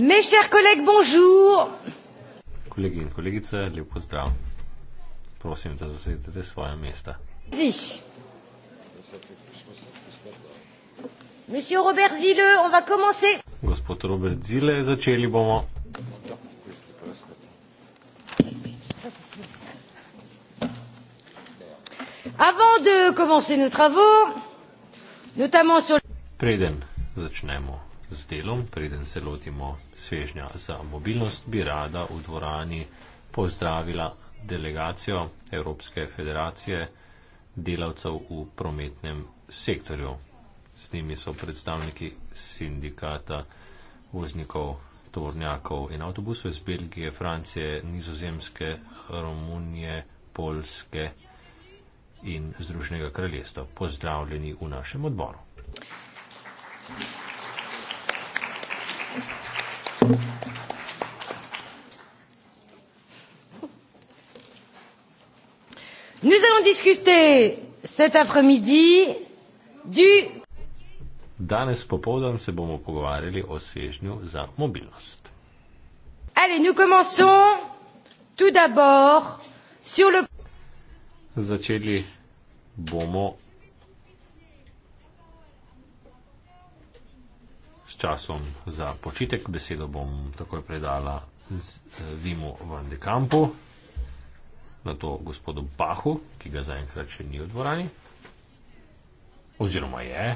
Mes chers collègues, bonjour. Kolegi in kolegice, lep pozdrav. Prosim, da zasedete svoje mesta. Robert Zile, on va Gospod Robert Zile, začeli bomo. Avant de commencer nos travaux, notamment sur... Preden začnemo z delom, preden se lotimo svežnja za mobilnost, bi rada v dvorani pozdravila delegacijo Evropske federacije delavcev v prometnem sektorju. S njimi so predstavniki sindikata voznikov tovornjakov in avtobusov iz Belgije, Francije, Nizozemske, Romunije, Polske in Združnega kraljestva. Pozdravljeni v našem odboru. Thank you. Nous allons discuter cet après-midi du. Danes popoldan se bomo pogovarjali o svežnju za mobilnost. Allez, nous commençons tout d'abord sur le. Začeli bomo časom za počitek. Besedo bom takoj predala eh, Vimu van de Kampu, na to gospodu Bahu, ki ga zaenkrat še ni v dvorani. Oziroma je,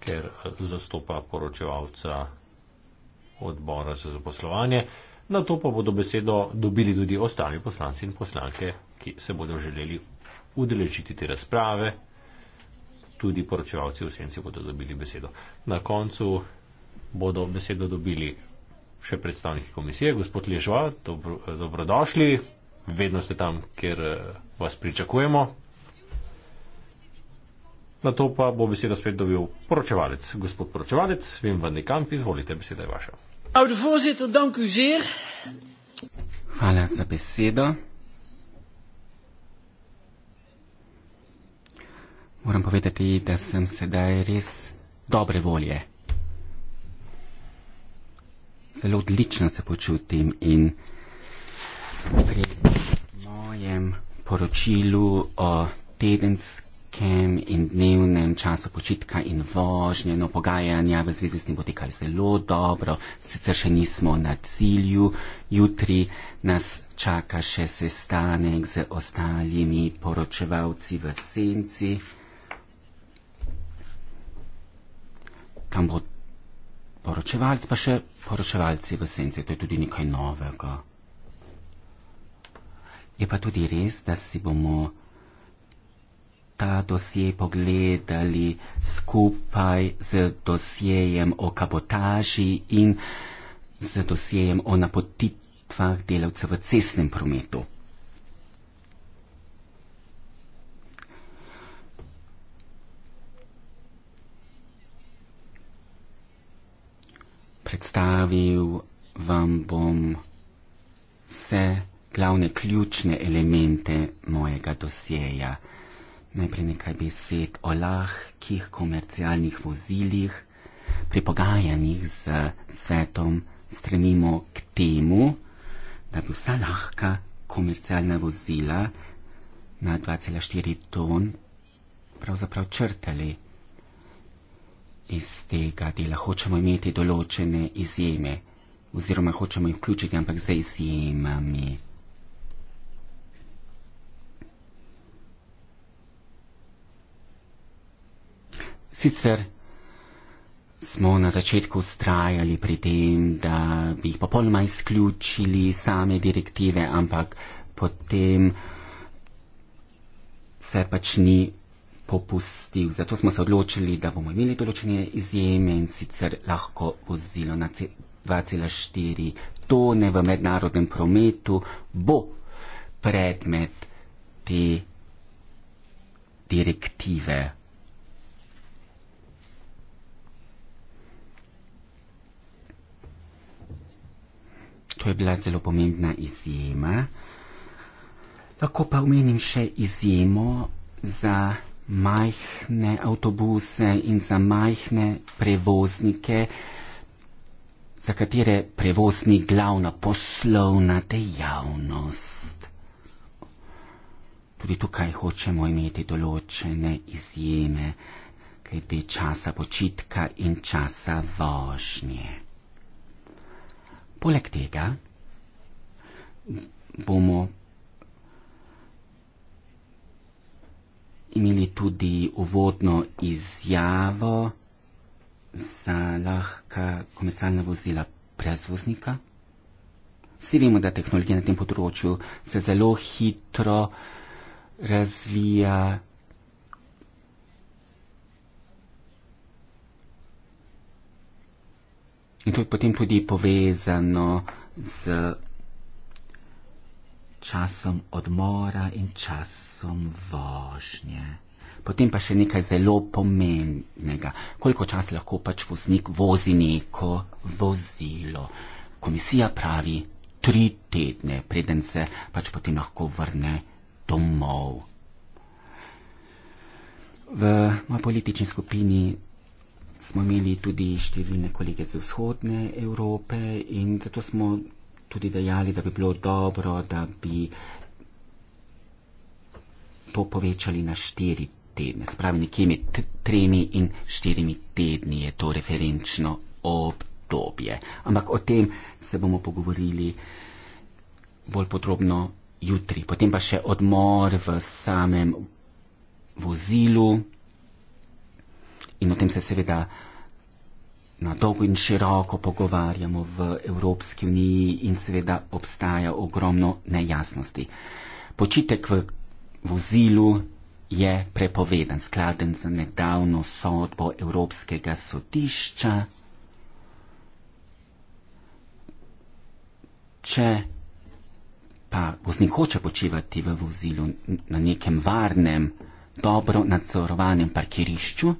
ker eh, zastopa poročevalca odbora za zaposlovanje. Na to pa bodo besedo dobili tudi ostali poslanci in poslanke, ki se bodo želeli udeležiti te razprave, tudi poročevalci v senci bodo dobili besedo. Na koncu bodo besedo dobili še predstavniki komisije, gospod Ležva, dobro, dobrodošli, vedno ste tam, ker eh, vas pričakujemo. Na to pa bo besedo spet dobil poročevalec. Gospod poročevalec, vem vam nekam, izvolite, beseda je vaša. Hvala za besedo. Moram povedati, da sem sedaj res dobre volje. Zelo odlično se počutim in pri mojem poročilu o tedenskem in dnevnem času počitka in vožnje, no pogajanja v zvezi s tem potekali zelo dobro, sicer še nismo na cilju, jutri nas čaka še sestanek z ostalimi poročevalci v senci. tam bo poročevalc, pa še poročevalci v senci. To je tudi nekaj novega. Je pa tudi res, da si bomo ta dosje pogledali skupaj z dosjejem o kabotaži in z dosjejem o napotitvah delavcev v cestnem prometu. predstavil vam bom vse glavne ključne elemente mojega dosjeja. Najprej nekaj besed o lahkih komercialnih vozilih, pri pogajanjih z svetom stremimo k temu, da bi vsa lahka komercialna vozila na 2,4 ton pravzaprav črtali iz tega dela. Hočemo imeti določene izjeme oziroma hočemo jih vključiti, ampak za izjemami. Sicer smo na začetku ustrajali pri tem, da bi jih popolnoma izključili same direktive, ampak potem se pač ni popustil. Zato smo se odločili, da bomo imeli določene izjeme in sicer lahko vozilo na 2,4 tone v mednarodnem prometu bo predmet te direktive. To je bila zelo pomembna izjema. Lahko pa omenim še izjemo za majhne avtobuse in za majhne prevoznike, za katere prevozni glavna poslovna dejavnost. Tudi tukaj hočemo imeti določene izjeme glede časa počitka in časa vožnje. Poleg tega bomo imeli tudi uvodno izjavo za lahka komercialna vozila prezvoznika. Vsi vemo, da tehnologija na tem področju se zelo hitro razvija. In to je potem tudi povezano z časom odmora in časom vožnje. Potem pa še nekaj zelo pomembnega. Koliko časa lahko pač voznik vozi neko vozilo? Komisija pravi tri tedne, preden se pač potem lahko vrne domov. V moji politični skupini smo imeli tudi številne kolege z vzhodne Evrope in zato smo tudi dejali, da bi bilo dobro, da bi to povečali na štiri tedne. Spravi nekje med tremi in štirimi tedni je to referenčno obdobje. Ampak o tem se bomo pogovorili bolj podrobno jutri. Potem pa še odmor v samem vozilu in o tem se seveda na dolgo in široko pogovarjamo v Evropski uniji in seveda obstaja ogromno nejasnosti. Počitek v vozilu je prepovedan, skladen za nedavno sodbo Evropskega sodišča. Če pa voznik hoče počivati v vozilu na nekem varnem, dobro nadzorovanem parkirišču,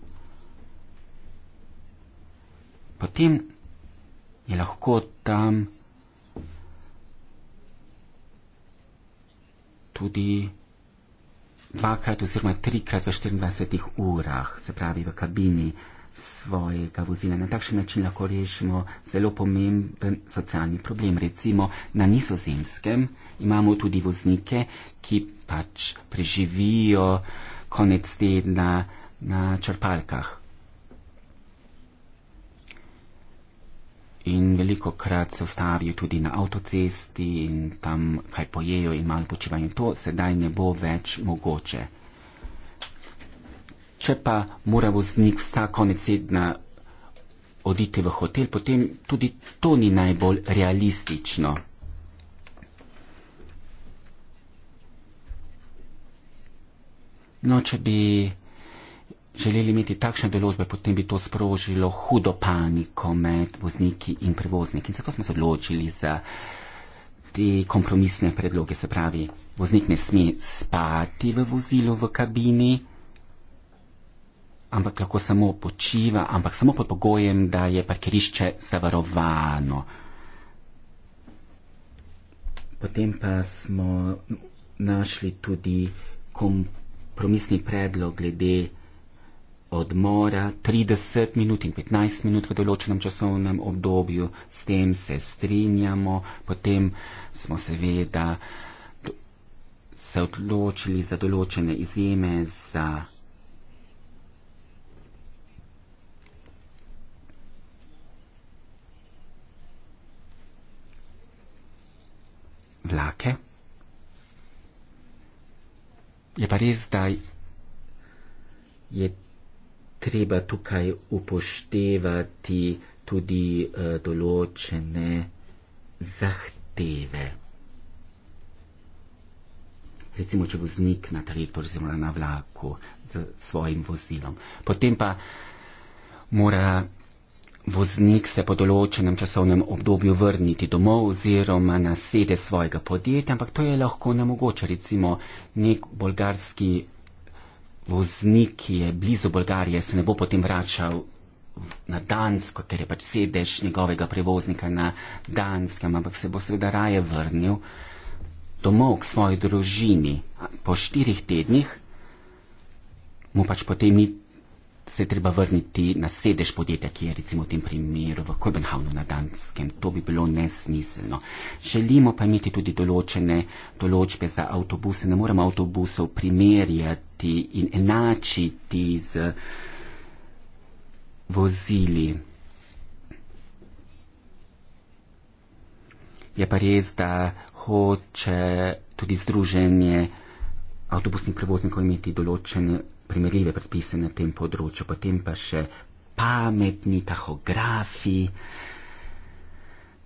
potem je lahko tam tudi dvakrat oziroma trikrat v 24 urah, se pravi v kabini svojega vozila. Na takšen način lahko rešimo zelo pomemben socialni problem. Recimo na nizozemskem imamo tudi voznike, ki pač preživijo konec tedna na črpalkah. in veliko krat se ustavijo tudi na avtocesti in tam kaj pojejo in malo počivajo. To sedaj ne bo več mogoče. Če pa mora voznik vsak konec tedna oditi v hotel, potem tudi to ni najbolj realistično. No, če bi želeli imeti takšne določbe, potem bi to sprožilo hudo paniko med vozniki in prevozniki. In zato smo se odločili za te kompromisne predloge. Se pravi, voznik ne sme spati v vozilu v kabini, ampak lahko samo počiva, ampak samo pod pogojem, da je parkirišče zavarovano. Potem pa smo našli tudi kompromisni predlog glede odmora 30 minut in 15 minut v določenem časovnem obdobju, s tem se strinjamo, potem smo seveda se odločili za določene izjeme, za vlake. Je pa res, da je treba tukaj upoštevati tudi uh, določene zahteve. Recimo, če voznik na traktor oziroma na vlaku z svojim vozilom. Potem pa mora voznik se po določenem časovnem obdobju vrniti domov oziroma na sede svojega podjetja, ampak to je lahko nemogoče. Recimo, nek bolgarski voznik, ki je blizu Bolgarije, se ne bo potem vračal na Dansko, ker je pač sedež njegovega prevoznika na Danskem, ampak se bo seveda raje vrnil domov k svoji družini po štirih tednih, mu pač potem ni se treba vrniti na sedež podjetja, ki je recimo v tem primeru v Kopenhavnu na Danskem. To bi bilo nesmiselno. Želimo pa imeti tudi določene določbe za avtobuse. Ne moremo avtobusov primerjati povezati in enačiti z vozili. Je pa res, da hoče tudi združenje avtobusnih prevoznikov imeti določene primerljive predpise na tem področju, potem pa še pametni tahografi.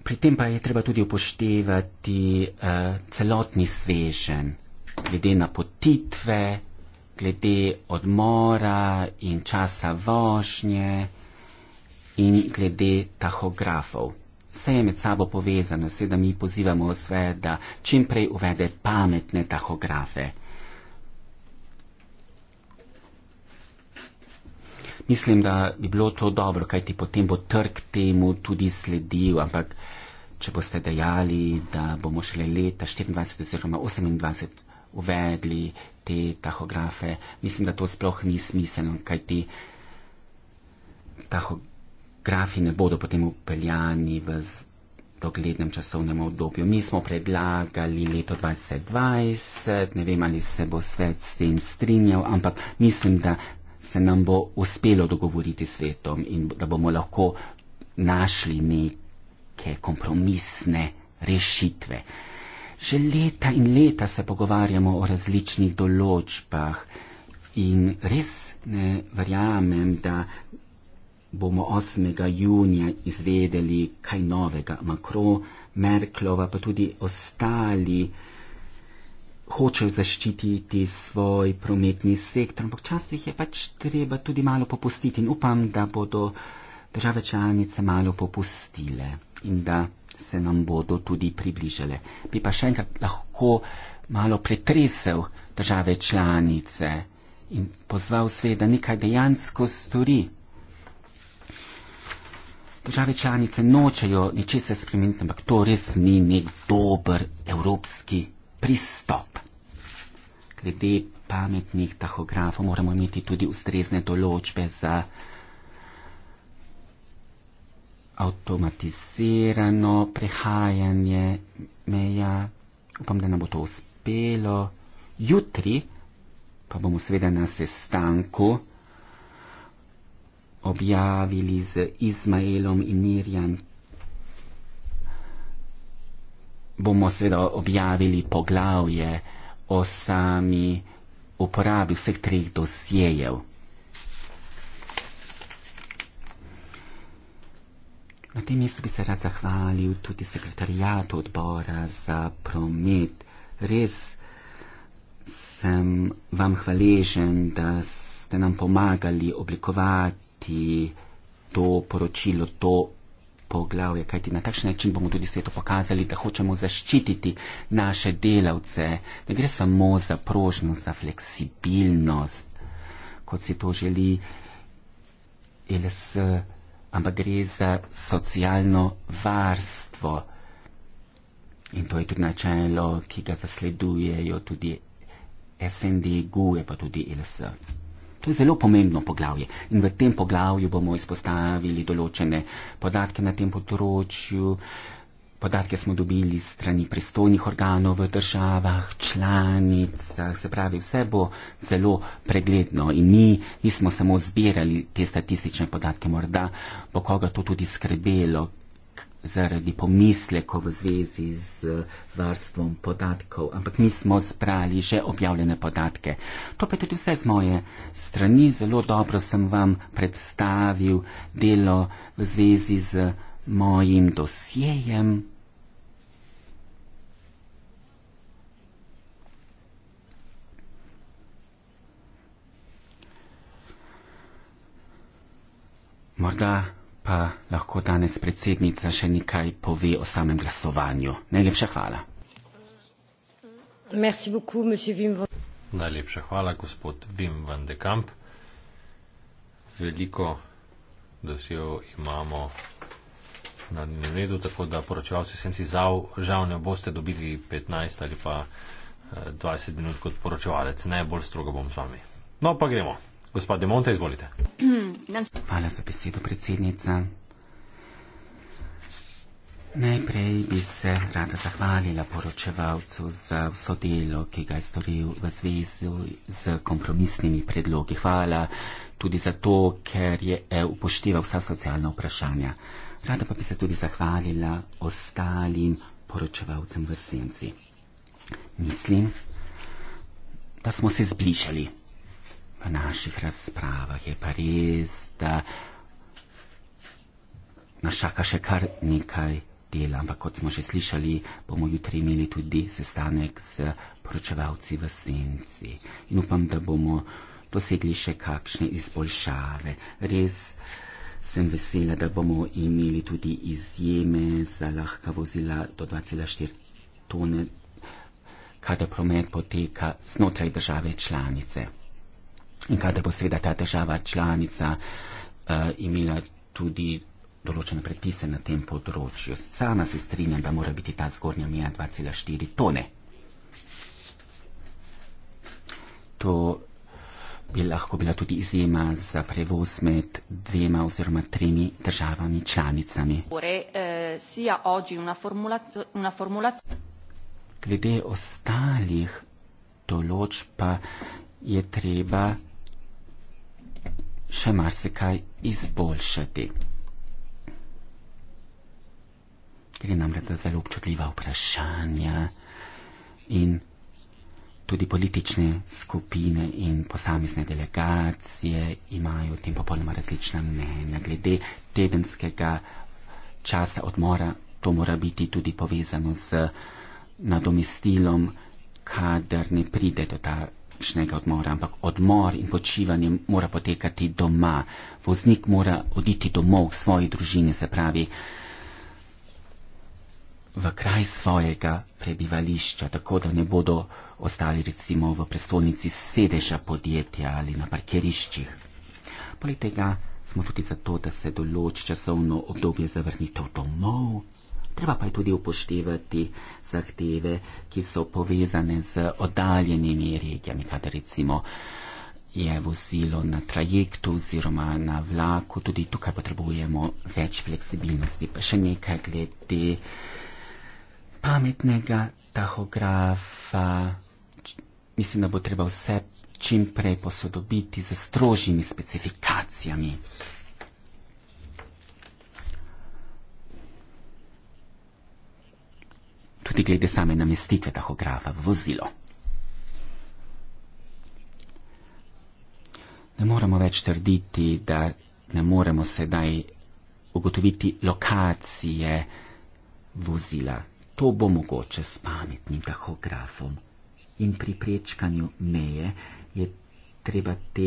Pri tem pa je treba tudi upoštevati uh, celotni svežen, glede na potitve, glede odmora in časa vožnje in glede tahografov. Vse je med sabo povezano, sedaj mi pozivamo vse, da čim prej uvede pametne tahografe. Mislim, da bi bilo to dobro, kajti potem bo trg temu tudi sledil, ampak če boste dejali, da bomo šele leta 24 oziroma 28 uvedli te tahografe. Mislim, da to sploh ni smiselno, kaj ti tahografi ne bodo potem upeljani v doglednem časovnem obdobju. Mi smo predlagali leto 2020, ne vem, ali se bo svet s tem strinjal, ampak mislim, da se nam bo uspelo dogovoriti s svetom in da bomo lahko našli neke kompromisne rešitve. Že leta in leta se pogovarjamo o različnih določbah in res ne verjamem, da bomo 8. junija izvedeli kaj novega. Makro, Merklova, pa tudi ostali hočejo zaščititi svoj prometni sektor, ampak včasih je pač treba tudi malo popustiti in upam, da bodo države članice malo popustile in da se nam bodo tudi približale. Bi pa še enkrat lahko malo pretresel države članice in pozval svet, da nekaj dejansko stori. Države članice nočejo ničesar spremeniti, ampak to res ni nek dober evropski pristop. Glede pametnih tahografov moramo imeti tudi ustrezne določbe za avtomatizirano prehajanje meja. Upam, da nam bo to uspelo. Jutri pa bomo seveda na sestanku objavili z Izmaelom in Mirjan. Bomo seveda objavili poglavje o sami uporabi vseh treh dosjejev. Na tem mestu bi se rad zahvalil tudi sekretarijatu odbora za promet. Res sem vam hvaležen, da ste nam pomagali oblikovati to poročilo, to poglavje, kajti na takšen način bomo tudi svetu pokazali, da hočemo zaščititi naše delavce, da gre samo za prožnost, za fleksibilnost, kot si to želi LSE ampak gre za socialno varstvo. In to je tudi načelo, ki ga zasledujejo tudi SND, GUE, pa tudi ILS. To je zelo pomembno poglavje in v tem poglavju bomo izpostavili določene podatke na tem področju, uh, Podatke smo dobili strani pristojnih organov v državah, članicah, se pravi, vse bo zelo pregledno in mi nismo samo zbirali te statistične podatke, morda bo koga to tudi skrbelo zaradi pomisleko v zvezi z varstvom podatkov, ampak mi smo sprali že objavljene podatke. To pa je tudi vse z moje strani, zelo dobro sem vam predstavil delo v zvezi z moim dosjejem. Morda pa lahko danes predsednica še nekaj pove o samem glasovanju. Najlepša hvala. Merci beaucoup, monsieur Wim van Najlepša hvala, gospod Wim van de Kamp. Veliko dosjev imamo na dnevnem redu, tako da poročevalci sem si žal, žal ne boste dobili 15 ali pa 20 eh, minut kot poročevalec. Najbolj strogo bom z vami. No, pa gremo. Gospod Demonte, izvolite. Hvala za besedo, predsednica. Najprej bi se rada zahvalila poročevalcu za vso delo, ki ga je storil v zvezi z kompromisnimi predlogi. Hvala tudi za to, ker je eh, upošteval vsa socialna vprašanja. Rada pa bi se tudi zahvalila ostalim poročevalcem v senci. Mislim, da smo se zbližali. V naših razpravah je pa res, da našaka še kar nekaj dela, ampak kot smo že slišali, bomo jutri imeli tudi sestanek z poročevalci v senci. In upam, da bomo dosegli še kakšne izboljšave. Res sem vesela, da bomo imeli tudi izjeme za lahka vozila do 2,4 tone, kadar promet poteka znotraj države članice. In kadar bo seveda ta država članica uh, imela tudi določene predpise na tem področju. Sama se strinjam, da mora biti ta zgornja meja 2,4 tone. To bi lahko bila tudi izjema za prevoz med dvema oziroma tremi državami članicami. Eh, Glede ostalih določ pa je treba še marsikaj izboljšati. Gre namreč za zelo občutljiva vprašanja in tudi politične skupine in posamezne delegacije imajo v tem popolnoma različna mnenja. Glede tedenskega časa odmora, to mora biti tudi povezano z nadomestilom, kadar ne pride do ta. Odmora, ampak odmor in počivanje mora potekati doma. Voznik mora oditi domov k svoji družini, se pravi, v kraj svojega prebivališča, tako da ne bodo ostali recimo v prestolnici sedeža podjetja ali na parkiriščih. Poleg tega smo tudi zato, da se določi časovno obdobje zavrnitev domov. Treba pa je tudi upoštevati zahteve, ki so povezane z oddaljenimi regijami, kada recimo je vozilo na trajektu oziroma na vlaku, tudi tukaj potrebujemo več fleksibilnosti. Pa še nekaj glede pametnega tahografa. Mislim, da bo treba vse čim prej posodobiti z strožjimi specifikacijami. Tudi glede same namestitve tahografa v vozilo. Ne moremo več trditi, da ne moremo sedaj ugotoviti lokacije vozila, to bo mogoče s pametnim tahografom. In pri prečkanju meje je treba te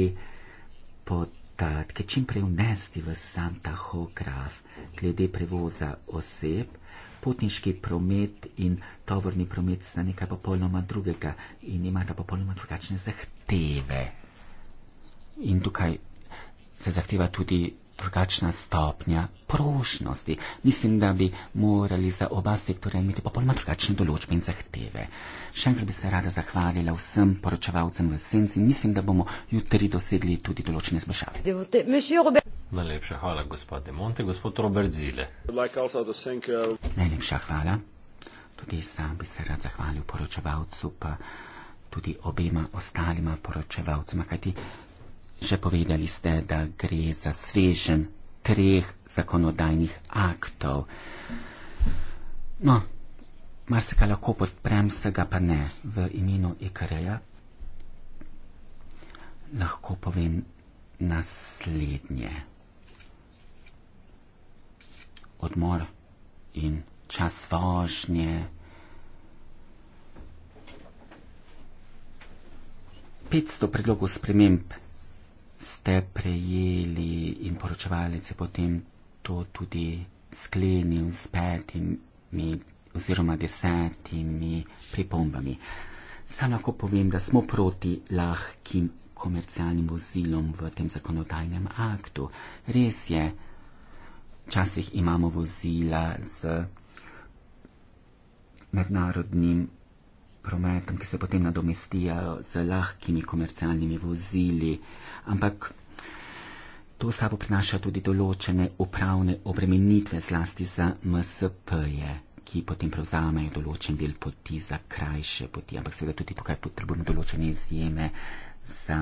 podatke čim prej unesti v sam tahograf, glede prevoza oseb, potniški promet in tovorni promet sta nekaj popolnoma drugega in imata popolnoma drugačne zahteve. In tukaj se zahteva tudi drugačna stopnja prožnosti. Mislim, da bi morali za oba sektorja imeti popolnoma drugačne določbe in zahteve. Še enkrat bi se rada zahvalila vsem poročevalcem v senci. Mislim, da bomo jutri dosegli tudi določene zbržave. Najlepša hvala, gospod De Monte. Gospod Robert Zile. Najlepša hvala. Tudi sam bi se rad zahvalil poročevalcu, pa tudi obema ostalima poročevalcema, kajti Že povedali ste, da gre za svežen treh zakonodajnih aktov. No, mar se ga lahko podprem, se ga pa ne v imenu IKR-ja. E lahko povem naslednje. Odmor in čas vožnje. Petsto predlogov sprememb ste prejeli in poročevalec je potem to tudi sklenil s petimi oziroma desetimi pripombami. Sam lahko povem, da smo proti lahkim komercialnim vozilom v tem zakonodajnem aktu. Res je, včasih imamo vozila z mednarodnim prometom, ki se potem nadomestijo z lahkimi komercialnimi vozili. Ampak to sabo prinaša tudi določene upravne obremenitve, zlasti za MSP-je, ki potem prevzamejo določen del poti za krajše poti. Ampak seveda tudi tukaj potrebujemo določene izjeme za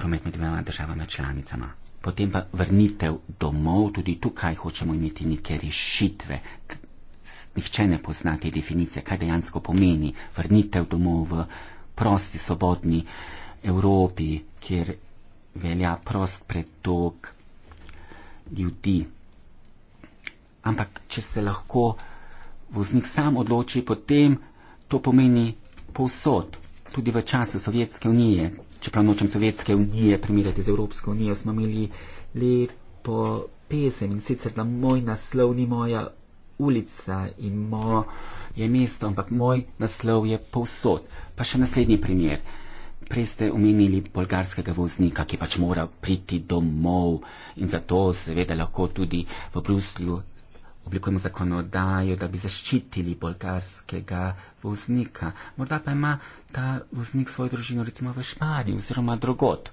promet med dvema državama članicama. Potem pa vrnitev domov, tudi tukaj hočemo imeti neke rešitve, nihče ne pozna te definicije, kaj dejansko pomeni vrnitev domov v prosti, svobodni Evropi, kjer velja prost pretok ljudi. Ampak, če se lahko voznik sam odloči, potem to pomeni povsod, tudi v času Sovjetske unije. Čeprav nočem Sovjetske unije primerjati z Evropsko unijo, smo imeli lepo pesem in sicer, da moj naslov ni moja ulica in moje mesto, ampak moj naslov je povsod. Pa še naslednji primer. Prej ste omenili bolgarskega voznika, ki pač mora priti domov in zato seveda lahko tudi v Bruslju oblikujemo zakonodajo, da bi zaščitili bolgarskega voznika. Morda pa ima ta voznik svojo družino recimo v Španiji oziroma drugot.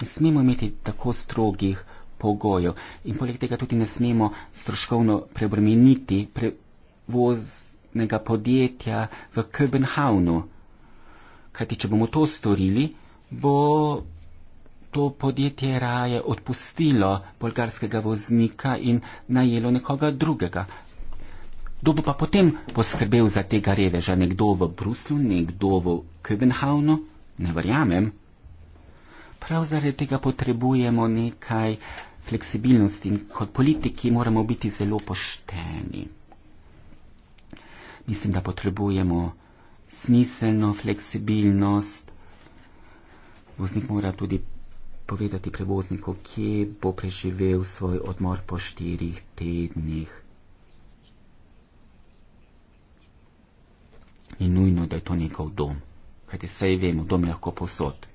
Ne smemo imeti tako strogih pogojev. In poleg tega tudi ne smemo stroškovno prebremeniti prevoznega podjetja v Köbenhavnu. Kajti, če bomo to storili, bo to podjetje raje odpustilo bolgarskega voznika in najelo nekoga drugega. Kdo bo pa potem poskrbel za tega reveža? Nekdo v Bruslu, nekdo v Köbenhavnu? Ne verjamem. Prav zaradi tega potrebujemo nekaj fleksibilnosti in kot politiki moramo biti zelo pošteni. Mislim, da potrebujemo smiselno fleksibilnost. Voznik mora tudi povedati prevozniku, kje bo preživel svoj odmor po štirih tednih. Ni nujno, da je to njegov dom, kajti sej vemo, dom je lahko posod.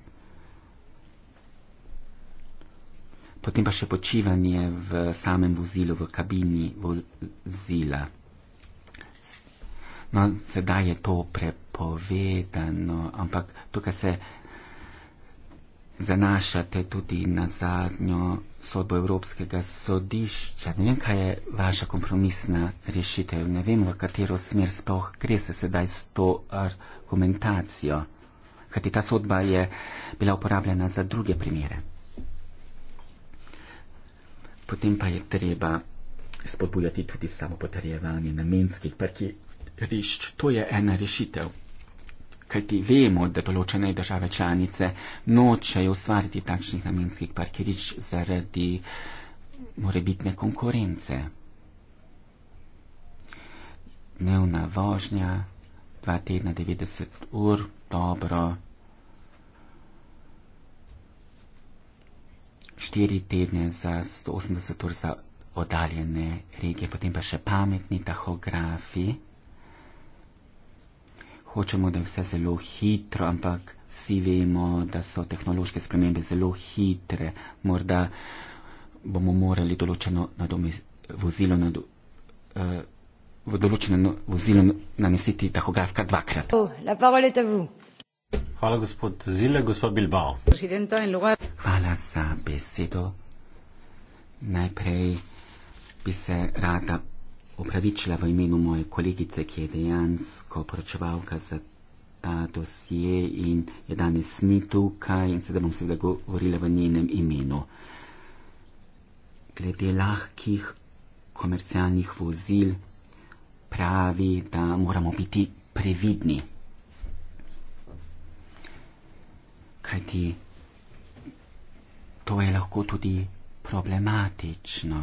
potem pa še počivanje v samem vozilu, v kabini vozila. No, sedaj je to prepovedano, ampak tukaj se zanašate tudi na zadnjo sodbo Evropskega sodišča. Ne vem, kaj je vaša kompromisna rešitev, ne vem, v katero smer sploh gre se sedaj s to argumentacijo, kajti ta sodba je bila uporabljena za druge primere potem pa je treba spodbujati tudi samo potrjevanje namenskih parkirišč. To je ena rešitev. Kaj ti vemo, da določene države članice nočejo ustvariti takšnih namenskih parkirišč zaradi morebitne konkurence. Dnevna vožnja, dva tedna, 90 ur, dobro. štiri tedne za 180 ur za oddaljene regije, potem pa še pametni tahografi. Hočemo, da je vse zelo hitro, ampak vsi vemo, da so tehnološke spremembe zelo hitre. Morda bomo morali določeno vozilo na do, uh, eh, določeno vozilo nanesiti tahograf kar dvakrat. Oh, Hvala, gospod Zile, gospod Bilbao. Hvala za besedo. Najprej bi se rada opravičila v imenu moje kolegice, ki je dejansko poročevalka za ta dosje in je danes ni tukaj in sedaj bom seveda govorila v njenem imenu. Glede lahkih komercialnih vozil pravi, da moramo biti previdni. kaj ti to je lahko tudi problematično.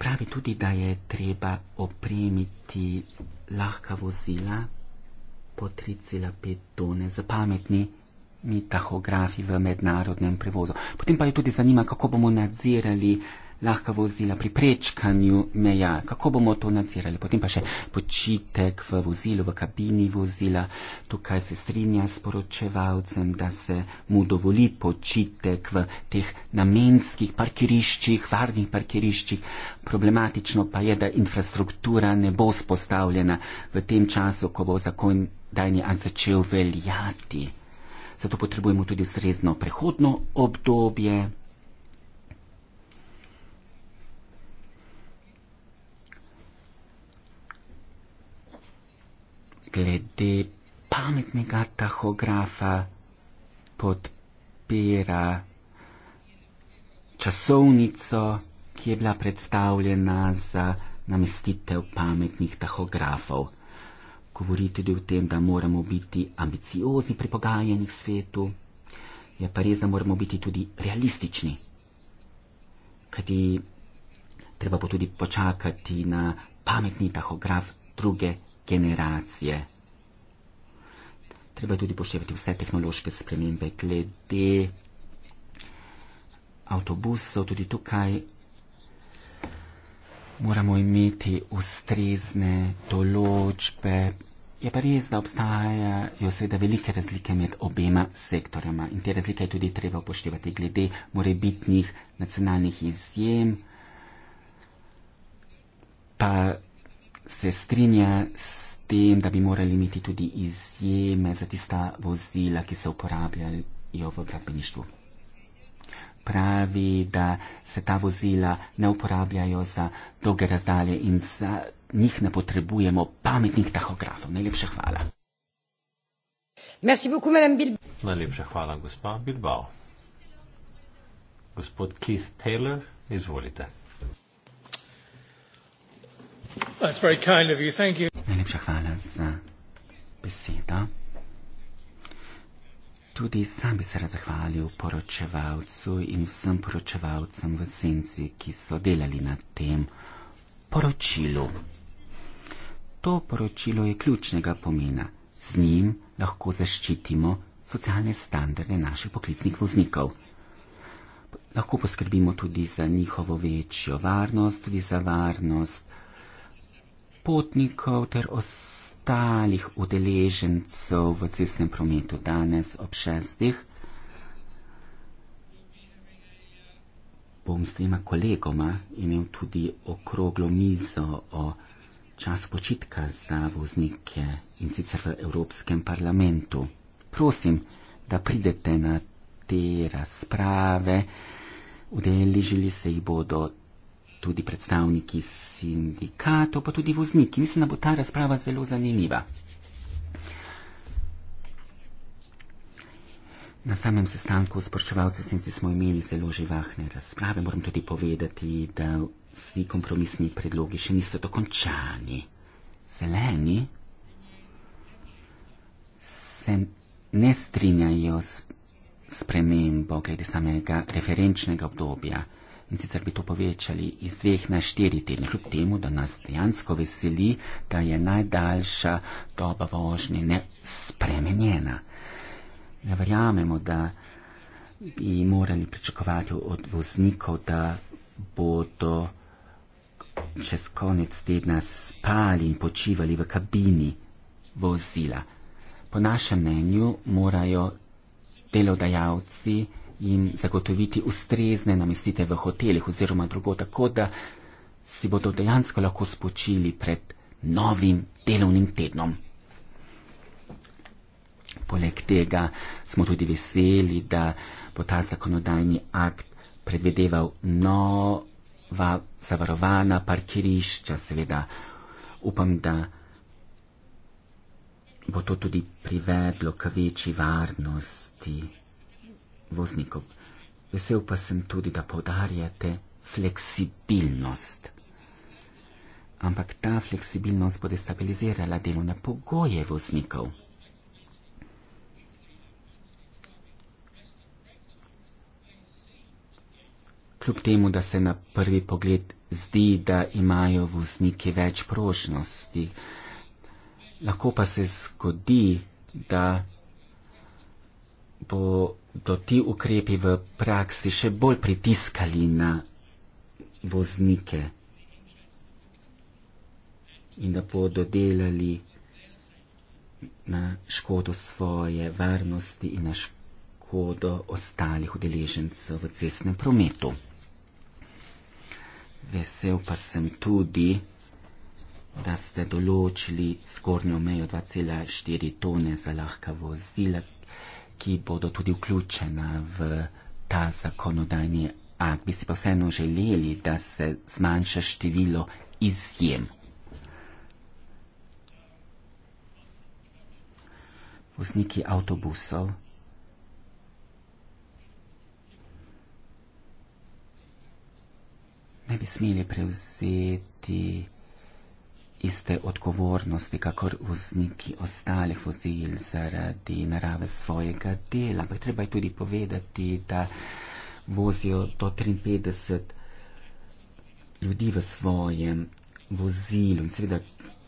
Pravi tudi, da je treba opremiti lahka vozila po 3,5 tone za pametni mitahografi v mednarodnem prevozu. Potem pa je tudi zanima, kako bomo nadzirali lahka vozila pri prečkanju meja, kako bomo to nadzirali. Potem pa še počitek v vozilu, v kabini vozila. Tukaj se strinja s poročevalcem, da se mu dovoli počitek v teh namenskih parkiriščih, varnih parkiriščih. Problematično pa je, da infrastruktura ne bo spostavljena v tem času, ko bo zakon dajni akt začel veljati. Zato potrebujemo tudi srezno prehodno obdobje. glede pametnega tahografa podpira časovnico, ki je bila predstavljena za namestitev pametnih tahografov. Govori tudi o tem, da moramo biti ambiciozni pri pogajanjih svetu, je pa res, da moramo biti tudi realistični. Kajti treba bo tudi počakati na pametni tahograf druge generacije. Treba tudi poštevati vse tehnološke spremembe glede avtobusov, tudi tukaj moramo imeti ustrezne določbe. Je pa res, da obstajajo seveda velike razlike med obema sektorjama in te razlike je tudi treba upoštevati glede morebitnih nacionalnih izjem, pa se strinja s tem, da bi morali imeti tudi izjeme za tista vozila, ki se uporabljajo v gradbeništvu. Pravi, da se ta vozila ne uporabljajo za dolge razdalje in za njih ne potrebujemo pametnih tahografov. Najlepša hvala. Beaucoup, Najlepša hvala, gospa Bilbao. Gospod Keith Taylor, izvolite. That's very kind of you. Thank you. Najlepša hvala za besedo. Tudi sam bi se rad zahvalil poročevalcu in vsem poročevalcem v senci, ki so delali na tem poročilu. To poročilo je ključnega pomena. Z njim lahko zaščitimo socialne standarde naših poklicnih voznikov. Lahko poskrbimo tudi za njihovo večjo varnost, tudi za varnost potnikov ter ostalih udeležencev v cestnem prometu danes ob šestih. Bom s tema kolegoma imel tudi okroglo mizo o času počitka za voznike in sicer v Evropskem parlamentu. Prosim, da pridete na te razprave. Udeležili se jih bodo tudi predstavniki sindikatov, pa tudi vozniki. Mislim, da bo ta razprava zelo zanimiva. Na samem sestanku s poročevalci v senci smo imeli zelo živahne razprave. Moram tudi povedati, da vsi kompromisni predlogi še niso dokončani. Zeleni se ne strinjajo s premembo glede samega referenčnega obdobja in sicer bi to povečali iz dveh na štiri tedne, kljub temu, da nas dejansko veseli, da je najdaljša doba vožnje nespremenjena. Ne verjamemo, da bi morali pričakovati od voznikov, da bodo čez konec tedna spali in počivali v kabini vozila. Po našem mnenju morajo delodajalci jim zagotoviti ustrezne namestite v hotelih oziroma drugo tako, da si bodo dejansko lahko spočili pred novim delovnim tednom. Poleg tega smo tudi veseli, da bo ta zakonodajni akt predvideval nova zavarovana parkirišča, seveda upam, da bo to tudi privedlo k večji varnosti voznikov. Vesel pa sem tudi, da podarjate fleksibilnost. Ampak ta fleksibilnost bo destabilizirala delovne pogoje voznikov. Kljub temu, da se na prvi pogled zdi, da imajo vozniki več prožnosti, lahko pa se zgodi, da bo bodo ti ukrepi v praksi še bolj pritiskali na voznike in da bodo delali na škodo svoje varnosti in na škodo ostalih udeležencev v cestnem prometu. Vesel pa sem tudi, da ste določili skornjo mejo 2,4 tone za lahka vozila, ki bodo tudi vključena v ta zakonodajni akt. Bi si pa vseeno želeli, da se zmanjša število izjem. Vzniki avtobusov. Ne bi smeli prevzeti iste odgovornosti, kakor vozniki ostalih vozil zaradi narave svojega dela. Ampak treba je tudi povedati, da vozijo do 53 ljudi v svojem vozilu. In seveda,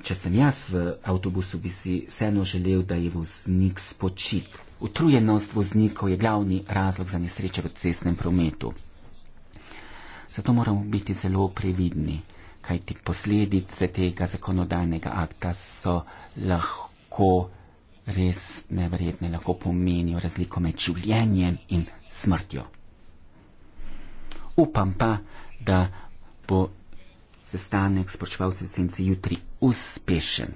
če sem jaz v avtobusu, bi si vseeno želel, da je voznik spočit. Utrujenost voznikov je glavni razlog za nesreče v cestnem prometu. Zato moramo biti zelo previdni kajti posledice tega zakonodajnega akta so lahko res nevredne, lahko pomenijo razliko med življenjem in smrtjo. Upam pa, da bo sestanek s počevalcem senci jutri uspešen.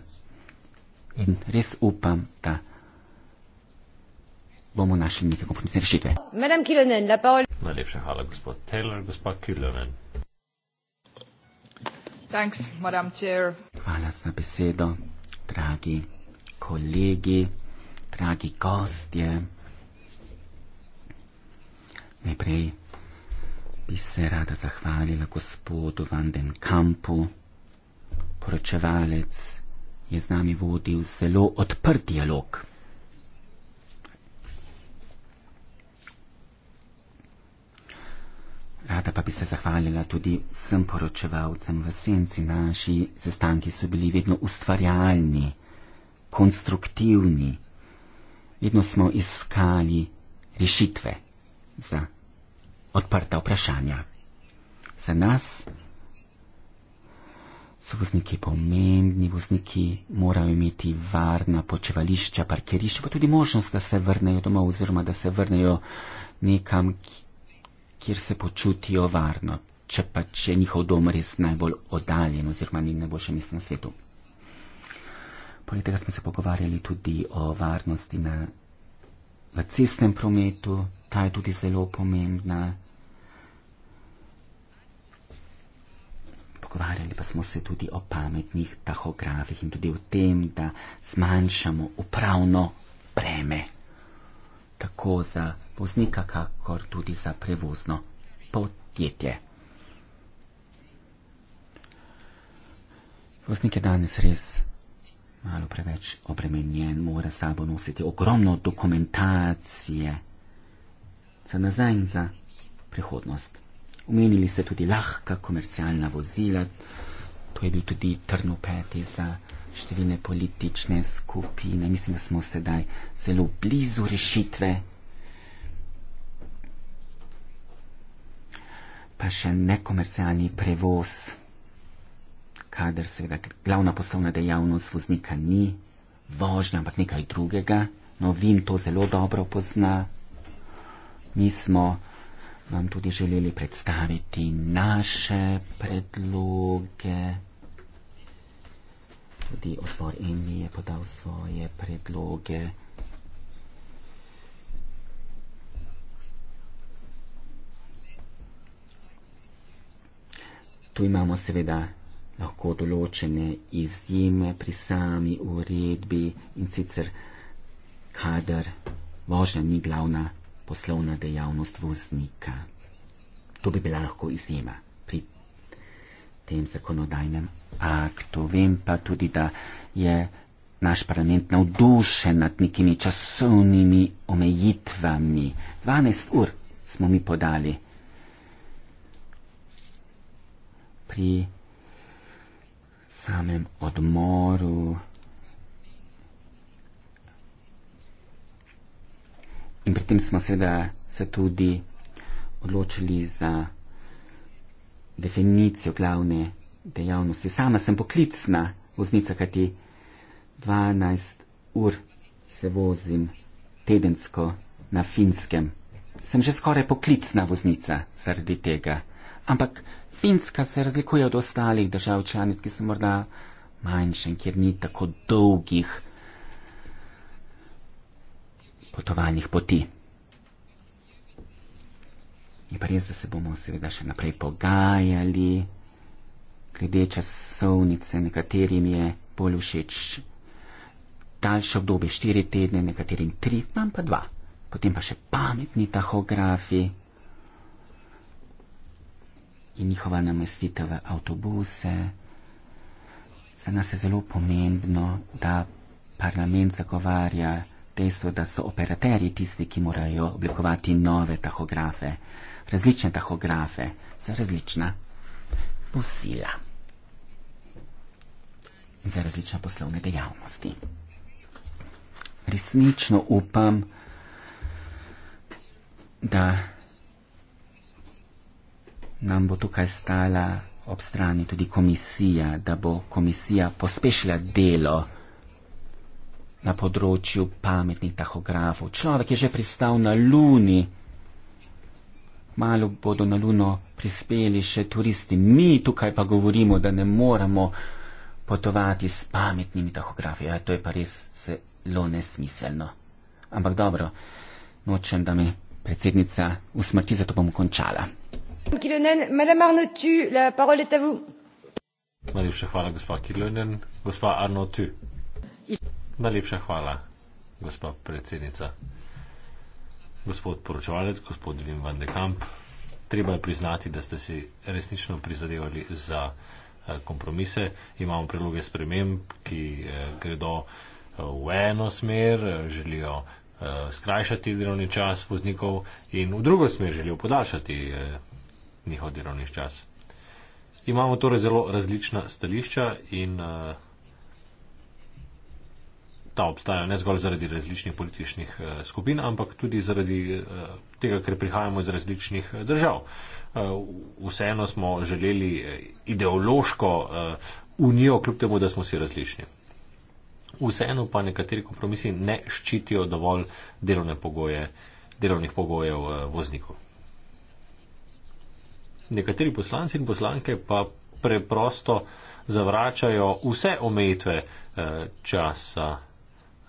In res upam, da bomo našli neke kompromisne rešitve. Najlepša hvala, gospod Taylor, gospod Kilonen. Thanks, chair. Hvala za besedo, dragi kolegi, dragi gostje. Najprej bi se rada zahvalila gospodu Van den Kampu. Poročevalec je z nami vodil zelo odprt dialog. Rada pa bi se zahvalila tudi vsem poročevalcem v senci. Naši sestanki so bili vedno ustvarjalni, konstruktivni. Vedno smo iskali rešitve za odprta vprašanja. Za nas so vozniki pomembni, vozniki morajo imeti varna počevališča, parkirišča, pa tudi možnost, da se vrnejo domov oziroma da se vrnejo nekam, ki kjer se počutijo varno, če pa če njihov dom res najbolj oddaljen oziroma ni najboljše mesto na svetu. Poleg tega smo se pogovarjali tudi o varnosti na, v cestnem prometu, ta je tudi zelo pomembna. Pogovarjali pa smo se tudi o pametnih tahografih in tudi o tem, da zmanjšamo upravno breme. Tako za voznika, kakor tudi za prevozno podjetje. Voznik je danes res malo preveč obremenjen, mora sabo nositi ogromno dokumentacije za nazaj in za prihodnost. Umenili se tudi lahka komercialna vozila, to je bil tudi trnopeti za številne politične skupine. Mislim, da smo sedaj zelo blizu rešitve pa še nekomercialni prevoz, kadar seveda glavna poslovna dejavnost voznika ni vožnja, ampak nekaj drugega. No, Vim to zelo dobro pozna. Mi smo vam tudi želeli predstaviti naše predloge. Tudi odbor EMI je podal svoje predloge. Tu imamo seveda lahko določene izjeme pri sami uredbi in sicer kadar vožnja ni glavna poslovna dejavnost voznika. To bi bila lahko izjema pri tem zakonodajnem aktu. Vem pa tudi, da je naš parlament navdušen nad nekimi časovnimi omejitvami. 12 ur smo mi podali при самим одмору. In pri tem smo seveda se tudi odločili za definicijo glavne dejavnosti. Sama sem poklicna voznica, kajti 12 ur se vozim tedensko na finskem. Sem že skoraj poklicna voznica zaradi tega. Ampak Finska se razlikuje od ostalih držav članic, ki so morda manjše, kjer ni tako dolgih potovalnih poti. Je pa res, da se bomo seveda še naprej pogajali, glede časovnice, nekaterim je bolj všeč daljše obdobje štiri tedne, nekaterim tri, nam pa dva. Potem pa še pametni tahografi in njihova namestitev v avtobuse. Za nas je zelo pomembno, da parlament zagovarja dejstvo, da so operaterji tisti, ki morajo oblikovati nove tahografe, različne tahografe za različna posila in za različne poslovne dejavnosti. Resnično upam, da nam bo tukaj stala ob strani tudi komisija, da bo komisija pospešila delo na področju pametnih tahografov. Človek je že pristal na Luni. Malo bodo na Luno prispeli še turisti. Mi tukaj pa govorimo, da ne moremo potovati s pametnimi tahografi. Ja, to je pa res zelo nesmiselno. Ampak dobro, nočem, da me predsednica usmrti, zato bom končala. Najlepša hvala, gospa Kilonen. Gospa Arnotu. Najlepša hvala, gospa predsednica. Gospod poročevalec, gospod Vim van de Kamp, treba je priznati, da ste si resnično prizadevali za eh, kompromise. Imamo predloge sprememb, ki eh, gredo eh, v eno smer, želijo skrajšati delovni čas voznikov in v drugo smer želijo podaljšati njihov delovni čas. Imamo torej zelo različna stališča in eh, ta obstaja ne zgolj zaradi različnih političnih eh, skupin, ampak tudi zaradi eh, tega, ker prihajamo iz različnih držav. Vseeno smo želeli ideološko unijo, kljub temu, da smo si različni. Vseeno pa nekateri kompromisi ne ščitijo dovolj pogoje, delovnih pogojev voznikov nekateri poslanci in poslanke pa preprosto zavračajo vse omejitve eh, časa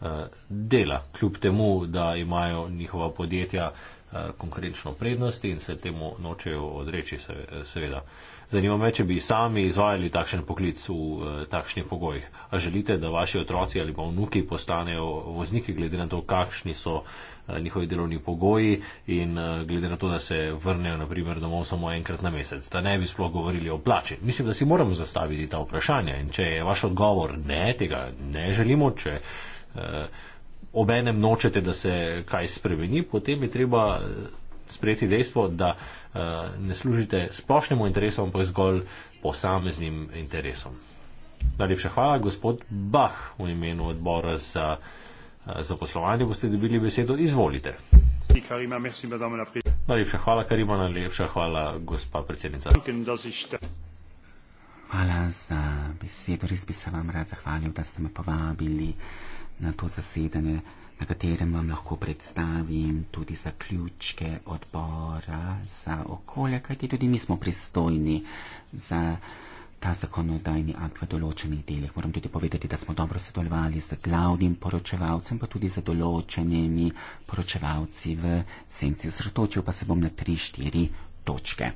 eh, dela, kljub temu, da imajo njihova podjetja eh, konkurenčno prednost in se temu nočejo odreči, seveda. Zanima me, če bi sami izvajali takšen poklic v takšnih pogojih. A želite, da vaši otroci ali pa vnuki postanejo vozniki, glede na to, kakšni so Eh, njihovi delovni pogoji in eh, glede na to, da se vrnejo naprimer domov samo enkrat na mesec, da ne bi sploh govorili o plači. Mislim, da si moramo zastaviti ta vprašanja in če je vaš odgovor ne, tega ne želimo, če eh, obenem nočete, da se kaj spremeni, potem je treba eh, sprejeti dejstvo, da eh, ne služite splošnemu interesu, ampak zgolj posameznim interesom. Najlepša hvala, gospod Bah, v imenu odbora za za poslovanje boste dobili besedo. Izvolite. Najlepša hvala, Karima, najlepša hvala, gospa predsednica. Hvala za besedo. Res bi se vam rad zahvalil, da ste me povabili na to zasedanje, na katerem vam lahko predstavim tudi zaključke odbora za okolje, kajti tudi mi smo pristojni za ta zakonodajni akt v določenih delih. Moram tudi povedati, da smo dobro sodelovali z glavnim poročevalcem, pa tudi z določenimi poročevalci v senci. Zrotočil pa se bom na tri, štiri točke.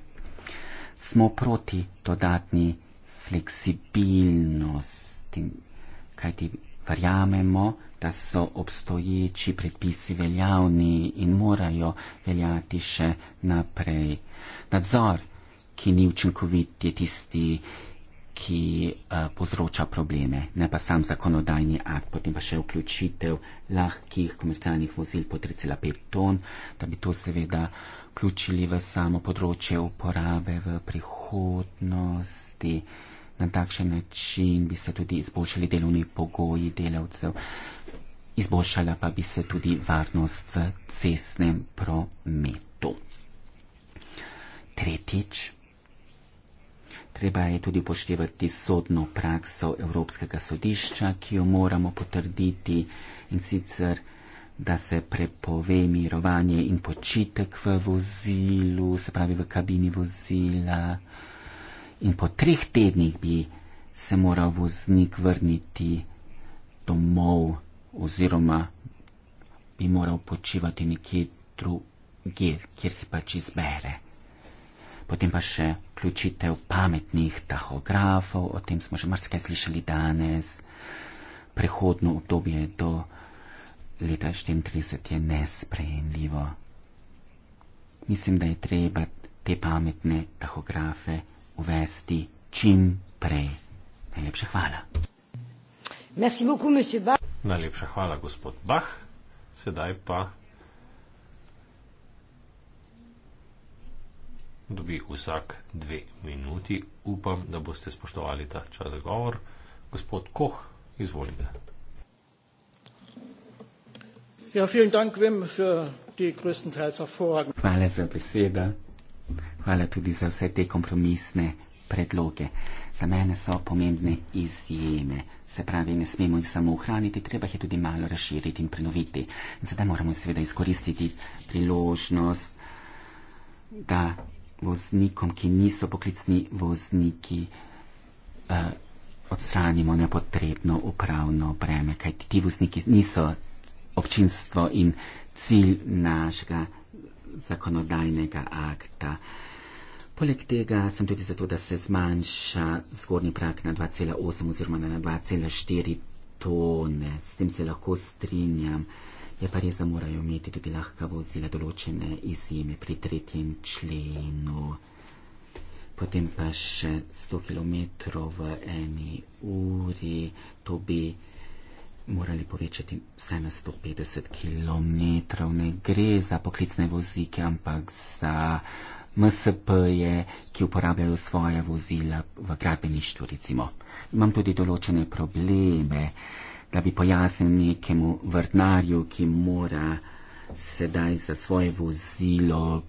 Smo proti dodatni fleksibilnosti, kajti verjamemo, da so obstoječi predpisi veljavni in morajo veljati še naprej. Nadzor, ki ni učinkovit, je tisti, ki uh, povzroča probleme, ne pa sam zakonodajni akt, potem pa še vključitev lahkih komercialnih vozil po 3,5 ton, da bi to seveda vključili v samo področje uporabe v prihodnosti. Na takšen način bi se tudi izboljšali delovni pogoji delavcev, izboljšala pa bi se tudi varnost v cestnem prometu. Tretjič, treba je tudi upoštevati sodno prakso Evropskega sodišča, ki jo moramo potrditi in sicer, da se prepove mirovanje in počitek v vozilu, se pravi v kabini vozila. In po treh tednih bi se moral voznik vrniti domov oziroma bi moral počivati nekje drugje, kjer si pač izbere. Potem pa še vključitev pametnih tahografov, o tem smo že marsikaj slišali danes. Prehodno obdobje do leta 34 je nesprejemljivo. Mislim, da je treba te pametne tahografe uvesti čim prej. Najlepša hvala. Najlepša hvala, gospod Bah. Sedaj pa dobi vsak dve minuti. Upam, da boste spoštovali ta čas za govor. Gospod Koh, izvolite. Ja, dank, Wim, hvala za besedo. Hvala tudi za vse te kompromisne predloge. Za mene so pomembne izjeme. Se pravi, ne smemo jih samo ohraniti, treba jih je tudi malo razširiti in prenoviti. In zdaj moramo seveda izkoristiti priložnost, da voznikom, ki niso poklicni vozniki, eh, odstranimo nepotrebno upravno breme, kajti ti vozniki niso občinstvo in cilj našega zakonodajnega akta. Poleg tega sem tudi zato, da se zmanjša zgornji prak na 2,8 oziroma na 2,4 tone. S tem se lahko strinjam. Uh, je pa res, da morajo imeti tudi lahka vozila določene izjeme pri tretjem členu. Potem pa še 100 km v eni uri, to bi morali povečati vsaj na 150 km. Ne gre za poklicne vozike, ampak za MSP-je, ki uporabljajo svoje vozila v gradbeništvu, recimo. Imam tudi določene probleme da bi pojasnil nekemu vrtnarju, ki mora sedaj za svoje vozilo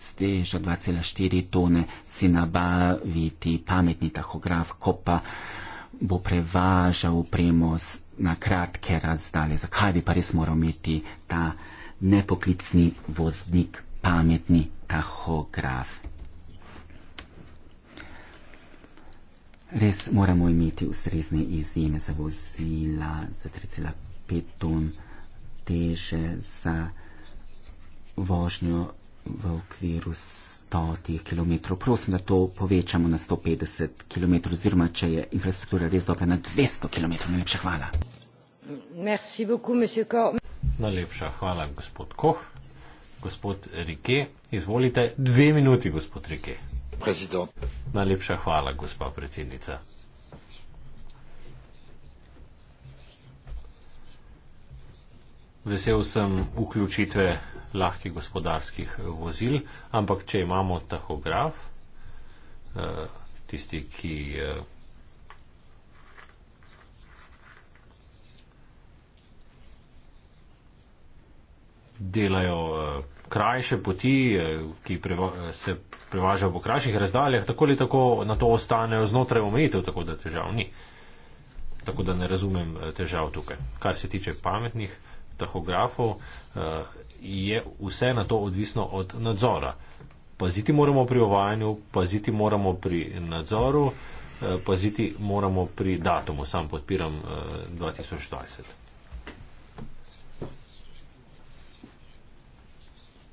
steža 2,4 tone si nabaviti pametni tahograf, ko pa bo prevažal upremo na kratke razdalje. Zakaj bi pa res moral imeti ta nepoklicni voznik pametni tahograf? Res moramo imeti ustrezne izjeme za vozila, za 3,5 ton teže, za vožnjo v okviru 100 km. Prosim, da to povečamo na 150 km, oziroma če je infrastruktura res dobra na 200 km. Najlepša hvala. Merci beaucoup, monsieur Koh. Najlepša hvala, gospod Koh. Gospod Rike, izvolite dve minuti, gospod Rike president. Najlepša hvala, gospa predsednica. Vesel sem vključitve lahkih gospodarskih vozil, ampak če imamo tahograf, eh, tisti, ki. Eh, delajo eh, krajše poti, ki se prevažajo po krajših razdaljah, tako ali tako na to ostanejo znotraj omejitev, tako da težav ni. Tako da ne razumem eh, težav tukaj. Kar se tiče pametnih tahografov, eh, je vse na to odvisno od nadzora. Paziti moramo pri uvajanju, paziti moramo pri nadzoru, eh, paziti moramo pri datumu. Sam podpiram 2020.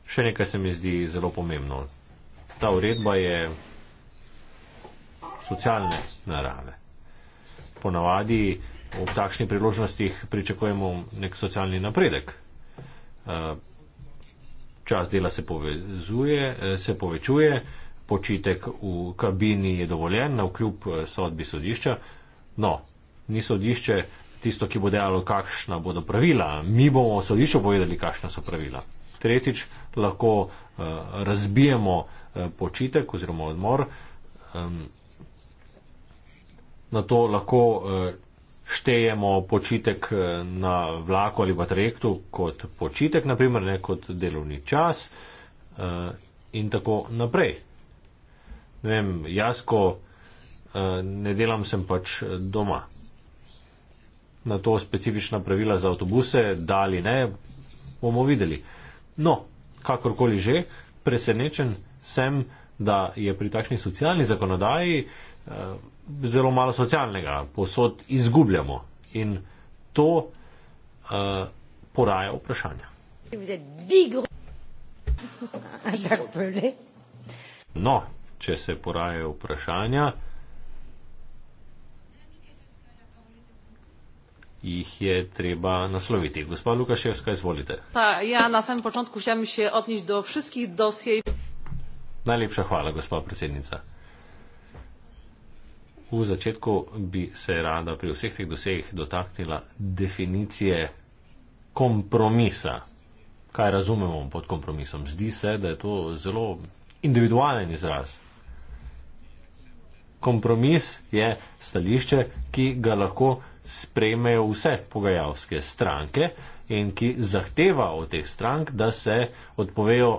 Še nekaj se mi zdi zelo pomembno ta uredba je socialne narave. Ponavadi ob takšnih priložnostih pričakujemo nek socialni napredek. Eh, čas dela se, povezuje, eh, se povečuje, počitek v kabini je dovoljen, na vkljub eh, sodbi sodišča. No, ni sodišče tisto, ki bo dejalo, kakšna bodo pravila. Mi bomo sodišču povedali, kakšna so pravila. Tretjič, lahko Eh, razbijemo eh, počitek oziroma odmor, na to lahko eh, štejemo počitek na vlaku ali pa trajektu kot počitek, naprimer, ne kot delovni čas in tako naprej. Ne vem, jaz, ko ne delam, sem pač doma. Na to specifična pravila za avtobuse, da ali ne, bomo videli. No, kakorkoli že, presenečen sem, da je pri takšni socialni zakonodaji eh, zelo malo socialnega, posod izgubljamo in to eh, poraja vprašanja. No, če se porajajo vprašanja. jih je treba nasloviti. Gospa Lukaševska, izvolite. Ta, ja, na samem počutku želim še odniš do vseh dosjej. Najlepša hvala, gospa predsednica. V začetku bi se rada pri vseh teh dosegih dotaknila definicije kompromisa. Kaj razumemo pod kompromisom? Zdi se, da je to zelo individualen izraz. Kompromis je stališče, ki ga lahko sprejmejo vse pogajalske stranke in ki zahteva od teh strank, da se odpovejo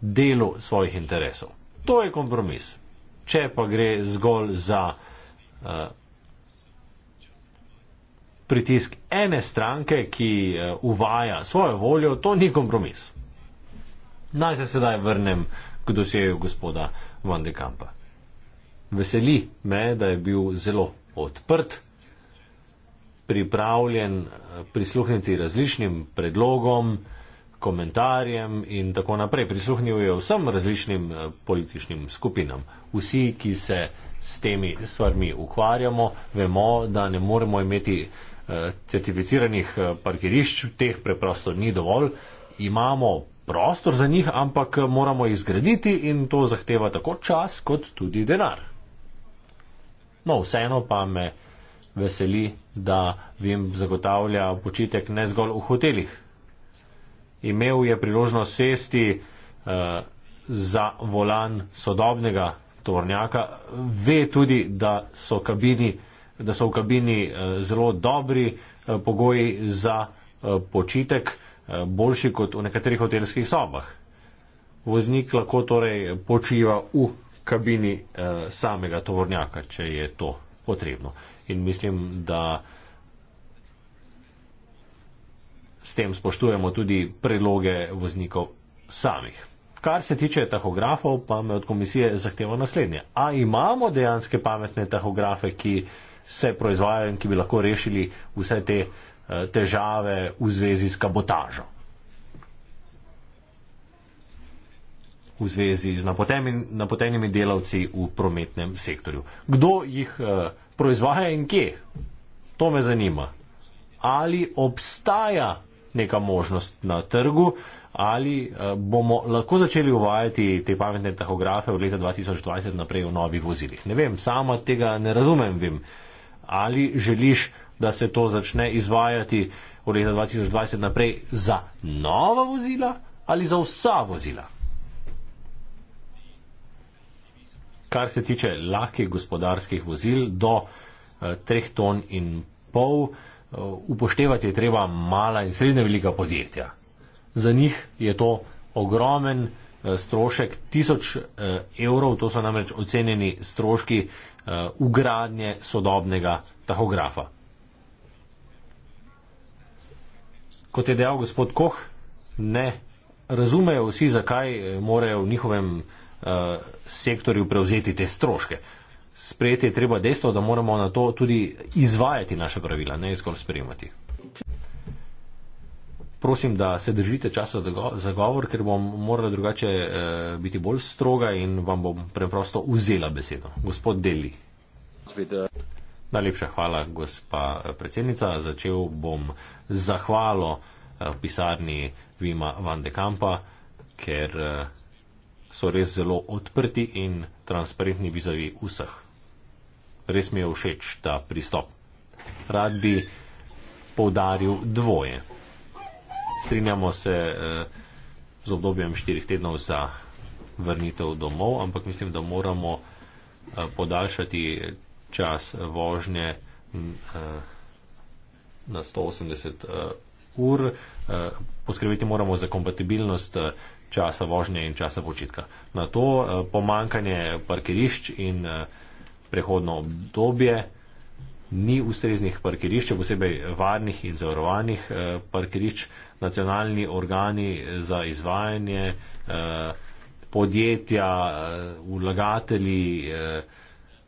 delu svojih interesov. To je kompromis. Če pa gre zgolj za uh, pritisk ene stranke, ki uh, uvaja svojo voljo, to ni kompromis. Naj se sedaj vrnem k dosjeju gospoda Van de Kampa. Veseli me, da je bil zelo odprt pripravljen eh, prisluhniti različnim predlogom, komentarjem in tako naprej. Prisluhnil je vsem različnim eh, političnim skupinam. Vsi, ki se s temi stvarmi ukvarjamo, vemo, da ne moremo imeti eh, certificiranih parkirišč, teh preprosto ni dovolj. Imamo prostor za njih, ampak moramo jih zgraditi in to zahteva tako čas kot tudi denar. No, vseeno pa me veseli, da jim zagotavlja počitek ne zgolj v hotelih. Imel je priložnost sesti eh, za volan sodobnega tovornjaka, ve tudi, da so, kabini, da so v kabini eh, zelo dobri eh, pogoji za eh, počitek, eh, boljši kot v nekaterih hotelskih sobah. Voznik lahko torej počiva v kabini eh, samega tovornjaka, če je to potrebno in mislim, da s tem spoštujemo tudi priloge voznikov samih. Kar se tiče tahografov, pa me od komisije zahteva naslednje. A imamo dejansko pametne tahografe, ki se proizvajajo in ki bi lahko rešili vse te eh, težave v zvezi s kabotažo? V zvezi z napotenimi delavci v prometnem sektorju. Kdo jih uh, proizvaja in kje? To me zanima. Ali obstaja neka možnost na trgu, ali eh, bomo lahko začeli uvajati te pametne tahografe od leta 2020 naprej v novih vozilih. Ne vem, sama tega ne razumem, vem. Ali želiš, da se to začne izvajati od leta 2020 naprej za nova vozila ali za vsa vozila? kar se tiče lahkih gospodarskih vozil do 3 eh, ton in pol, eh, upoštevati je treba mala in srednje velika podjetja. Za njih je to ogromen eh, strošek, tisoč evrov, to so namreč ocenjeni stroški ugradnje sodobnega tahografa. Kot je dejal gospod Koh, ne razumejo vsi, zakaj morajo v njihovem uh, sektorju prevzeti te stroške. Sprejeti je treba dejstvo, da moramo na to tudi izvajati naše pravila, ne izkor sprejemati. Prosim, da se držite časa za govor, ker bom morala drugače uh, biti bolj stroga in vam bom preprosto vzela besedo. Gospod Deli. Najlepša hvala, gospa eh, predsednica. Začel bom z zahvalo v pisarni Vima Van de Kampa, ker so res zelo odprti in transparentni vizavi vseh. Res mi je všeč ta pristop. Rad bi povdaril dvoje. Strinjamo se eh, z obdobjem štirih tednov za vrnitev domov, ampak mislim, da moramo eh, podaljšati čas vožnje mm, eh, na 180 ur. Poskrbeti moramo za kompatibilnost časa vožnje in časa počitka. Na to eh, pomankanje parkirišč in eh, prehodno obdobje ni ustreznih parkirišč, posebej varnih in zavarovanih eh, parkirišč, nacionalni organi za izvajanje, podjetja, vlagatelji,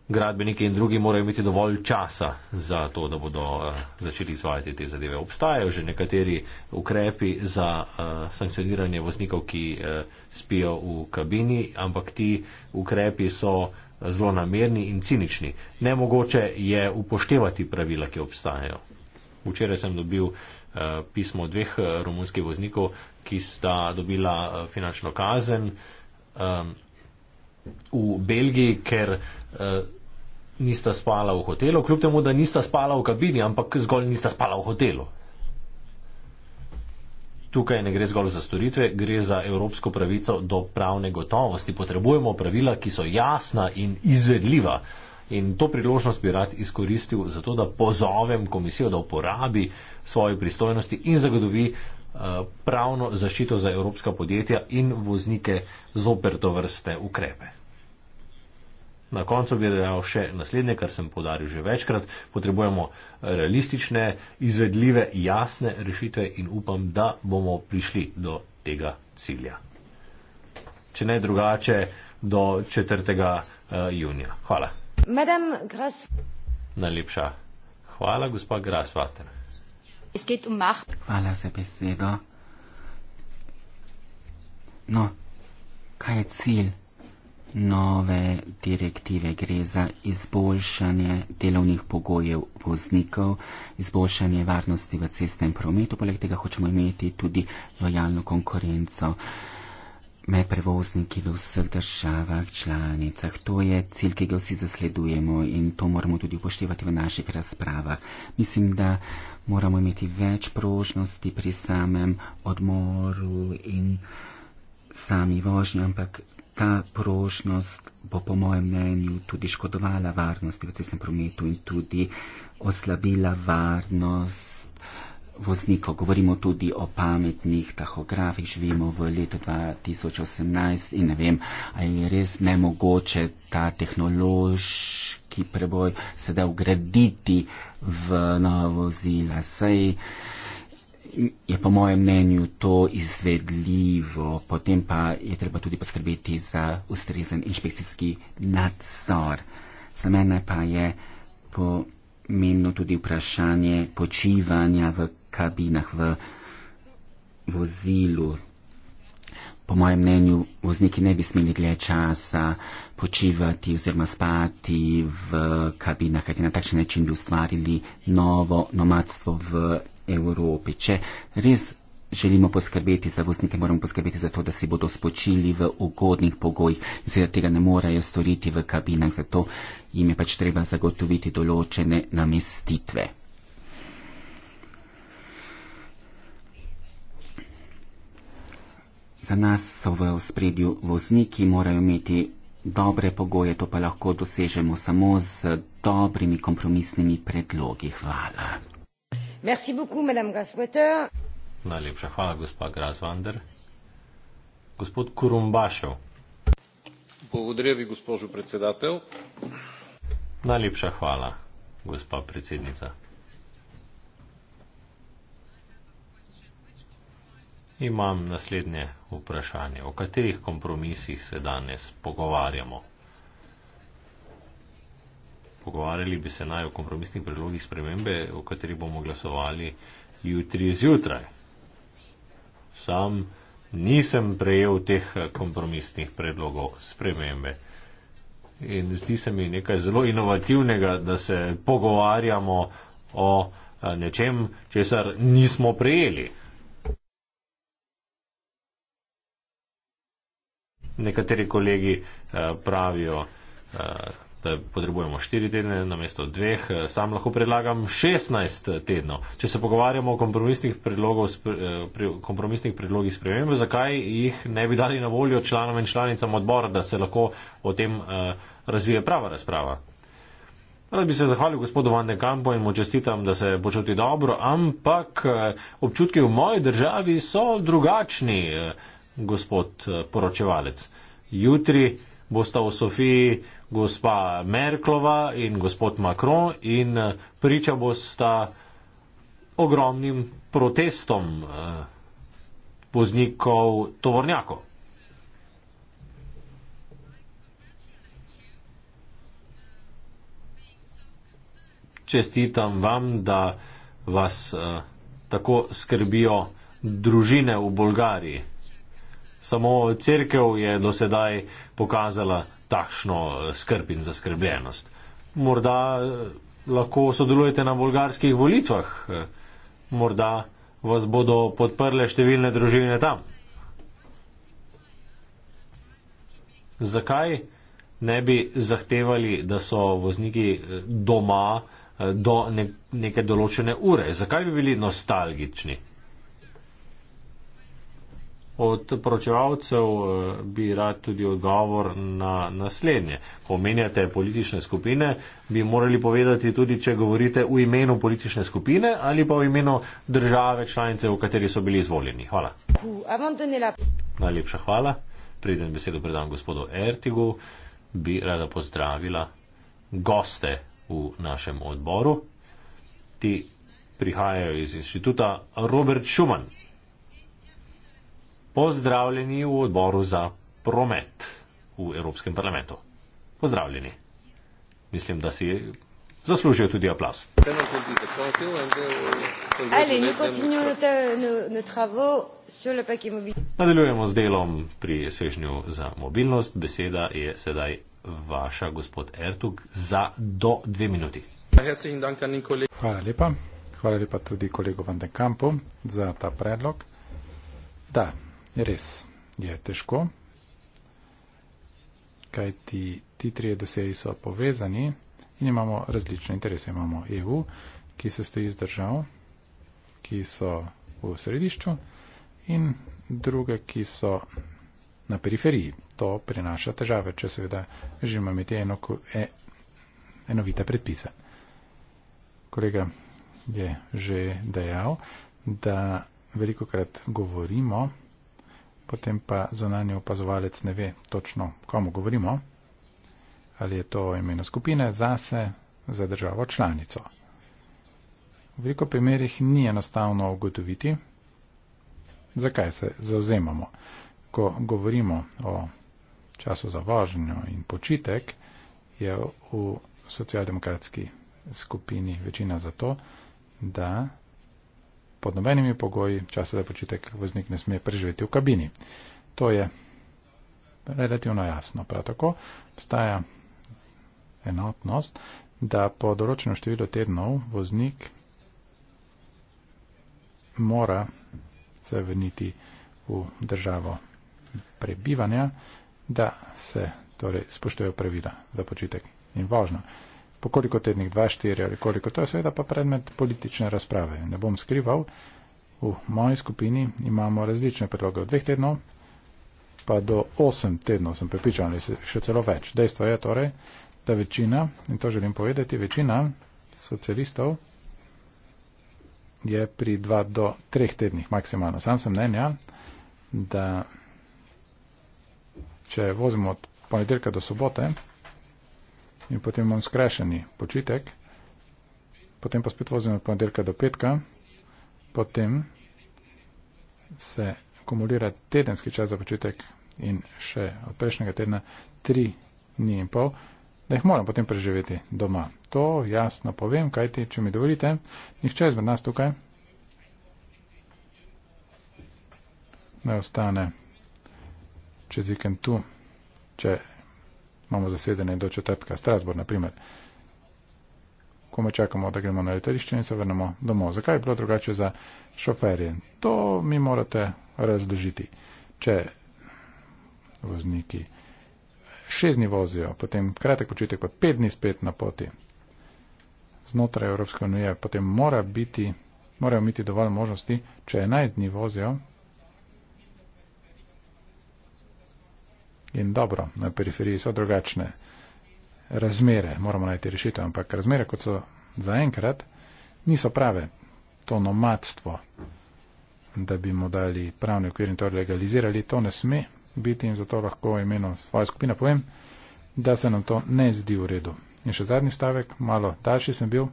gradbeniki in drugi morajo imeti dovolj časa za to, da bodo uh, začeli izvajati te zadeve. Obstajajo že nekateri ukrepi za uh, sankcioniranje voznikov, ki uh, spijo v kabini, ampak ti ukrepi so zelo namerni in cinični. Nemogoče je upoštevati pravila, ki obstajajo. Včeraj sem dobil pismo dveh romunskih voznikov, ki sta dobila finančno kazen um, v Belgiji, ker uh, nista spala v hotelu, kljub temu, da nista spala v kabini, ampak zgolj nista spala v hotelu. Tukaj ne gre zgolj za storitve, gre za evropsko pravico do pravne gotovosti. Potrebujemo pravila, ki so jasna in izvedljiva. In to priložnost bi rad izkoristil za to, da pozovem komisijo, da uporabi svoje pristojnosti in zagodovi eh, pravno zaščito za evropska podjetja in voznike zoper to vrste ukrepe. Na koncu bi dejal še naslednje, kar sem podaril že večkrat. Potrebujemo realistične, izvedljive, jasne rešitve in upam, da bomo prišli do tega cilja. Če ne drugače, do 4. Eh, junija. Hvala. Madam Gras. Najlepša. Hvala, gospa Grasvater. Um hvala za besedo. No, kaj je cilj? nove direktive, gre za izboljšanje delovnih pogojev voznikov, izboljšanje varnosti v cestnem prometu, poleg tega hočemo imeti tudi lojalno konkurenco med prevozniki v vseh državah, članicah. To je cilj, ki ga vsi zasledujemo in to moramo tudi upoštevati v naših razpravah. Mislim, da moramo imeti več prožnosti pri samem odmoru in sami vožnji, ampak ta prožnost bo po mojem mnenju tudi škodovala varnosti v cestnem prometu in tudi oslabila varnost voznikov. Govorimo tudi o pametnih tahografih, živimo v letu 2018 in ne vem, ali je res nemogoče ta tehnološki preboj sedaj ugraditi v nova vozila. Sej, uh, je po mojem mnenju to izvedljivo, potem pa je treba tudi poskrbeti za ustrezen inšpekcijski nadzor. Za mene pa je pomembno tudi vprašanje počivanja v kabinah, v vozilu. Po mojem mnenju, vozniki ne bi smeli dlje časa počivati oziroma spati v kabinah, ker na takšen način bi ustvarili novo nomadstvo v Evropi. Če res želimo poskrbeti za voznike, moramo poskrbeti za to, da si bodo spočili v ugodnih pogojih. Zdaj tega ne morejo storiti v kabinah, zato jim je pač treba zagotoviti določene namestitve. Za nas so v spredju vozniki, morajo imeti dobre pogoje, to pa lahko dosežemo samo z dobrimi kompromisnimi predlogi. Hvala. Najlepša hvala, gospa Grazvander. Gospod Kurumbašev. Благодаря ви, госпожо председател. Najlepša hvala, gospa predsednica. Imam naslednje vprašanje. O katerih kompromisih se danes pogovarjamo? pogovarjali, bi se naj o kompromisnih predlogih spremembe, o kateri bomo glasovali jutri zjutraj. Sam nisem prejel teh kompromisnih predlogov spremembe. In zdi se mi nekaj zelo inovativnega, da se pogovarjamo o eh, nečem, česar nismo prejeli. Nekateri kolegi eh, pravijo, eh, da potrebujemo 4 tedne namesto 2, sam lahko predlagam 16 tednov. Če se pogovarjamo o kompromisnih, eh, kompromisnih predlogih sprememb, zakaj jih ne bi dali na voljo članom in članicam odbora, da se lahko o tem eh, razvije prava razprava? Rad bi se zahvalil gospodu Van de Campo in mu čestitam, da se počuti dobro, ampak eh, občutki v moji državi so drugačni, gospod poročevalec. Jutri bosta v Sofiji gospa Merklova in gospod Macron in eh, priča bosta ogromnim protestom eh, voznikov tovornjako. Čestitam vam, da vas eh, tako skrbijo družine v Bolgariji. Samo crkev je do sedaj pokazala takšno skrb in zaskrbljenost. Morda eh, lahko sodelujete na bolgarskih volitvah, eh, morda vas bodo podprle številne družine tam. Zakaj ne bi zahtevali, da so vozniki eh, doma do neke določene ure? Zakaj bi bili nostalgični? Od poročevalcev eh, bi rad tudi odgovor na naslednje. Ko omenjate politične skupine, bi morali povedati tudi, če govorite v imenu politične skupine ali pa v imenu države članice, v kateri so bili izvoljeni. Hvala. Najlepša hvala. Preden besedo predam gospodu Ertigu, bi rada pozdravila goste v našem odboru. Ti prihajajo iz inštituta Robert Schumann. Pozdravljeni v odboru za promet v Evropskem parlamentu. Pozdravljeni. Mislim, da si zaslužijo tudi aplaus. Nadaljujemo s delom pri svežnju za mobilnost. Beseda je sedaj vaša, gospod Ertug, za do dve minuti. Hvala lepa. Hvala lepa tudi kolegu Van den Kampu za ta predlog. Da, res je težko, kaj ti, ti trije doseji so povezani in imamo različne interese. Imamo EU, ki se stoji z držav, ki so v središču in druge, ki so na periferiji. To prinaša težave, če seveda želimo imeti eno, e, enovite predpise. Kolega je že dejal, da veliko krat govorimo, potem pa zunanji opazovalec ne ve točno, komu govorimo, ali je to imeno skupine zase, za državo članico. V veliko primerih ni enostavno ugotoviti, zakaj se zauzemamo. Ko govorimo o času za vožnjo in počitek, je v socialdemokratski skupini večina za to, da pod nobenimi pogoji časa za počitek voznik ne sme preživeti v kabini. To je relativno jasno. Prav tako obstaja enotnost, da po določenem številu tednov voznik mora se vrniti v državo prebivanja, da se torej spoštujejo pravila za počitek in vožnjo po koliko tednih, dva, štiri ali koliko. To je seveda pa predmet politične razprave. Ne bom skrival, v moji skupini imamo različne predloge. Od dveh tednov pa do osem tednov sem pripričan ali še celo več. Dejstvo je torej, da večina, in to želim povedati, večina socialistov je pri dva do treh tednih maksimalno. Sam sem mnenja, da če vozimo od ponedeljka do sobote, in potem imam skrajšani počitek, potem pa spet vozim od ponedeljka do petka, potem se akumulira tedenski čas za počitek in še od prejšnjega tedna tri dni in pol, da jih moram potem preživeti doma. To jasno povem, kajti, če mi dovolite, nihče izmed nas tukaj ne ostane čez vikend tu, če imamo zasedene do četrtka, Strasbourg na primer. Kome čakamo, da gremo na letališče in se vrnemo domov. Zakaj je bilo drugače za šoferje? To mi morate razložiti. Če vozniki šest dni vozijo, potem kratek počitek, pa pet dni spet na poti znotraj Evropske unije, potem mora biti, morajo biti dovolj možnosti, če enajst dni vozijo, In dobro, na periferiji so drugačne razmere, moramo najti rešitev, ampak razmere, kot so zaenkrat, niso prave. To nomadstvo, da bi mu dali pravni okvir in to legalizirali, to ne sme biti in zato lahko v imenu svoje skupine povem, da se nam to ne zdi v redu. In še zadnji stavek, malo daljši sem bil.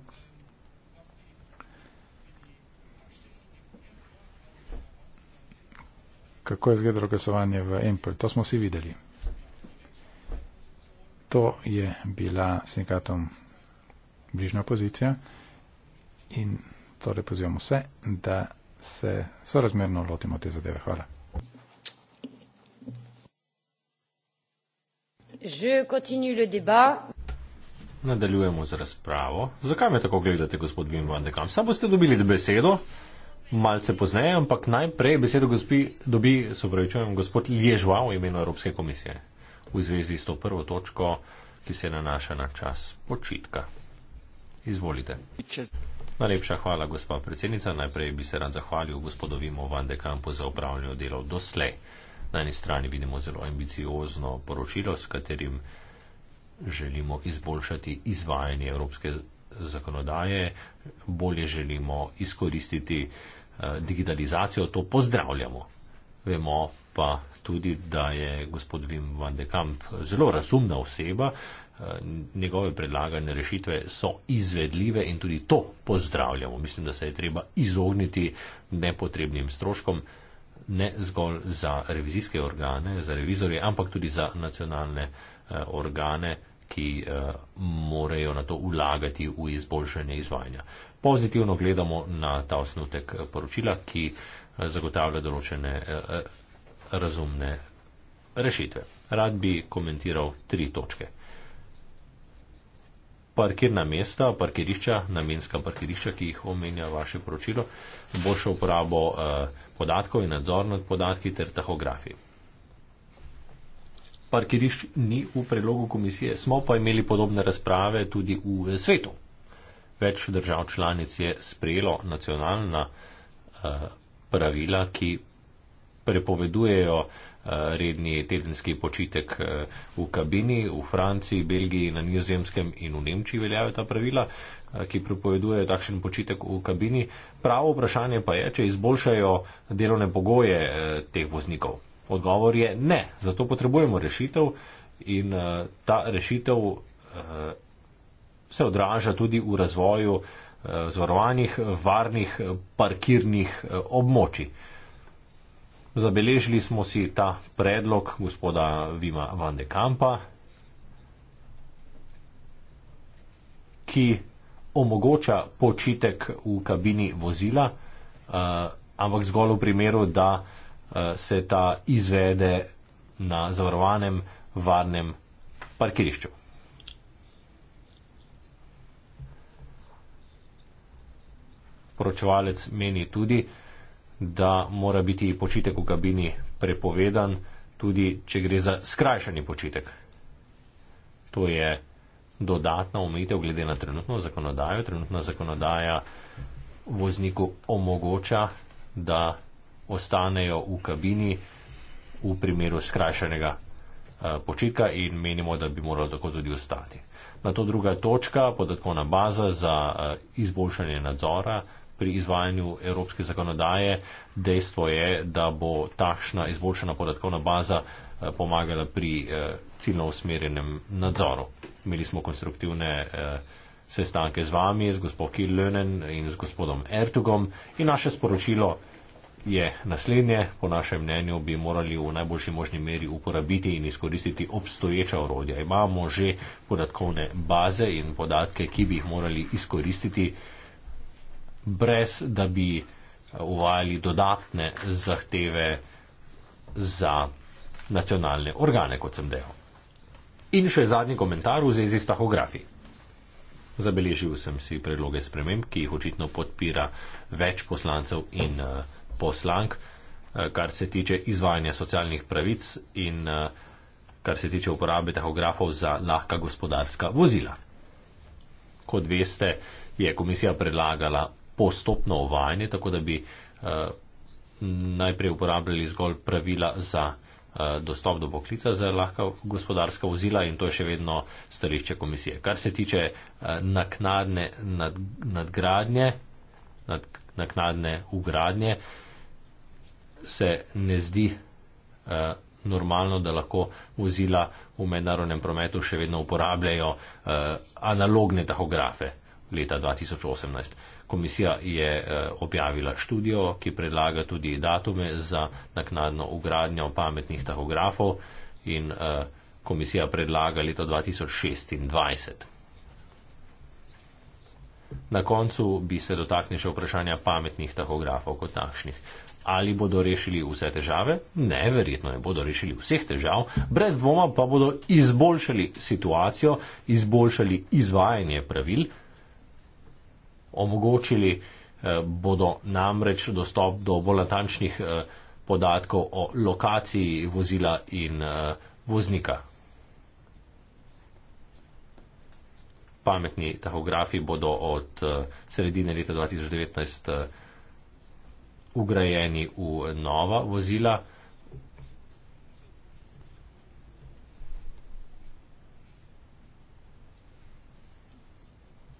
Kako je izgledalo glasovanje v Empel? To smo vsi videli to je bila sindikatom bližnja pozicija in torej pozivamo vse, da se sorazmerno lotimo te zadeve. Hvala. Nadaljujemo z razpravo. Zakaj me tako gledate, gospod Vim van de Kamp? Sam boste dobili besedo, malce pozneje, ampak najprej besedo gospi, dobi, se upravičujem, gospod Ježva v imenu Evropske komisije v zvezi s to prvo točko, ki se nanaša na čas počitka. Izvolite. Najlepša hvala, gospa predsednica. Najprej bi se rad zahvalil gospodu Vimo van de Campu za upravljanje delov doslej. Na eni strani vidimo zelo ambiciozno poročilo, s katerim želimo izboljšati izvajanje evropske zakonodaje, bolje želimo izkoristiti eh, digitalizacijo, to pozdravljamo. Vemo, pa tudi, da je gospod Wim van de Kamp zelo razumna oseba, eh, njegove predlagane rešitve so izvedljive in tudi to pozdravljamo. Mislim, da se je treba izogniti nepotrebnim stroškom ne zgolj za revizijske organe, za revizorje, ampak tudi za nacionalne eh, organe, ki eh, morejo na to vlagati v izboljšanje izvajanja. Pozitivno gledamo na ta osnutek poročila, ki zagotavlja določene razumne rešitve. Rad bi komentiral tri točke. Parkirna mesta, parkirišča, namenska parkirišča, ki jih omenja vaše poročilo, boljšo uporabo eh, podatkov in nadzor nad podatki ter tahografi. Parkirišč ni v predlogu komisije, smo pa imeli podobne razprave tudi v eh, svetu. Več držav članic je sprejelo nacionalna eh, pravila, ki prepovedujejo eh, redni tedenski počitek eh, v kabini. V Franciji, Belgiji, na nizozemskem in v Nemčiji veljajo ta pravila, eh, ki prepovedujejo takšen počitek v kabini. Pravo vprašanje pa je, če izboljšajo delovne pogoje teh voznikov. Odgovor je ne. Zato potrebujemo rešitev in ta rešitev se odraža tudi v razvoju zvarovanih, varnih parkirnih območij. Zabeležili smo si ta predlog gospoda Vima Van de Kampa, ki omogoča počitek v kabini vozila, eh, ampak zgolj v primeru, da eh, se ta izvede na zavarovanem varnem parkirišču. Poročevalec meni tudi, da mora biti počitek v kabini prepovedan, tudi če gre za skrajšani počitek. To je dodatna omejitev glede na trenutno zakonodajo. Trenutna zakonodaja vozniku omogoča, da ostanejo v kabini v primeru skrajšanega eh, počitka in menimo, da bi moralo tako tudi ostati. Na to druga točka, podatkovna baza za eh, izboljšanje nadzora, pri izvajanju evropske zakonodaje. Dejstvo je, da bo takšna izboljšana podatkovna baza eh, pomagala pri eh, ciljno usmerjenem nadzoru. Imeli smo konstruktivne eh, sestanke z vami, z gospod Kilönen in z gospodom Ertugom in naše sporočilo je naslednje. Po našem mnenju bi morali v najboljši možni meri uporabiti in izkoristiti obstoječa orodja. Imamo že podatkovne baze in podatke, ki bi jih morali izkoristiti brez da bi eh, uvajali dodatne zahteve za nacionalne organe, kot sem dejal. In še zadnji komentar v zvezi s tahografi. Zabeležil sem si predloge sprememb, ki jih očitno podpira več poslancev in eh, poslank, eh, kar se tiče izvajanja socialnih pravic in kar se tiče uporabe tahografov za lahka gospodarska vozila. Kot veste, je komisija predlagala postopno uvajanje, tako da bi eh, najprej uporabljali zgolj pravila za eh, dostop do poklica za lahka gospodarska vozila in to je še vedno stališče komisije. Kar se tiče eh, naknadne nad, nadgradnje, nad, naknadne ugradnje, se ne zdi eh, normalno, da lahko vozila v mednarodnem prometu še vedno uporabljajo eh, analogne tahografe leta 2018. Komisija je eh, objavila študijo, ki predlaga tudi datume za naknadno ugradnjo pametnih tahografov in eh, komisija predlaga leto 2026. Na koncu bi se dotaknil še vprašanja pametnih tahografov kot takšnih. Ali bodo rešili vse težave? Ne, verjetno ne bodo rešili vseh težav, brez dvoma pa bodo izboljšali situacijo, izboljšali izvajanje pravil omogočili, eh, bodo namreč dostop do bolj natančnih eh, podatkov o lokaciji vozila in eh, voznika. Pametni tahografi bodo od sredine leta 2019 ugrajeni v nova vozila.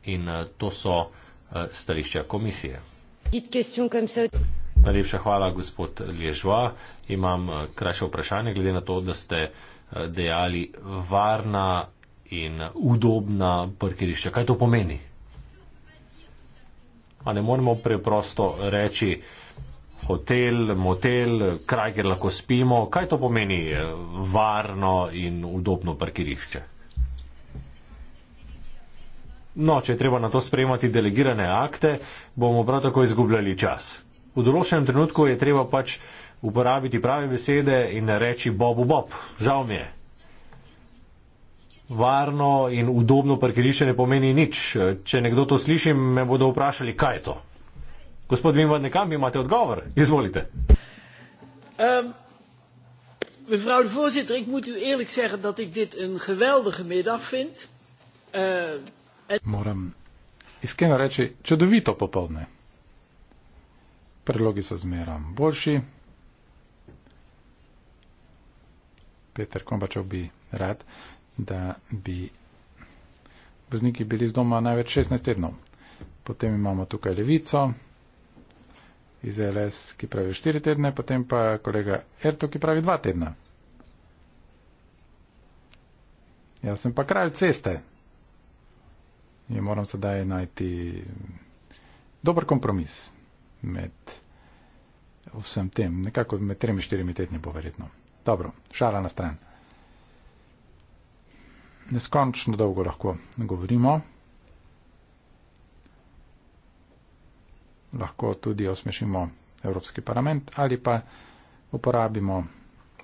In to so Eh, stališča komisije. Najlepša hvala, gospod Ležva. Imam eh, krajše vprašanje, glede na to, da ste eh, dejali varna in udobna parkirišča. Kaj to pomeni? A ne moremo preprosto reči hotel, motel, kraj, kjer lahko spimo. Kaj to pomeni varno in udobno parkirišče? No, če je treba na to sprejemati delegirane akte, bomo prav tako izgubljali čas. V določenem trenutku je treba pač uporabiti prave besede in reči Bobu Bob, žal mi je. Varno in udobno parkirišče ne pomeni nič. Če nekdo to sliši, me bodo vprašali, kaj je to. Gospod Vimvad, nekam imate odgovor? Izvolite. Um. Mevrouw de voorzitter, ik moet u eerlijk zeggen dat ik dit een geweldige middag vind. Uh, Moram iskreno reči, čudovito popolne. Predlogi so zmeram boljši. Peter Kombačov bi rad, da bi vozniki bili z doma največ 16 tednov. Potem imamo tukaj Levico iz LS, ki pravi 4 tedne, potem pa kolega Erto, ki pravi 2 tedna. Jaz sem pa kralj ceste in moram sedaj najti dober kompromis med vsem tem, nekako med tremi, štirimi tedni bo verjetno. Dobro, šala na stran. Neskončno dolgo lahko govorimo. Lahko tudi osmešimo Evropski parlament ali pa uporabimo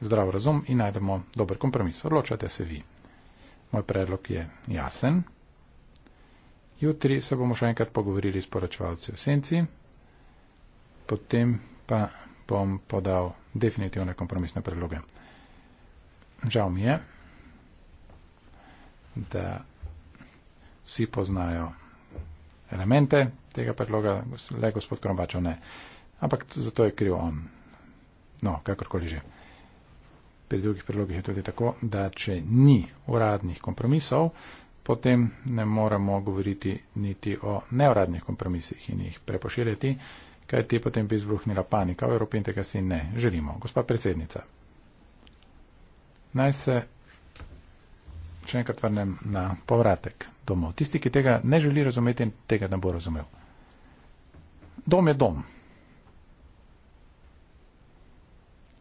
zdrav razum in najdemo dober kompromis. Odločate se vi. Moj predlog je jasen. Jutri se bomo še enkrat pogovorili s poročevalci v senci, potem pa bom podal definitivne kompromisne predloge. Žal mi je, da vsi poznajo elemente tega predloga, le gospod Krombačov ne. Ampak zato je kriv on. No, kakorkoli že. Pri drugih predlogih je tudi tako, da če ni uradnih kompromisov, potem ne moremo govoriti niti o neuradnih kompromisih in jih prepoširjati, kaj ti potem bi izbruhnila panika v Evropi in tega si ne želimo. Gospa predsednica, naj se še enkrat vrnem na povratek domov. Tisti, ki tega ne želi razumeti in tega ne bo razumel. Dom je dom.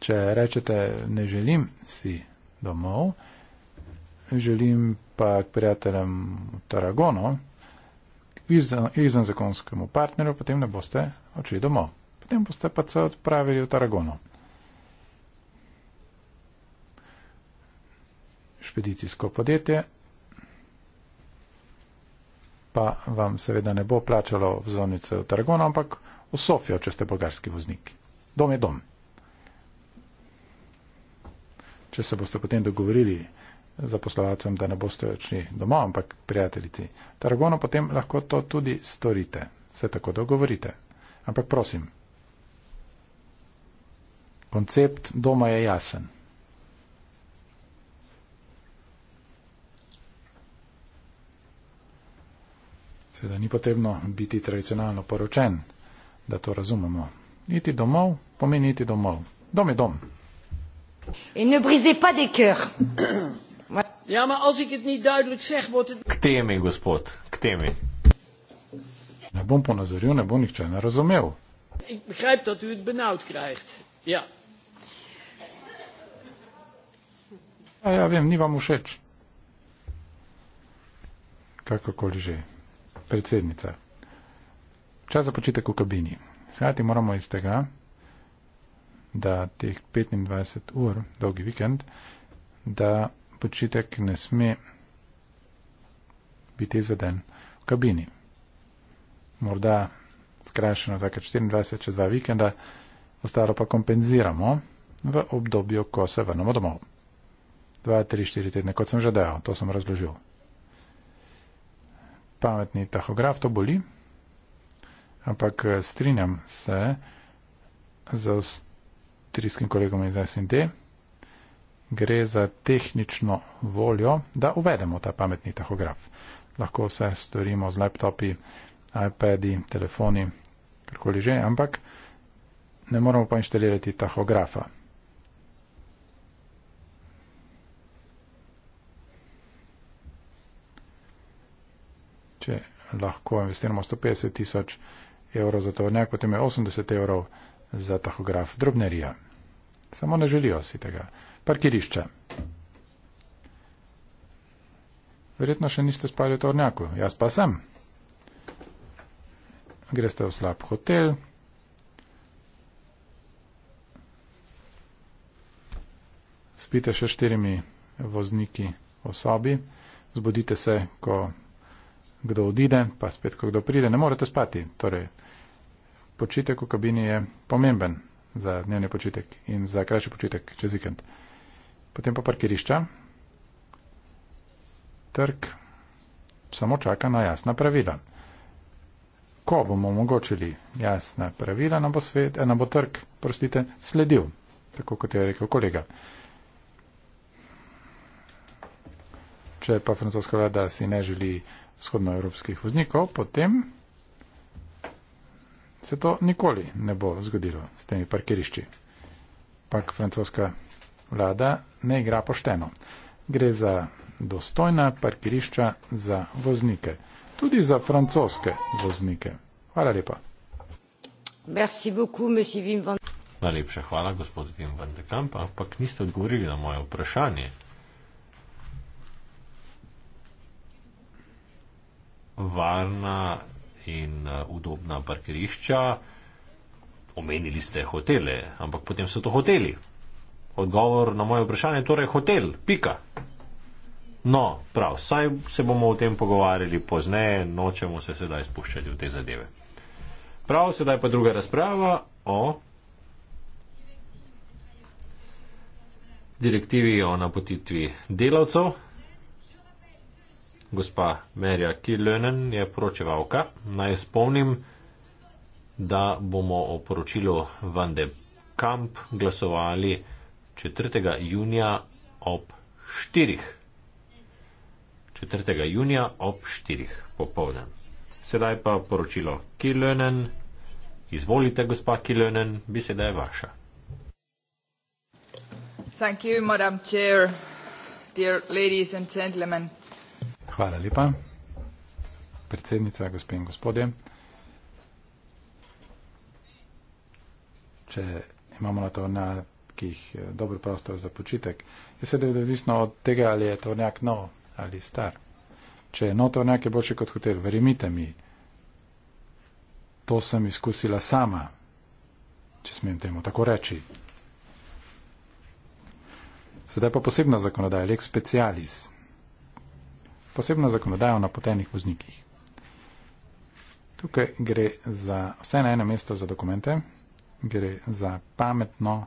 Če rečete, ne želim si domov, želim pa k prijateljem v Taragono, izvenzakonskemu izven partnerju, potem ne boste odšli domov. Potem boste pa se odpravili v Taragono. Špedicijsko podjetje pa vam seveda ne bo plačalo v zonice v Taragono, ampak v Sofijo, če ste bolgarski voznik. Dom je dom. Če se boste potem dogovorili, zaposlovalcem, da ne boste več ni doma, ampak prijateljici. Targono potem lahko to tudi storite, se tako dogovorite. Ampak prosim, koncept doma je jasen. Seveda ni potrebno biti tradicionalno poročen, da to razumemo. Iti domov pomeni iti domov. Dom je dom. In ne brize pa de kr. Ja, maar als ik het niet duidelijk zeg, wordt het. K temi, gospod, k temi. Ne bom ponazoril, ne bom nihče ne razumel. Ik begrijp dat u het benauwd krijgt. Ja. Ja, ja, vem, ni vam všeč. Kakorkoli že. Predsednica. Čas za počitek v kabini. Sajati moramo iz tega, da teh 25 ur, dolgi vikend, da počitek ne sme biti izveden v kabini. Morda skrajšeno tako 24 čez dva vikenda, ostalo pa kompenziramo v obdobju, ko se vrnemo domov. 2, 3, 4 tedne, kot sem že dejal, to sem razložil. Pametni tahograf to boli, ampak eh, strinjam se z avstrijskim kolegom iz SND, gre za tehnično voljo, da uvedemo ta pametni tahograf. Lahko vse storimo z laptopi, iPadi, telefoni, karkoli že, ampak ne moramo pa inštalirati tahografa. Če lahko investiramo 150 tisoč evrov za tovrnjak, potem je 80 evrov za tahograf drobnerija. Samo ne želijo si tega parkirišče. Verjetno še niste spali v tornjaku, jaz pa sem. Greste v slab hotel. Spite še štirimi vozniki v sobi. Zbudite se, ko kdo odide, pa spet, ko kdo pride. Ne morete spati. Torej, počitek v kabini je pomemben za dnevni počitek in za krajši počitek čez vikend potem pa parkirišča, trg samo čaka na jasna pravila. Ko bomo omogočili jasna pravila, nam bo, svet, eh, nam bo trg, prostite, sledil, tako kot je rekel kolega. Če pa francoska vlada si ne želi vzhodnoevropskih voznikov, potem se to nikoli ne bo zgodilo s temi parkirišči. Pak francoska vlada ne igra pošteno. Gre za dostojna parkirišča za voznike, tudi za francoske voznike. Hvala lepa. Merci beaucoup, monsieur Wim van... Najlepša hvala, gospod Wim van de Kamp, ampak niste odgovorili na moje vprašanje. Varna in eh, udobna parkirišča, omenili ste hotele, ampak potem so to hoteli. Odgovor na moje vprašanje je torej hotel, pika. No, prav, saj se bomo o tem pogovarjali pozneje, nočemo se sedaj spuščati v te zadeve. Prav, sedaj pa druga razprava o direktivi o napotitvi delavcev. Gospa Merja Kilönen je poročevalka. Naj spomnim, da bomo o poročilu Van de Kamp glasovali 4. junija ob 4. 4. junija ob 4. popovdne. Sedaj pa poročilo Kilönen. Izvolite, gospa Kilönen, beseda je vaša. You, Chair, Hvala lepa, predsednica, gospe in gospodje. Če imamo na to na ki jih eh, dober prostor za počitek. Je seveda odvisno od tega, ali je tovornjak nov ali star. Če je nov tovornjak, je boljši kot hotel. Verjemite mi, to sem izkusila sama, če smem temu tako reči. Sedaj pa posebna zakonodaja, lex specialis. Posebna zakonodaja o napotenih voznikih. Tukaj gre za vse na enem mestu za dokumente, gre za pametno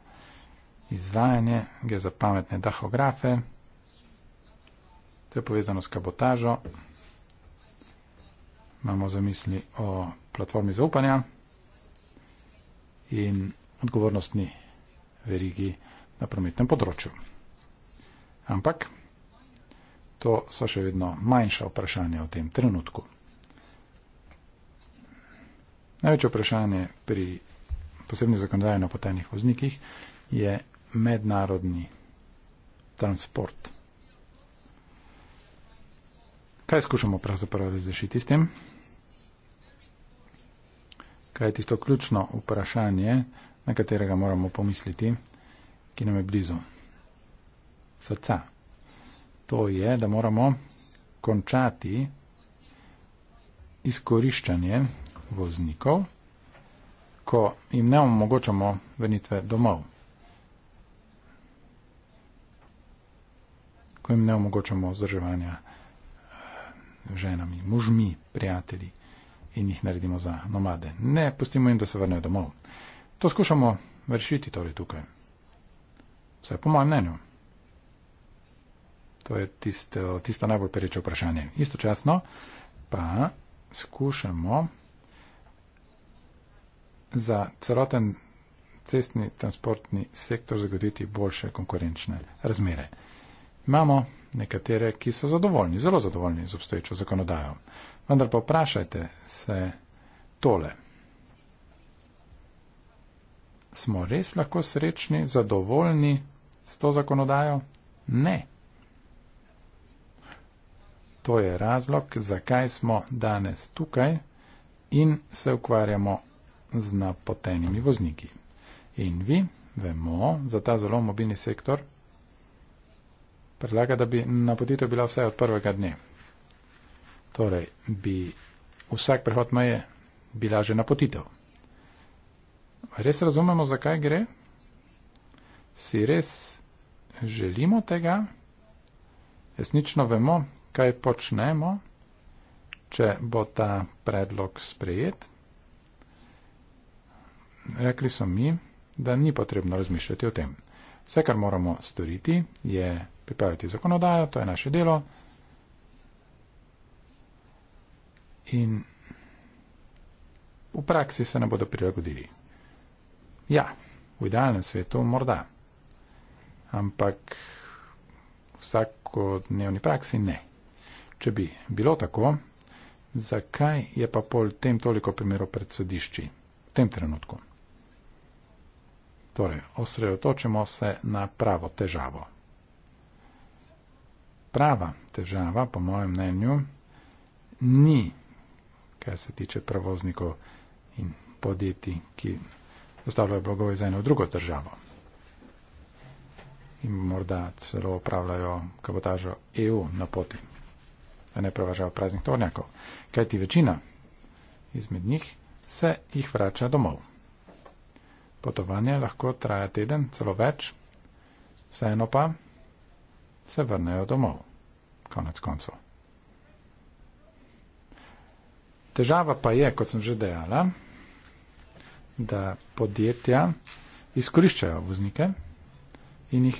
izvajanje, gre za pametne dahografe, to je povezano s kabotažo, imamo za misli o platformi zaupanja in odgovornostni verigi na prometnem področju. Ampak to so še vedno manjša vprašanja v tem trenutku. Največje vprašanje pri posebnih zakonodajno potenih voznikih je mednarodni transport. Kaj skušamo pravzaprav razrešiti s tem? Kaj je tisto ključno vprašanje, na katerega moramo pomisliti, ki nam je blizu? Srca. To je, da moramo končati izkoriščanje voznikov, ko jim ne omogočamo vrnitve domov. ko jim ne omogočamo vzdrževanja eh, ženami, možmi, prijatelji in jih naredimo za nomade. Ne pustimo jim, da se vrnejo domov. To skušamo rešiti torej tukaj. Vse po mojem mnenju. To je tisto, tisto najbolj pereče vprašanje. Istočasno pa skušamo za celoten cestni transportni sektor zagoditi boljše konkurenčne razmere. Imamo nekatere, ki so zadovoljni, zelo zadovoljni z obstoječo zakonodajo. Vendar pa vprašajte se tole. Smo res lahko srečni, zadovoljni s to zakonodajo? Ne. To je razlog, zakaj smo danes tukaj in se ukvarjamo z napotenimi vozniki. In vi, vemo, za ta zelo mobilni sektor predlaga, da bi napotitev bila vsaj od prvega dne. Torej, bi vsak prehod meje bila že napotitev. Res razumemo, zakaj gre? Si res želimo tega? Resnično vemo, kaj počnemo, če bo ta predlog sprejet? Rekli so mi, da ni potrebno razmišljati o tem. Vse, kar moramo storiti, je pripraviti zakonodajo, to je naše delo. In v praksi se ne bodo prilagodili. Ja, v idealnem svetu morda, ampak vsako dnevni praksi ne. Če bi bilo tako, zakaj je pa pol tem toliko primerov pred sodišči v tem trenutku? Torej, osredotočimo se na pravo težavo prava težava, po mojem mnenju, ni, kar se tiče prevoznikov in podjetij, ki dostavljajo blago iz eno v drugo državo. In morda celo upravljajo kabotažo EU na poti, da ne prevažajo praznih tornjakov. Kaj ti večina izmed njih se jih vrača domov. Potovanje lahko traja teden, celo več, vseeno pa se vrnejo domov. Konec koncov. Težava pa je, kot sem že dejala, da podjetja izkoriščajo voznike in jih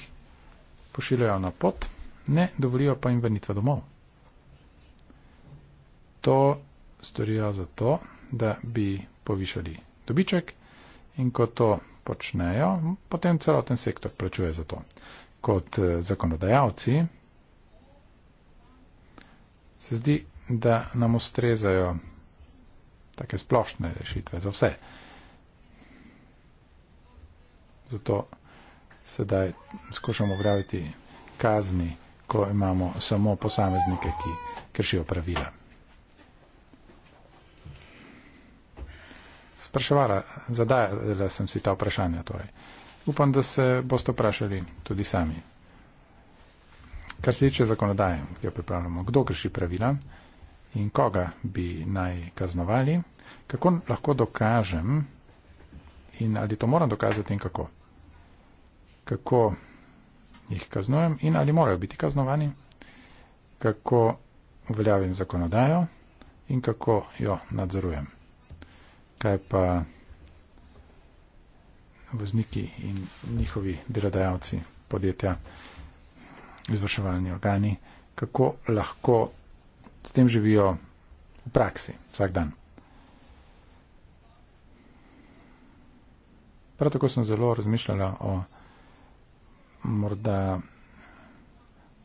pošiljajo na pot, ne dovolijo pa jim vrnitve domov. To storijo zato, da bi povišali dobiček in ko to počnejo, potem celoten sektor plačuje za to kot eh, zakonodajalci, se zdi, da nam ustrezajo take splošne rešitve za vse. Zato sedaj skušamo graviti kazni, ko imamo samo posameznike, ki kršijo pravila. Spraševala, zadajala sem si ta vprašanja. Torej upam, da se boste vprašali tudi sami. Kar se tiče zakonodaje, ki jo pripravljamo, kdo krši pravila in koga bi naj kaznovali, kako lahko dokažem in ali to moram dokazati in kako. Kako jih kaznujem in ali morajo biti kaznovani, kako uveljavim zakonodajo in kako jo nadzorujem. Kaj pa vozniki in njihovi delodajalci, podjetja, izvrševalni organi, kako lahko s tem živijo v praksi vsak dan. Prav tako sem zelo razmišljala o morda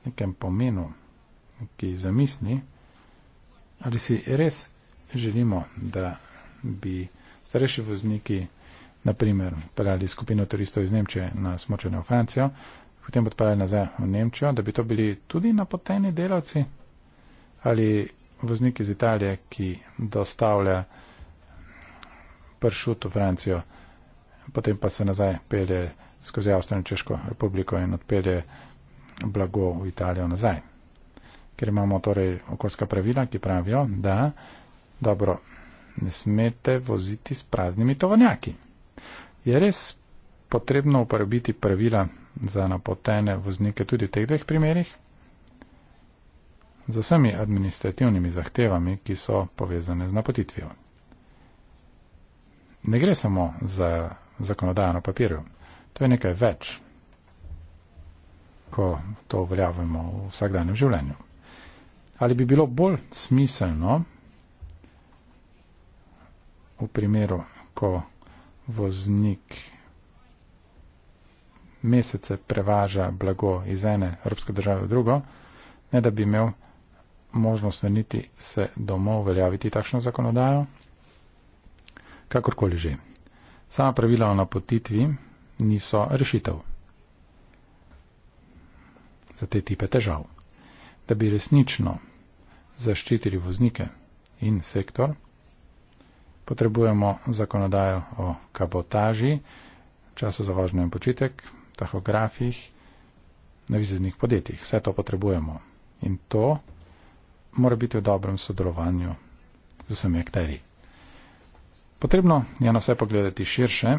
nekem pomenu, ki zamisli, ali si res želimo, da bi starejši vozniki naprimer peljali skupino turistov iz Nemčije na smočanje v Francijo, potem odpeljali nazaj v Nemčijo, da bi to bili tudi napoteni delavci ali voznik iz Italije, ki dostavlja pršut v Francijo, potem pa se nazaj pelje skozi Avstrijo in Češko republiko in odpelje blago v Italijo nazaj. Ker imamo torej okoljska pravila, ki pravijo, da dobro, ne smete voziti s praznimi tovornjaki. Je res potrebno uporabiti pravila za napotene voznike tudi v teh dveh primerih? Z vsemi administrativnimi zahtevami, ki so povezane z napotitvijo. Ne gre samo za zakonodajo na papirju, to je nekaj več, ko to uveljavimo v vsakdanjem življenju. Ali bi bilo bolj smiselno v primeru, ko voznik mesece prevaža blago iz ene evropske države v drugo, ne da bi imel možnost vrniti se domov, uveljaviti takšno zakonodajo, kakorkoli že. Sama pravila o napotitvi niso rešitev za te tipe težav. Da bi resnično zaščitili voznike in sektor, potrebujemo zakonodajo o kabotaži, času za vožnjo in počitek, tahografih, navizeznih podjetjih. Vse to potrebujemo. In to mora biti v dobrem sodelovanju z vsemi akteri. Potrebno je na vse pogledati širše,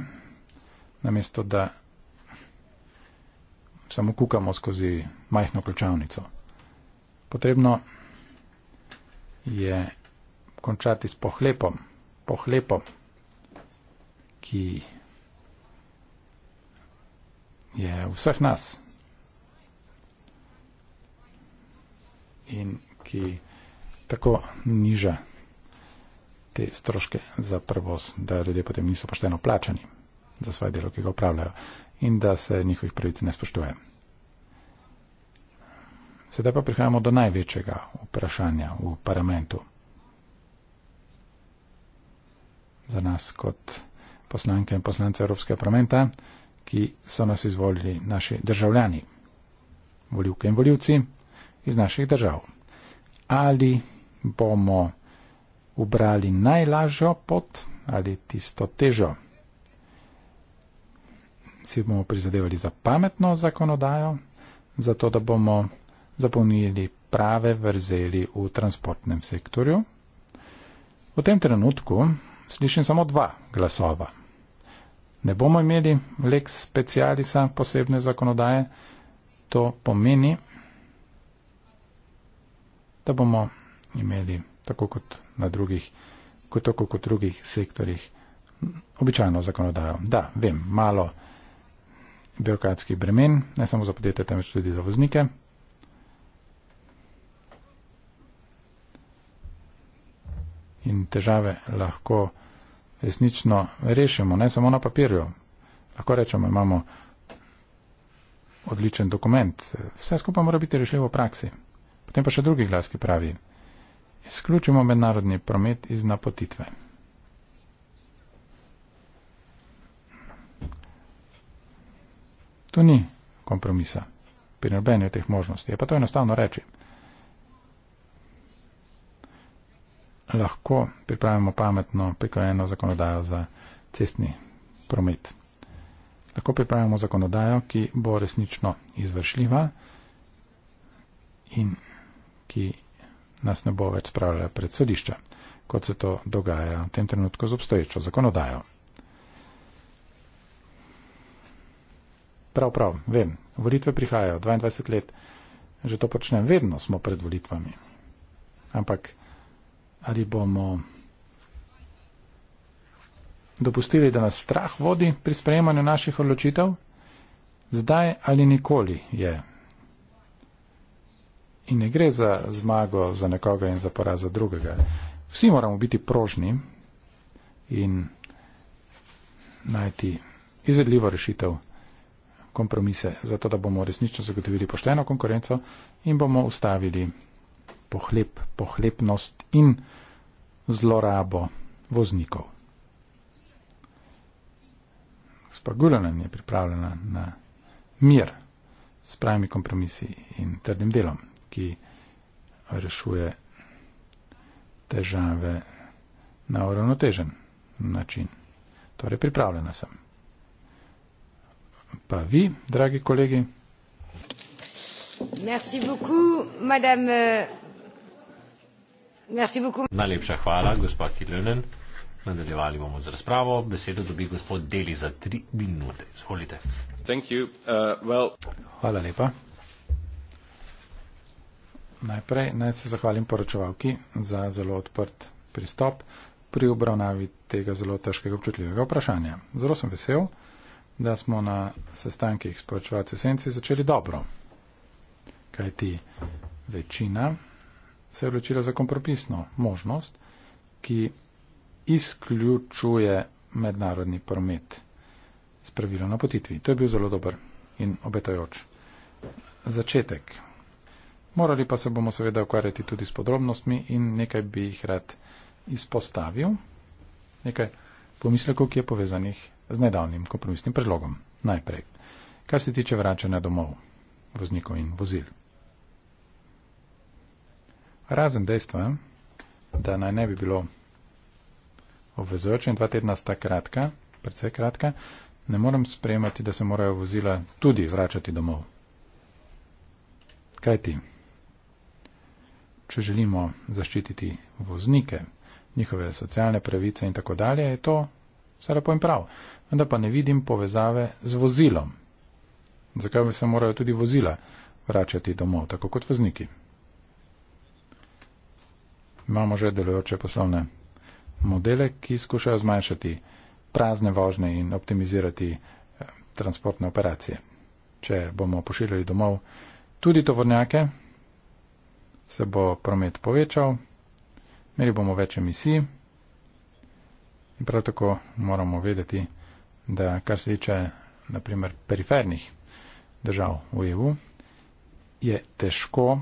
namesto da samo kukamo skozi majhno ključavnico. Potrebno je končati s pohlepom pohlepom, ki je vseh nas in ki tako niža te stroške za prvoz, da ljudje potem niso pošteno plačani za svoje delo, ki ga upravljajo in da se njihovih pravic ne spoštuje. Sedaj pa prihajamo do največjega vprašanja v parlamentu. za nas kot poslanke in poslance Evropskega parlamenta, ki so nas izvolili naši državljani, voljivke in voljivci iz naših držav. Ali bomo ubrali najlažjo pot ali tisto težo? Si bomo prizadevali za pametno zakonodajo, zato da bomo zapolnili prave vrzeli v transportnem sektorju. V tem trenutku slišim samo dva glasova. Ne bomo imeli lex specialisa posebne zakonodaje, to pomeni, da bomo imeli tako kot na drugih, kot tako kot drugih sektorjih, običajno zakonodajo. Da, vem, malo birokratskih bremen, ne samo za podjetje, temveč tudi za voznike. In težave lahko resnično rešimo, ne samo na papirju. Lahko rečemo, imamo odličen dokument. Vse skupaj mora biti rešljivo v praksi. Potem pa še drugi glas, ki pravi, izključimo mednarodni promet iz napotitve. Tu ni kompromisa pri nobeni od teh možnosti. Je pa to enostavno reči. lahko pripravimo pametno PKN-o zakonodajo za cestni promet. Lahko pripravimo zakonodajo, ki bo resnično izvršljiva in ki nas ne bo več spravljala pred sodišča, kot se to dogaja v tem trenutku z obstoječo zakonodajo. Prav, prav, vem, volitve prihajajo, 22 let, že to počnem, vedno smo pred volitvami. Ampak ali bomo dopustili, da nas strah vodi pri sprejemanju naših odločitev, zdaj ali nikoli je. In ne gre za zmago za nekoga in za poraz za drugega. Vsi moramo biti prožni in najti izvedljivo rešitev, kompromise, zato da bomo resnično zagotovili pošteno konkurenco in bomo ustavili pohlep, pohlepnost in zlorabo voznikov. Gospa Gulanen je pripravljena na mir s pravimi kompromisi in trdim delom, ki rešuje težave na uravnotežen način. Torej, pripravljena sem. Pa vi, dragi kolegi. Merci beaucoup, madame euh, Najlepša hvala, gospa Kilenen. Nadaljevali bomo z razpravo. Besedo dobi gospod Deli za tri minute. Zvolite. Uh, well. Hvala lepa. Najprej naj se zahvalim poročevalki za zelo odprt pristop pri obravnavi tega zelo težkega občutljivega vprašanja. Zelo sem vesel, da smo na sestankih s poročevalci senci začeli dobro. Kajti večina se je odločila za kompromisno možnost, ki izključuje mednarodni promet s pravilom na potitvi. To je bil zelo dober in obetajoč začetek. Morali pa se bomo seveda ukvarjati tudi s podrobnostmi in nekaj bi jih rad izpostavil, nekaj pomislekov, ki je povezanih z nedavnim kompromisnim predlogom. Najprej, kar se tiče vračanja domov voznikov in vozil. Razen dejstva, da naj ne bi bilo obvezujoče in dva tedna sta kratka, predvsej kratka, ne moram sprejemati, da se morajo vozila tudi vračati domov. Kaj ti? Če želimo zaščititi voznike, njihove socialne pravice in tako dalje, je to vse lepo in prav. Vendar pa ne vidim povezave z vozilom. Zakaj bi se morajo tudi vozila vračati domov, tako kot vozniki? imamo že delujoče poslovne modele, ki skušajo zmanjšati prazne vožnje in optimizirati eh, transportne operacije. Če bomo pošiljali domov tudi tovornjake, se bo promet povečal, imeli bomo več emisij in prav tako moramo vedeti, da kar se tiče naprimer perifernih držav v EU, je težko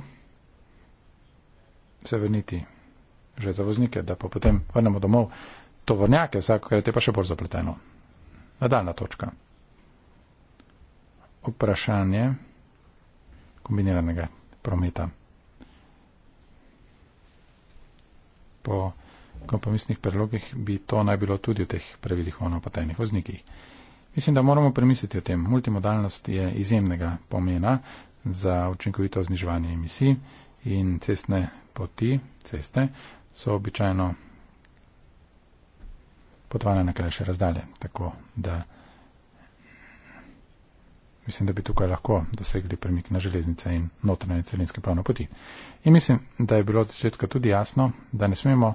se vrniti že za voznike, da pa potem vrnemo domov tovornjake, vsako, kar je te pa še bolj zapleteno. Nadaljna točka. Vprašanje kombiniranega prometa. Po kompromisnih predlogih bi to naj bilo tudi v teh pravilih o napotenih voznikih. Mislim, da moramo premisliti o tem. Multimodalnost je izjemnega pomena za učinkovito zniževanje emisij in cestne poti, ceste, so običajno potovanja na krajše razdalje. Tako da mislim, da bi tukaj lahko dosegli premik na železnice in notranje celinske plavne poti. In mislim, da je bilo od začetka tudi jasno, da ne smemo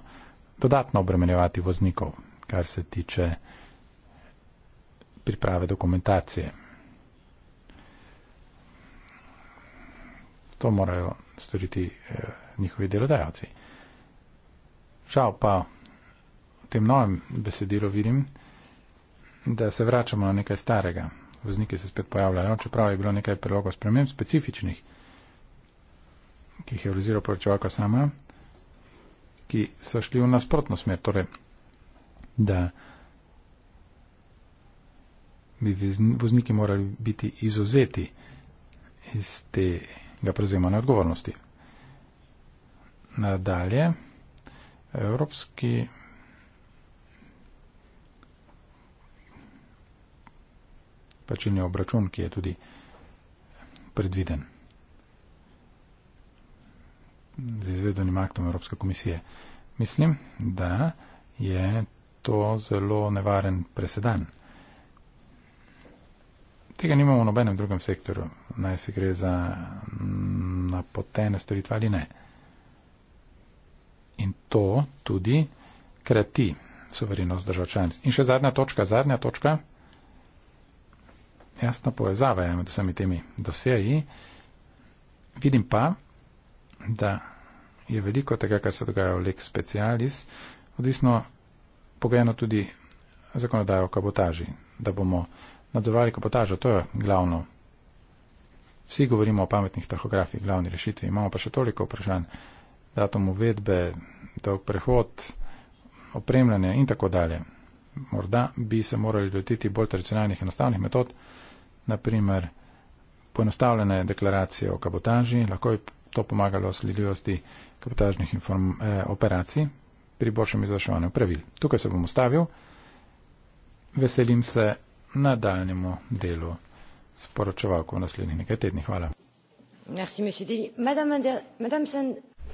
dodatno obremenjevati voznikov, kar se tiče priprave dokumentacije. To morajo storiti eh, njihovi delodajalci. Žal pa v tem novem besedilu vidim, da se vračamo na nekaj starega. Voznike se spet pojavljajo, čeprav je bilo nekaj prilogov sprememb specifičnih, ki jih je vliziral poročevalka sama, ki so šli v nasprotno smer. Torej, da bi vozniki morali biti izuzeti iz tega prevzema na odgovornosti. Nadalje evropski plačilni obračun, ki je tudi predviden z izvedenim aktom Evropske komisije. Mislim, da je to zelo nevaren presedan. Tega nimamo v nobenem drugem sektorju, naj se gre za napotene storitve ali ne in to tudi krati suverenost držav članic. In še zadnja točka, zadnja točka, jasna povezava je med vsemi temi doseji. Vidim pa, da je veliko tega, kar se dogaja v lek specialis, odvisno pogojeno tudi zakonodajo o kabotaži, da bomo nadzorovali kabotažo, to je glavno. Vsi govorimo o pametnih tahografih, glavni rešitvi, imamo pa še toliko vprašanj datum uvedbe, dolg prehod, opremljanje in tako dalje. Morda bi se morali dotiti bolj tradicionalnih enostavnih metod, naprimer poenostavljene deklaracije o kabotaži, lahko bi to pomagalo sledljivosti kabotažnih inform, eh, operacij pri boljšem izvrševanju pravil. Tukaj se bom ustavil. Veselim se nadaljemu delu sporočevalko v naslednjih nekaj tednih. Hvala. Merci,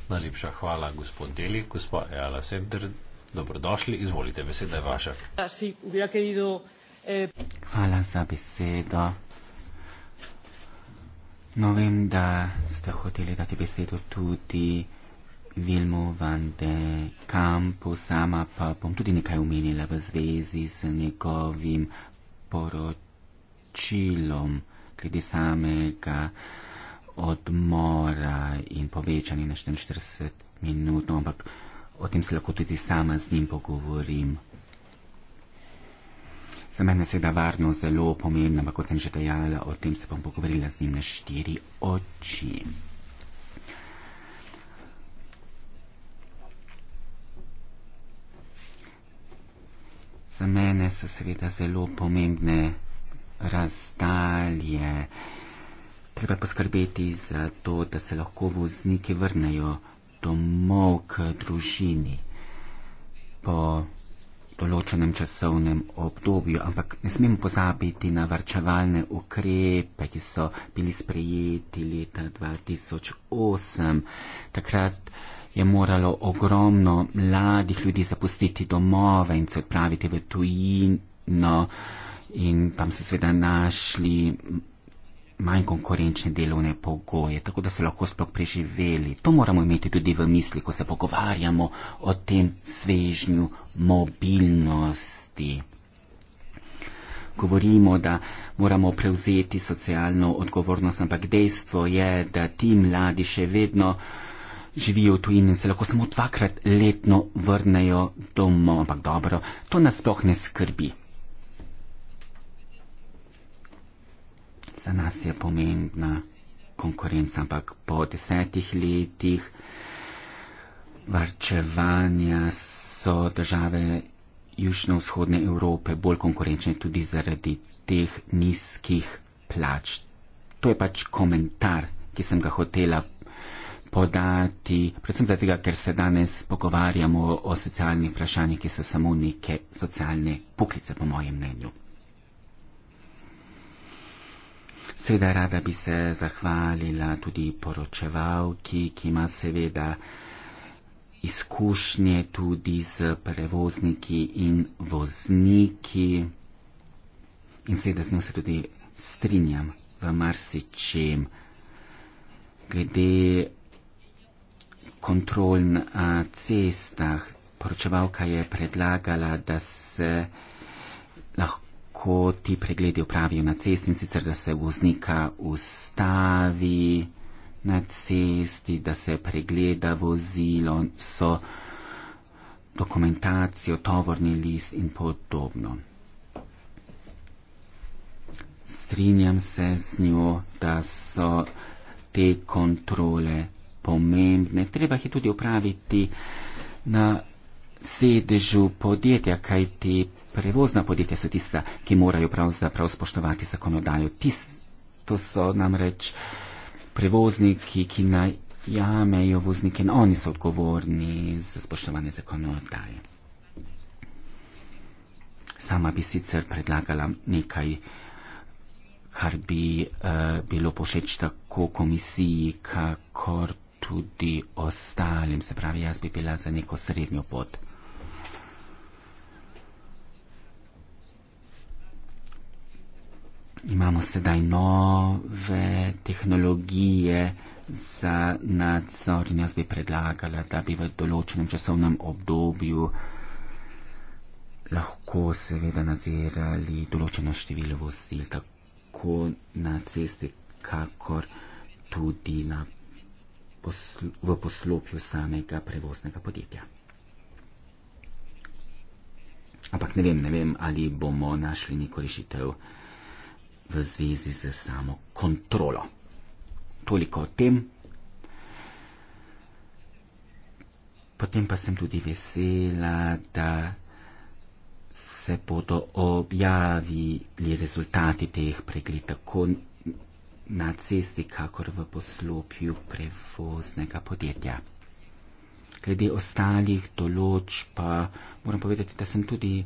Najlepša hvala, gospod Deli, gospod Eala Sender. Dobrodošli, izvolite, beseda je vaša. Ah, eh, hvala za besedo. No, vem, da ste hoteli dati besedo tudi Vilmu van de Kampu, sama pa bom tudi nekaj omenila v zvezi z njegovim poročilom glede samega odmora in povečanje na 44 minut, ampak o tem se lahko tudi sama z njim pogovorim. Za mene je seveda varnost zelo pomembna, ampak kot sem že dejala, o tem se bom pogovorila z njim na štiri oči. Za mene so seveda zelo pomembne razdalje treba poskrbeti za to, da se lahko vozniki vrnejo domov k družini po določenem časovnem obdobju, ampak ne smemo pozabiti na varčevalne ukrepe, ki so bili sprejeti leta 2008. Takrat je moralo ogromno mladih ljudi zapustiti domove in se odpraviti v tujino in tam so seveda našli manj konkurenčne delovne pogoje, tako da so lahko sploh preživeli. To moramo imeti tudi v misli, ko se pogovarjamo o tem svežnju mobilnosti. Govorimo, da moramo prevzeti socialno odgovornost, ampak dejstvo je, da ti mladi še vedno živijo tu in se lahko samo dvakrat letno vrnejo domov, ampak dobro, to nas sploh ne skrbi. za nas je pomembna konkurenca, ampak po desetih letih varčevanja so države južno-vzhodne Evrope bolj konkurenčne tudi zaradi teh nizkih plač. To je pač komentar, ki sem ga hotela podati, predvsem zato, ker se danes pogovarjamo o socialnih vprašanjih, ki so samo neke socialne puklice, po mojem mnenju. Seveda rada bi se zahvalila tudi poročevalki, ki ima seveda izkušnje tudi z prevozniki in vozniki. In seveda z njo se tudi strinjam v marsičem. Glede kontrol na cestah, poročevalka je predlagala, da se lahko ko ti pregledi upravijo na cesti in sicer, da se voznika ustavi na cesti, da se pregleda vozilo, so dokumentacijo, tovorni list in podobno. Strinjam se z njo, da so te kontrole pomembne. Treba jih tudi upraviti na sedežu podjetja, kaj ti prevozna podjetja so tista, ki morajo pravzaprav spoštovati zakonodajo. Tis, to so namreč prevozniki, ki najamejo voznike in oni so odgovorni za spoštovanje zakonodaje. Sama bi sicer predlagala nekaj, kar bi uh, bilo pošeč tako komisiji, kakor tudi ostalim. Se pravi, jaz bi bila za neko srednjo pot. imamo sedaj nove tehnologije za nadzor in jaz bi predlagala, da bi v določenem časovnem obdobju lahko seveda nadzirali določeno število vozil, tako na cesti, kakor tudi na poslu, v poslopju samega prevoznega podjetja. Ampak ne vem, ne vem, ali bomo našli neko rešitev v zvezi z samo kontrolo. Toliko o tem. Potem pa sem tudi vesela, da se bodo objavili rezultati teh pregled tako na cesti, kakor v poslopju prevoznega podjetja. Glede ostalih določb pa moram povedati, da sem tudi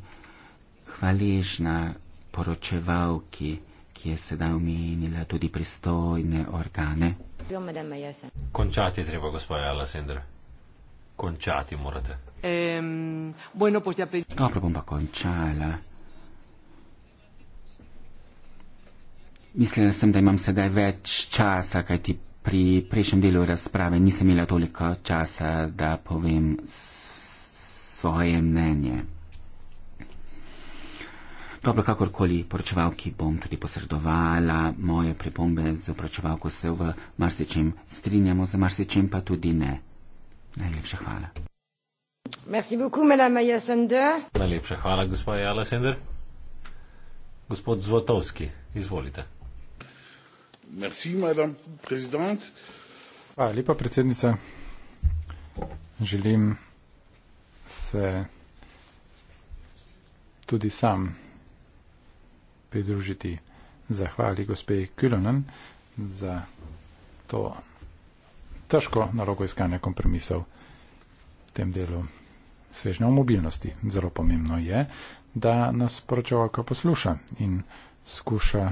hvaležna poročevalki je sedaj omenila tudi pristojne organe. Končati je treba, gospoda Alessandra. Končati morate. Dobro, bom pa končala. Mislila sem, da imam sedaj več časa, kaj ti pri prejšnjem delu razprave nisem imela toliko časa, da povem svoje mnenje. Dobro, kakorkoli poročevalki bom tudi posredovala moje pripombe z poročevalko, se v marsičem strinjamo, za marsičem pa tudi ne. Najlepša hvala. Merci beaucoup, madame Jasender. Najlepša hvala, gospod Jasender. Gospod Zvotovski, izvolite. Merci, madame president. Hvala lepa, predsednica. Želim se tudi sam pridružiti zahvali gospe Kulonen za to težko nalogo iskanja kompromisov v tem delu svežnja o mobilnosti. Zelo pomembno je, da nas poročevalka posluša in skuša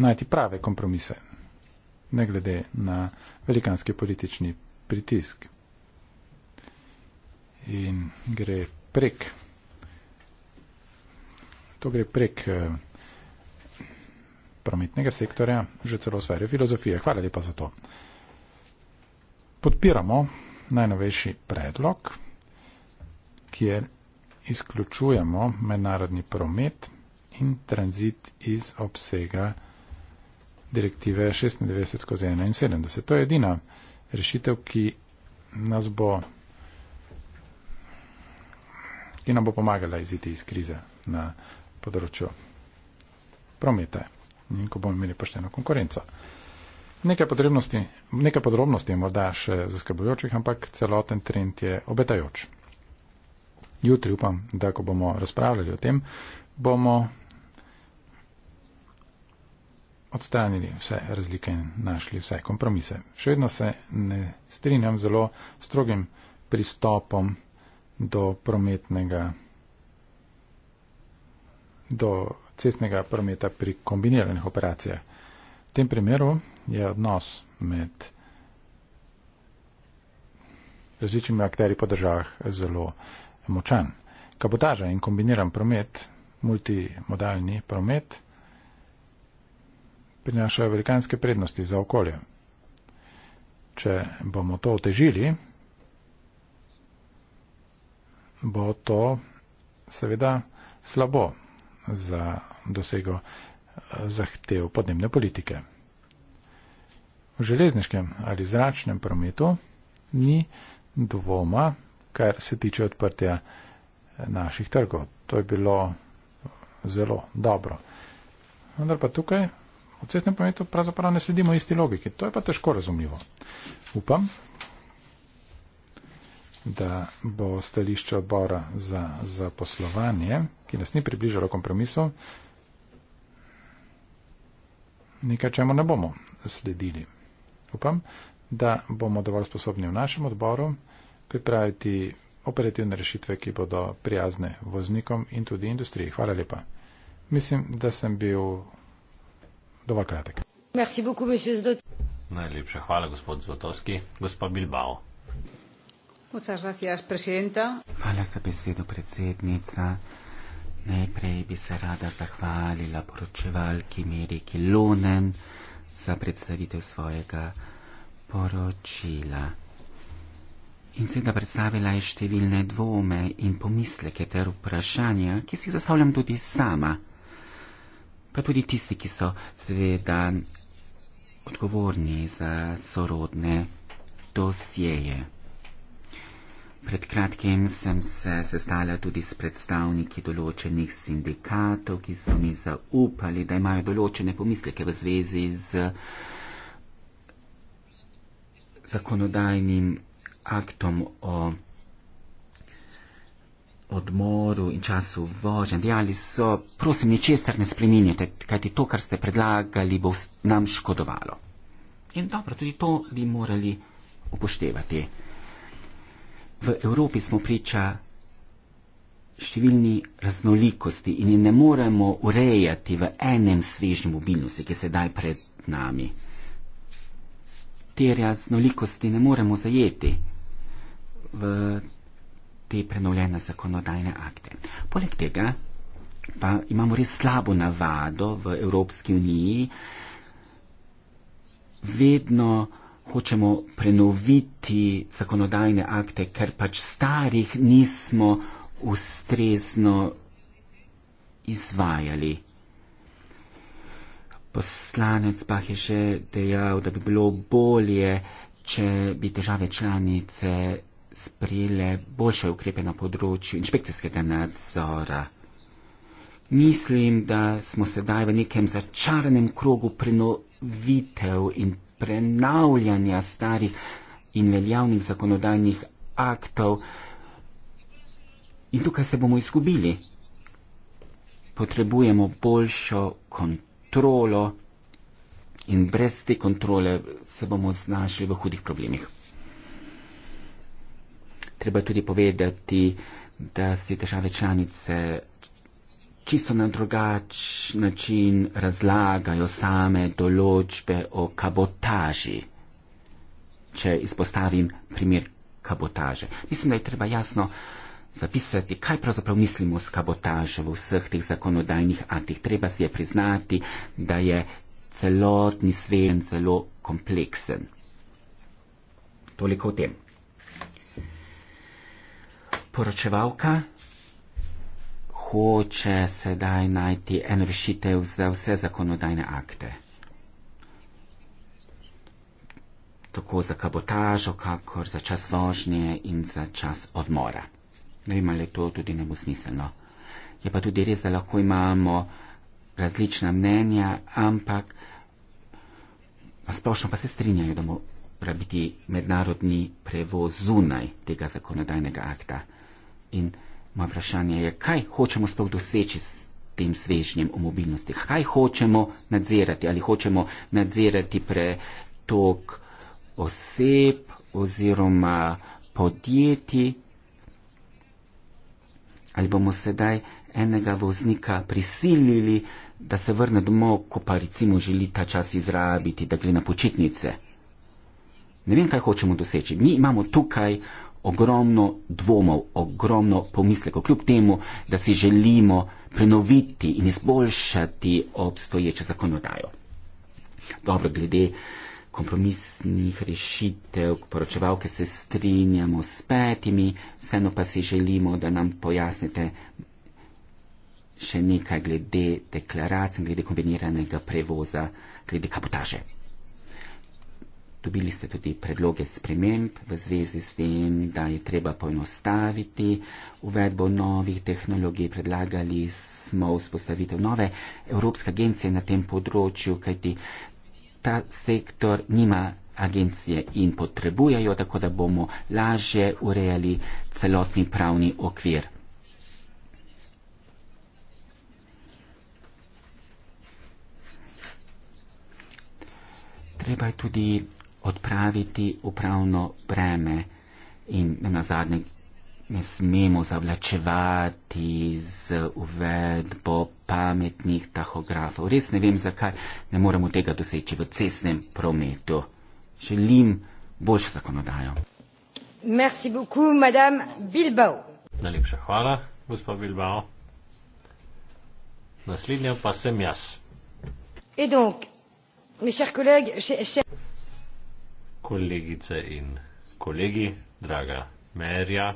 najti prave kompromise, ne glede na velikanski politični pritisk. In gre prek to gre prek uh, prometnega sektorja, že celo v sferi filozofije. Hvala lepa za to. Podpiramo najnovejši predlog, kjer izključujemo mednarodni promet in tranzit iz obsega direktive 96 skozi 71. To je edina rešitev, ki nas bo ki nam bo pomagala iziti iz krize na področju prometa in ko bomo imeli pošteno konkurenco. Nekaj, nekaj podrobnosti je morda še zaskrbujočih, ampak celoten trend je obetajoč. Jutri upam, da ko bomo razpravljali o tem, bomo odstranili vse razlike in našli vse kompromise. Še vedno se ne strinjam zelo strogim pristopom do prometnega do cestnega prometa pri kombiniranih operacijah. V tem primeru je odnos med različnimi akteri po državah zelo močan. Kabotaža in kombiniran promet, multimodalni promet, prinašajo velikanske prednosti za okolje. Če bomo to otežili, bo to seveda slabo za dosego eh, zahtev podnebne politike. V železniškem ali zračnem prometu ni dvoma, kar se tiče odprtja eh, naših trgov. To je bilo zelo dobro. Vendar pa tukaj v cestnem prometu pravzaprav ne sledimo isti logiki. To je pa težko razumljivo. Upam, da bo stališče obora za zaposlovanje ki nas ni približalo kompromisu, nekaj čemu ne bomo sledili. Upam, da bomo dovolj sposobni v našem odboru pripraviti operativne rešitve, ki bodo prijazne voznikom in tudi industriji. Hvala lepa. Mislim, da sem bil dovolj kratek. Najlepša hvala, gospod Zvotovski. Gospod Bilbao. Hvala za besedo, predsednica. Najprej bi se rada zahvalila poročevalki Miriki Lunen za predstavitev svojega poročila. In seveda predstavila je številne dvome in pomisleke ter vprašanja, ki si jih zastavljam tudi sama. Pa tudi tisti, ki so seveda odgovorni za sorodne dosjeje. Pred kratkim sem se sestala tudi s predstavniki določenih sindikatov, ki so mi zaupali, da imajo določene pomisleke v zvezi z zakonodajnim aktom o odmoru in času vožnje. Dejali so, prosim, ničesar ne spreminjate, kajti to, kar ste predlagali, bo nam škodovalo. In dobro, tudi to bi morali upoštevati v Evropi smo priča številni raznolikosti in ne moremo urejati v enem svežnem mobilnosti, ki se daj pred nami. Te raznolikosti ne moremo zajeti v te prenovljene zakonodajne akte. Poleg tega pa imamo res slabo navado v Evropski uniji vedno hočemo prenoviti zakonodajne akte, ker pač starih nismo ustrezno izvajali. Poslanec pa je že dejal, da bi bilo bolje, če bi države članice sprejele boljše ukrepe na področju inšpekcijskega nadzora. Mislim, da smo sedaj v nekem začaranem krogu prenovitev in prenavljanja starih in veljavnih zakonodajnih aktov. In tukaj se bomo izgubili. Potrebujemo boljšo kontrolo in brez te kontrole se bomo znašli v hudih problemih. Treba tudi povedati, da si države članice čisto na drugač način razlagajo same določbe o kabotaži. Če izpostavim primer kabotaže. Mislim, da je treba jasno zapisati, kaj pravzaprav mislimo s kabotažo v vseh teh zakonodajnih aktih. Treba si je priznati, da je celotni svet zelo kompleksen. Toliko o tem. Poročevalka hoče sedaj najti en rešitev za vse zakonodajne akte. Tako za kabotažo, kakor za čas vožnje in za čas odmora. Ne vem, ali to tudi ne bo smiselno. Je pa tudi res, da lahko imamo različna mnenja, ampak splošno pa se strinjajo, da mora biti mednarodni prevoz zunaj tega zakonodajnega akta. In Moje vprašanje je, kaj hočemo sploh doseči s tem svežnjem o mobilnosti? Kaj hočemo nadzirati? Ali hočemo nadzirati pretok oseb oziroma podjetij? Ali bomo sedaj enega voznika prisilili, da se vrne domov, ko pa recimo želi ta čas izrabiti, da gre na počitnice? Ne vem, kaj hočemo doseči. Mi imamo tukaj uh, ogromno dvomov, ogromno pomislekov, kljub temu, da si želimo prenoviti in izboljšati obstoječo zakonodajo. Dobro, glede kompromisnih rešitev, poročevalke se strinjamo s petimi, vseeno pa si želimo, da nam pojasnite še nekaj glede deklaracij, glede kombiniranega prevoza, glede kapotaže. Dobili ste tudi predloge sprememb v zvezi s tem, da je treba poenostaviti uvedbo novih tehnologij. Predlagali smo vzpostavitev nove Evropske agencije na tem področju, kajti ta sektor nima agencije in potrebujejo, tako da bomo lažje urejali celotni pravni okvir. Treba je tudi odpraviti upravno breme in na zadnje ne smemo zavlačevati z uvedbo pametnih tahografov. Res ne vem, zakaj ne moremo tega doseči v cestnem prometu. Želim boljšo zakonodajo. Merci beaucoup, madame Bilbao. Najlepša hvala, gospod Bilbao. Naslednja pa sem jaz. Et donc, mes chers collègues, chers kolegice in kolegi, draga Merja,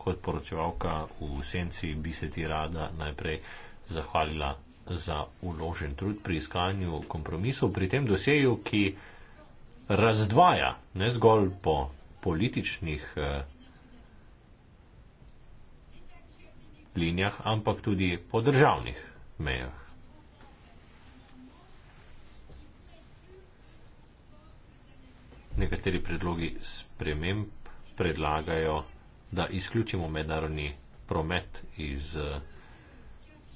kot poročevalka v senci bi se ti rada najprej zahvalila za uložen trud pri iskanju kompromisov pri tem doseju, ki razdvaja ne zgolj po političnih eh, linijah, ampak tudi po državnih mejah. nekateri predlogi sprememb predlagajo, da izključimo mednarodni promet iz eh,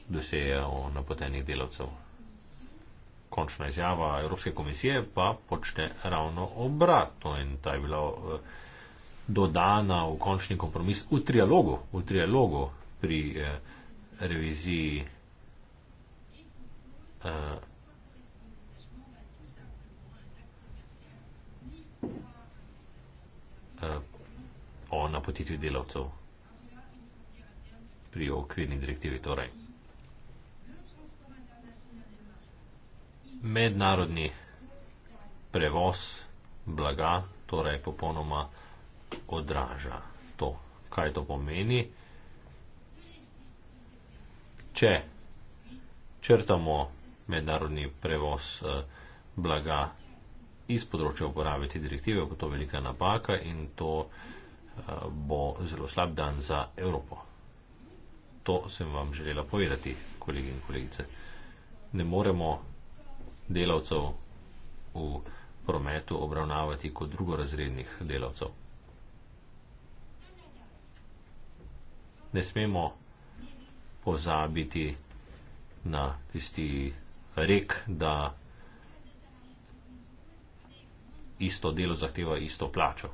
doseja o napotenih delavcev. Končna izjava Evropske komisije pa počne ravno obratno in ta je bila eh, dodana v končni kompromis v trialogu, v trialogu pri eh, reviziji Eh, o napotitvi delavcev pri okvirni direktivi. Torej. Mednarodni prevoz blaga torej popolnoma odraža to, kaj to pomeni. Če črtamo mednarodni prevoz eh, blaga iz področja uporabe te direktive, bo to velika napaka in to eh, bo zelo slab dan za Evropo. To sem vam želela povedati, kolegi in kolegice. Ne moremo delavcev v prometu obravnavati kot drugorazrednih delavcev. Ne smemo pozabiti na tisti rek, da isto delo zahteva isto plačo.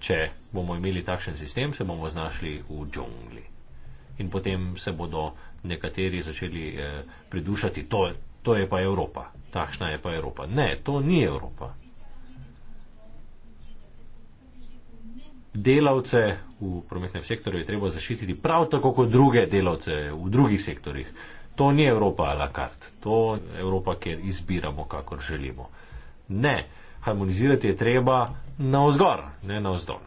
Če bomo imeli takšen sistem, se bomo znašli v džungli. In potem se bodo nekateri začeli eh, pridušati, to, to je pa Evropa, takšna je pa Evropa. Ne, to ni Evropa. Delavce v prometnem sektorju je treba zaščititi prav tako kot druge delavce v drugih sektorjih. Eh, to ni Evropa a la carte, to je Evropa, kjer izbiramo, kakor želimo. Ne, harmonizirati je treba na vzgor, ne na vzdolj.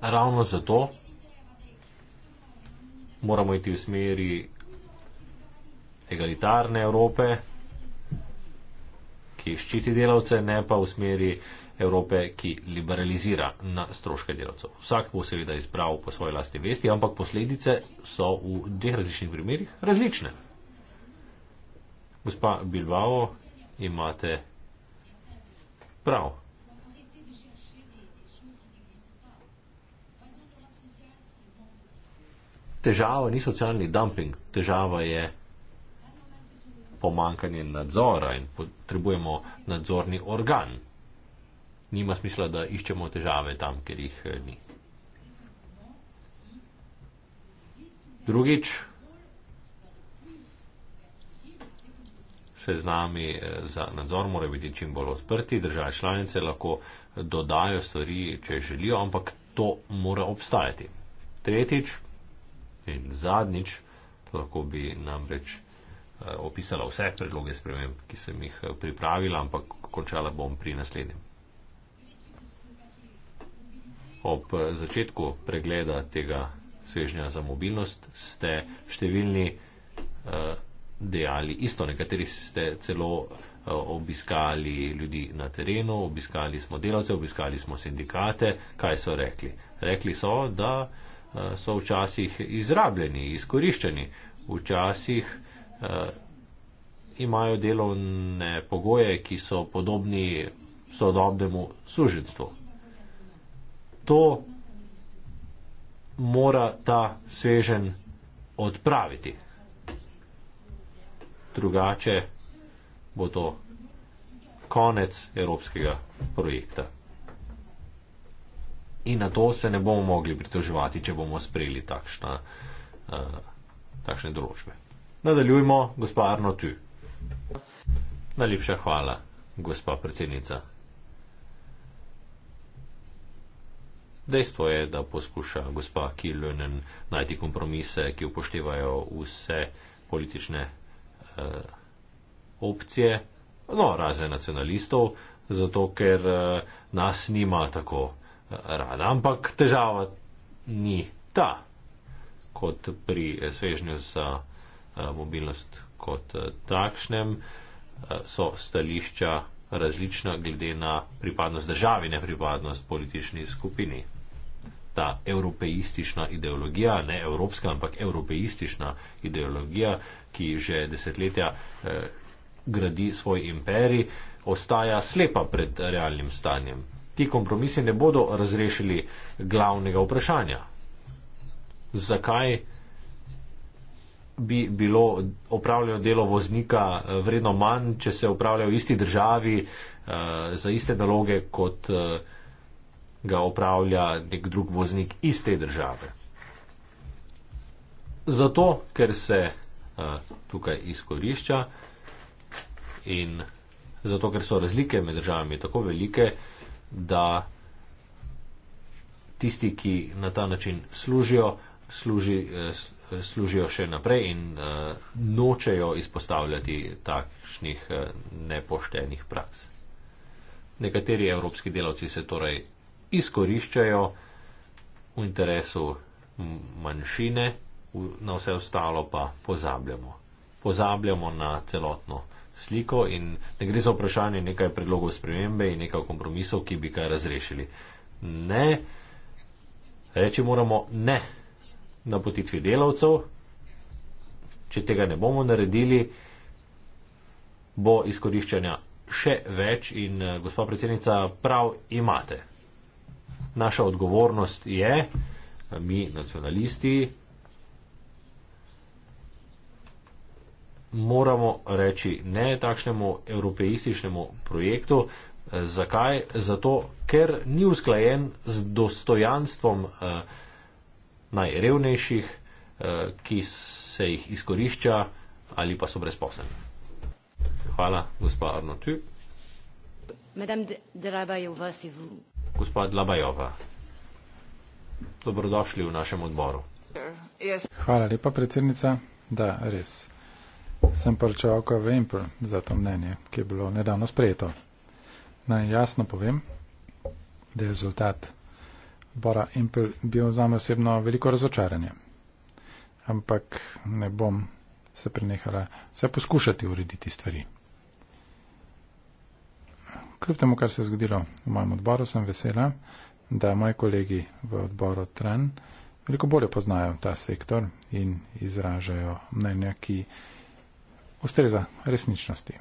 Ravno zato moramo iti v smeri egalitarne Evrope, ki ščiti delavce, ne pa v smeri Evrope, ki liberalizira na stroške delavcev. Vsak bo seveda izbral po svoji lasti vesti, ampak posledice so v dveh različnih primerjih različne. Gospa Bilbao, imate prav. Težava ni socialni dumping, težava je pomankanje nadzora in potrebujemo nadzorni organ nima smisla, da iščemo težave tam, ker jih eh, ni. Drugič, seznami eh, za nadzor morajo biti čim bolj odprti, države članice lahko eh, dodajo stvari, če želijo, ampak to mora obstajati. Tretjič in zadnjič, lahko bi namreč opisala vse predloge sprememb, ki sem jih pripravila, ampak končala bom pri naslednjem ob začetku pregleda tega svežnja za mobilnost ste številni uh, dejali isto. Nekateri ste celo uh, obiskali ljudi na terenu, obiskali smo delavce, obiskali smo sindikate. Kaj so rekli? Rekli so, da uh, so včasih izrabljeni, izkoriščeni, včasih uh, imajo delovne pogoje, ki so podobni sodobnemu suženstvu to mora ta svežen odpraviti. Drugače bo to konec evropskega projekta. In na to se ne bomo mogli pritoževati, če bomo sprejeli takšna, uh, takšne določbe. Nadaljujmo, gospa Arno Tü. Najlepša hvala, gospa predsednica Dejstvo je, da poskuša gospa Kilönen najti kompromise, ki upoštevajo vse politične eh, opcije, no, razen nacionalistov, zato ker eh, nas nima tako eh, rada. Ampak težava ni ta, kot pri eh, svežnju za eh, mobilnost kot eh, takšnem, eh, so stališča različna glede na pripadnost državi, ne pripadnost politični skupini ta evropeistična ideologija, ne evropska, ampak evropeistična ideologija, ki že desetletja eh, gradi svoj imperij, ostaja slepa pred realnim stanjem. Ti kompromisi ne bodo razrešili glavnega vprašanja. Zakaj bi bilo opravljeno delo voznika eh, vredno manj, če se opravlja v isti državi eh, za iste naloge kot eh, ga opravlja nek drug voznik iz te države. Zato, ker se uh, tukaj izkorišča in zato, ker so razlike med državami tako velike, da tisti, ki na ta način služijo, služi, uh, služijo še naprej in uh, nočejo izpostavljati takšnih uh, nepoštenih praks. Nekateri evropski delavci se torej izkoriščajo v interesu manjšine, na vse ostalo pa pozabljamo. Pozabljamo na celotno sliko in ne gre za vprašanje nekaj predlogov spremembe in nekaj kompromisov, ki bi kaj razrešili. Ne, reči moramo ne na potitvi delavcev, če tega ne bomo naredili, bo izkoriščanja še več in eh, gospod predsednica, prav imate naša odgovornost je, mi nacionalisti, moramo reči ne takšnemu evropeističnemu projektu. Zakaj? Zato, ker ni usklajen z dostojanstvom eh, najrevnejših, eh, ki se jih izkorišča ali pa so brezposelni. Hvala, gospa Arnotu. Madame de, de Rabat est au vin, c'est vous gospa Dlabajova. Dobrodošli v našem odboru. Hvala lepa, predsednica. Da, res. Sem poročeval, ko vem za to mnenje, ki je bilo nedavno sprejeto. Naj jasno povem, da je rezultat odbora Impel bil za me osebno veliko razočaranje. Ampak ne bom se prenehala vse poskušati urediti stvari kljub temu, kar se je zgodilo v mojem odboru, sem vesela, da moji kolegi v odboru Tren veliko bolje poznajo ta sektor in izražajo mnenja, ki ustreza resničnosti.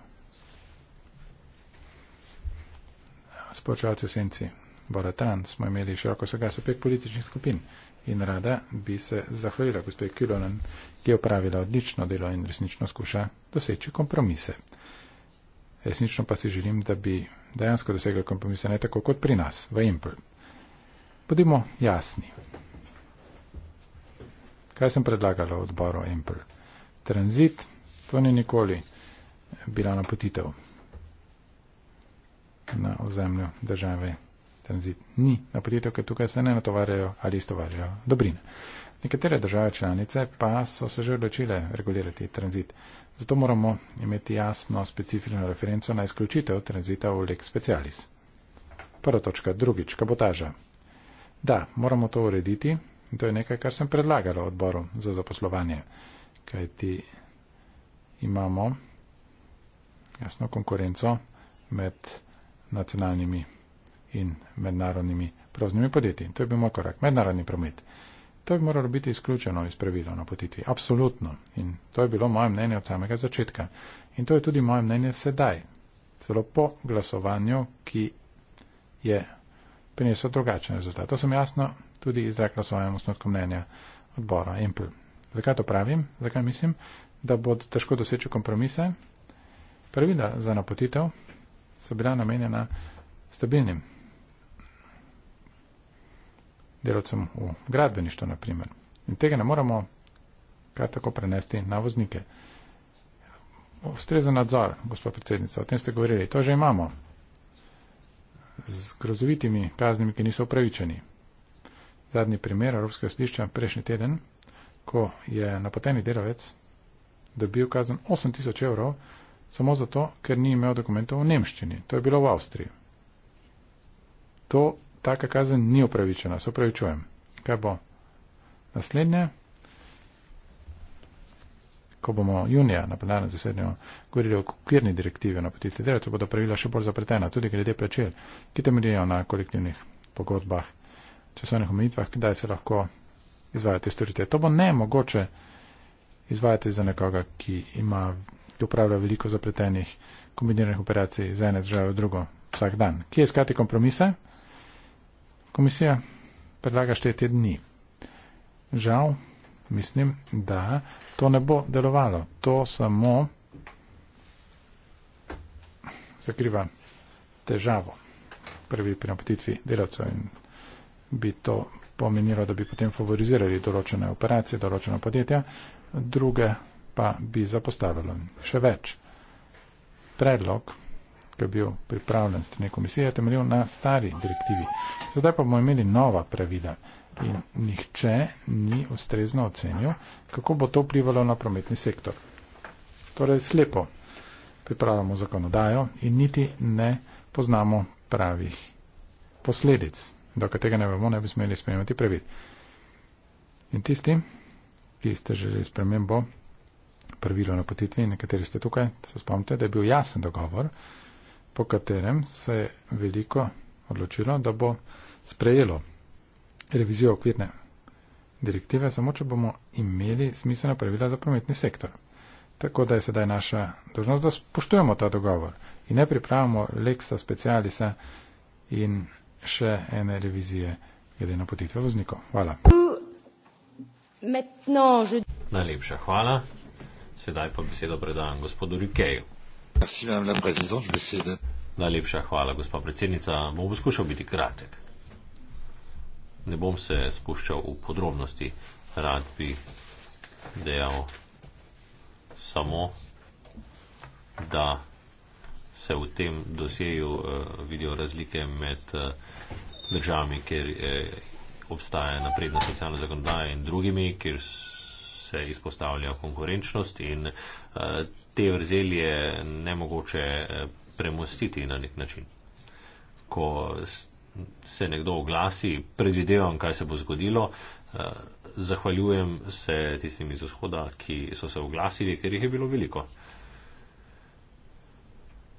Spočevati v senci Bora Tran smo imeli široko sega sopek političnih skupin in rada bi se zahvalila gospe Kilonen, ki je opravila odlično delo in resnično skuša doseči kompromise resnično pa si želim, da bi dejansko dosegli kompromise, ne tako kot pri nas v Impel. Bodimo jasni. Kaj sem predlagala odboru Impel? Tranzit, to ni nikoli bila napotitev na ozemlju države. Tranzit ni napotitev, ker tukaj se ne natovarjajo ali istovarjajo dobrine. Nekatere države članice pa so se že odločile regulirati tranzit Zato moramo imeti jasno specifično referenco na izključitev tranzita v lek specialis. Prva točka, drugič, kabotaža. Da, moramo to urediti in to je nekaj, kar sem predlagala odboru za zaposlovanje, kajti imamo jasno konkurenco med nacionalnimi in mednarodnimi prevoznimi podjetji. To je bil moj korak, mednarodni promet. To bi moralo biti izključeno iz pravila o napotitvi. Absolutno. In to je bilo moje mnenje od samega začetka. In to je tudi moje mnenje sedaj. Celo po glasovanju, ki je prineslo drugačen rezultat. To sem jasno tudi izrekla svojem osnotku mnenja odbora Impl. Zakaj to pravim? Zakaj mislim, da bo težko doseči kompromise? Pravila za napotitev so bila namenjena stabilnim delavcem v gradbeništvu, naprimer. In tega ne moramo kaj tako prenesti na voznike. Ustrezen nadzor, gospod predsednica, o tem ste govorili, to že imamo. Z grozovitimi kaznimi, ki niso upravičeni. Zadnji primer Evropskega slišča prejšnji teden, ko je napoteni delavec dobil kazen 8000 evrov samo zato, ker ni imel dokumentov v nemščini. To je bilo v Avstriji. To taka kazen ni upravičena. Se upravičujem. Kaj bo naslednje? Ko bomo junija na plenarnem zasednju govorili o okvirni direktivi na potitve delavcev, bodo pravila še bolj zapletena, tudi glede plačil, ki temeljijo na kolektivnih pogodbah, časovnih omejitvah, kdaj se lahko izvajate storitve. To bo ne mogoče izvajati za nekoga, ki ima, ki upravlja veliko zapletenih kombiniranih operacij za ene države v drugo vsak dan. Kje iskati kompromise? Komisija predlaga štete dni. Žal, mislim, da to ne bo delovalo. To samo zakriva težavo pri napotitvi delavcev in bi to pomenilo, da bi potem favorizirali določene operacije, določena podjetja, druge pa bi zapostavilo. Še več. Predlog ki je bil pripravljen strani komisije, temeljil na stari direktivi. Zdaj pa bomo imeli nova pravila in nihče ni ustrezno ocenil, kako bo to vplivalo na prometni sektor. Torej, slepo pripravljamo zakonodajo in niti ne poznamo pravih posledic. Dokaj tega ne vemo, ne bi smeli sprejemati pravil. In tisti, ki ste želeli spremembo pravilo na potitvi, nekateri ste tukaj, se spomnite, da je bil jasen dogovor, po katerem se je veliko odločilo, da bo sprejelo revizijo okvirne direktive, samo če bomo imeli smiselna pravila za prometni sektor. Tako da je sedaj naša dožnost, da spoštujemo ta dogovor in ne pripravimo leksa specialisa in še ene revizije glede na potitve voznikov. Hvala. Najlepša hvala. Sedaj pa besedo predajam gospodu Rikeju. Najlepša hvala, gospa predsednica. Bom poskušal biti kratek. Ne bom se spuščal v podrobnosti. Rad bi dejal samo, da se v tem dosjeju uh, vidijo razlike med uh, državami, kjer eh, obstaja napredna socialna zakonodaja in drugimi, kjer se izpostavlja konkurenčnost in uh, te vrzeli je ne mogoče eh, premustiti na nek način. Ko se nekdo oglasi, predvidevam, kaj se bo zgodilo, eh, zahvaljujem se tistim iz vzhoda, ki so se oglasili, ker jih je bilo veliko.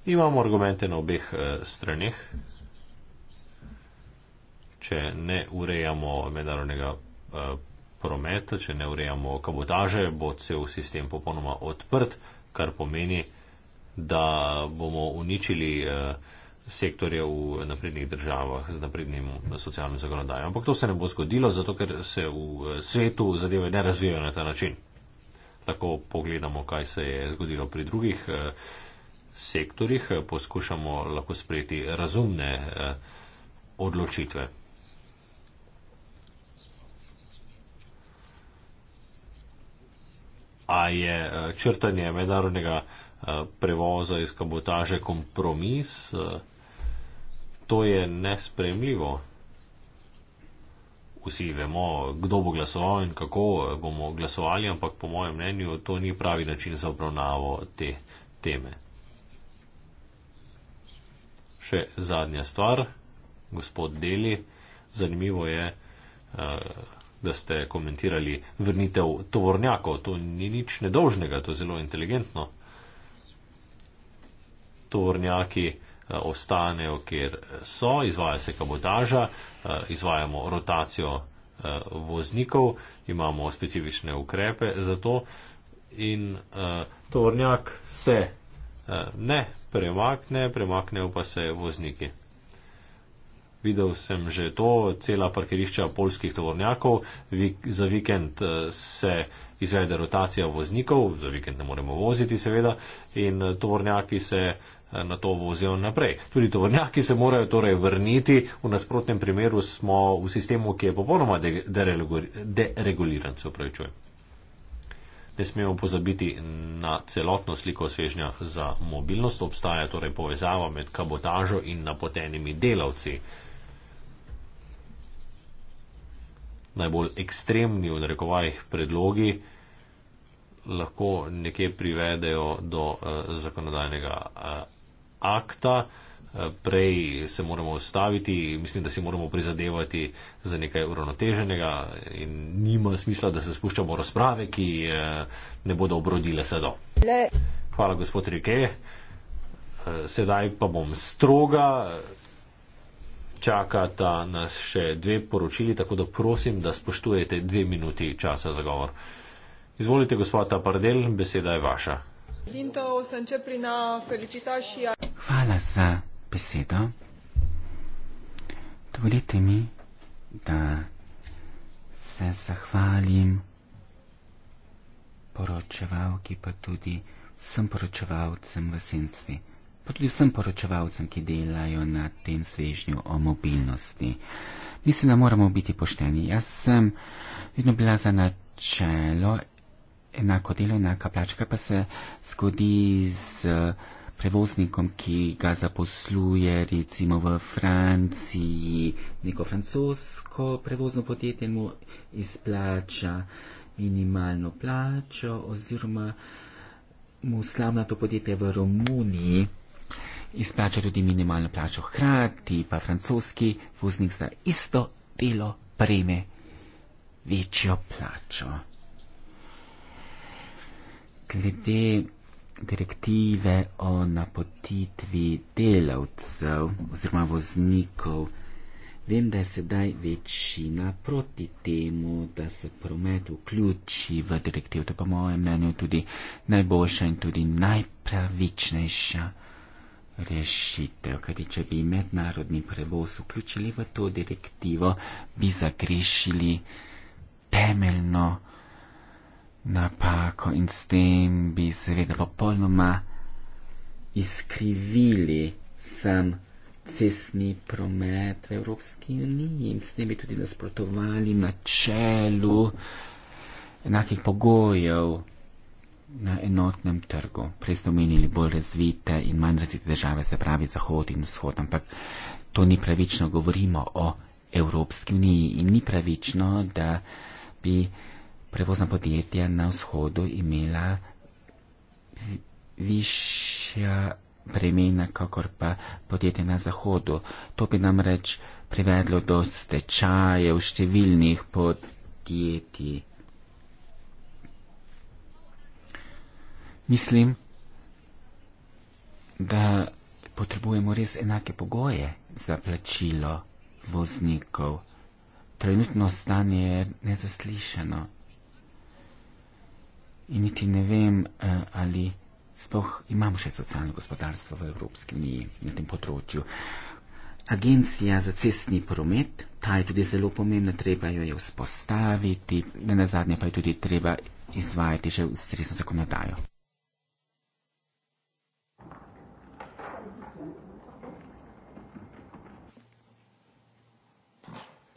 Imamo argumente na obeh eh, straneh. Če ne urejamo mednarodnega prometa, če ne urejamo kabotaže, bo cel sistem popolnoma odprt kar pomeni, da bomo uničili eh, sektorje v naprednih državah z naprednim eh, socialnim zakonodajem. Ampak to se ne bo zgodilo, zato ker se v eh, svetu zadeve ne razvijajo na ta način. Tako pogledamo, kaj se je zgodilo pri drugih sektorjih, poskušamo lahko sprejeti razumne odločitve. a je eh, črtanje mednarodnega eh, prevoza iz kabotaže kompromis, eh, to je nespremljivo. Vsi vemo, kdo bo glasoval in kako bomo glasovali, ampak po mojem mnenju to ni pravi način za obravnavo te teme. Še zadnja stvar, gospod Deli, zanimivo je, uh, da ste komentirali vrnitev tovornjakov. To ni nič nedolžnega, to je zelo inteligentno. Tovornjaki eh, ostanejo, kjer so, izvaja se kabotaža, eh, izvajamo rotacijo eh, voznikov, imamo specifične ukrepe za to in tovornjak se ne premakne, premaknejo pa se vozniki. Videl sem že to, cela parkirišča polskih tovornjakov, Vik, za vikend eh, se izvede rotacija voznikov, za vikend ne moremo voziti seveda in eh, tovornjaki se eh, na to vozijo naprej. Tudi tovornjaki se morajo torej vrniti, v nasprotnem primeru smo v sistemu, ki je popolnoma dereguliran, se upravičujem. Ne smemo pozabiti na celotno sliko svežnja za mobilnost, obstaja torej povezava med kabotažo in napotenimi delavci. najbolj ekstremni v narekovajih predlogi lahko nekje privedejo do uh, zakonodajnega uh, akta. Uh, prej se moramo ustaviti, mislim, da si moramo prizadevati za nekaj uravnoteženega in nima smisla, da se spuščamo v razprave, ki uh, ne bodo obrodile sedo. Hvala, gospod Rike. Uh, sedaj pa bom stroga. Uh, čakata nas še dve poročili, tako da prosim, da spoštujete dve minuti časa za govor. Izvolite, gospod Apardel, beseda je vaša. Hvala za besedo. Dovolite mi, da se zahvalim poročevalki, pa tudi vsem poročevalcem v senci pa tudi vsem poročevalcem, ki delajo na tem svežnju o mobilnosti. Mislim, da moramo biti pošteni. Jaz sem vedno bila za načelo enako delo, enaka plača, kaj pa se zgodi z eh, prevoznikom, ki ga zaposluje recimo v Franciji, neko francosko prevozno podjetje mu izplača minimalno plačo oziroma mu slavna to podjetje v Romuniji izplača tudi minimalno plačo, hkrati pa francoski voznik za isto delo prejme večjo plačo. Glede direktive o napotitvi delavcev oziroma voznikov, vem, da je sedaj večina proti temu, da se promet vključi v direktivo. To je po mojem mnenju tudi najboljša in tudi najpravičnejša rešitev. Kajti, če bi mednarodni prevoz vključili v to direktivo, bi zagrešili temeljno napako in s tem bi seveda popolnoma izkrivili sam cestni promet v Evropski uniji in s tem bi tudi nasprotovali načelu enakih pogojev na enotnem trgu. Prej ste omenili bolj razvite in manj razvite države, se pravi Zahod in Vzhod, ampak to ni pravično. Govorimo o Evropski uniji in ni pravično, da bi prevozna podjetja na Vzhodu imela višja bremena, kakor pa podjetja na Zahodu. To bi nam reč privedlo do stečajev številnih podjetij. Mislim, da potrebujemo res enake pogoje za plačilo voznikov. Trenutno stanje je nezaslišano in niti ne vem, eh, ali sploh imamo še socialno gospodarstvo v Evropski uniji na tem področju. Agencija za cestni promet, ta je tudi zelo pomembna, treba jo je vzpostaviti, ne nazadnje pa je tudi treba izvajati že ustrezno zakonodajo.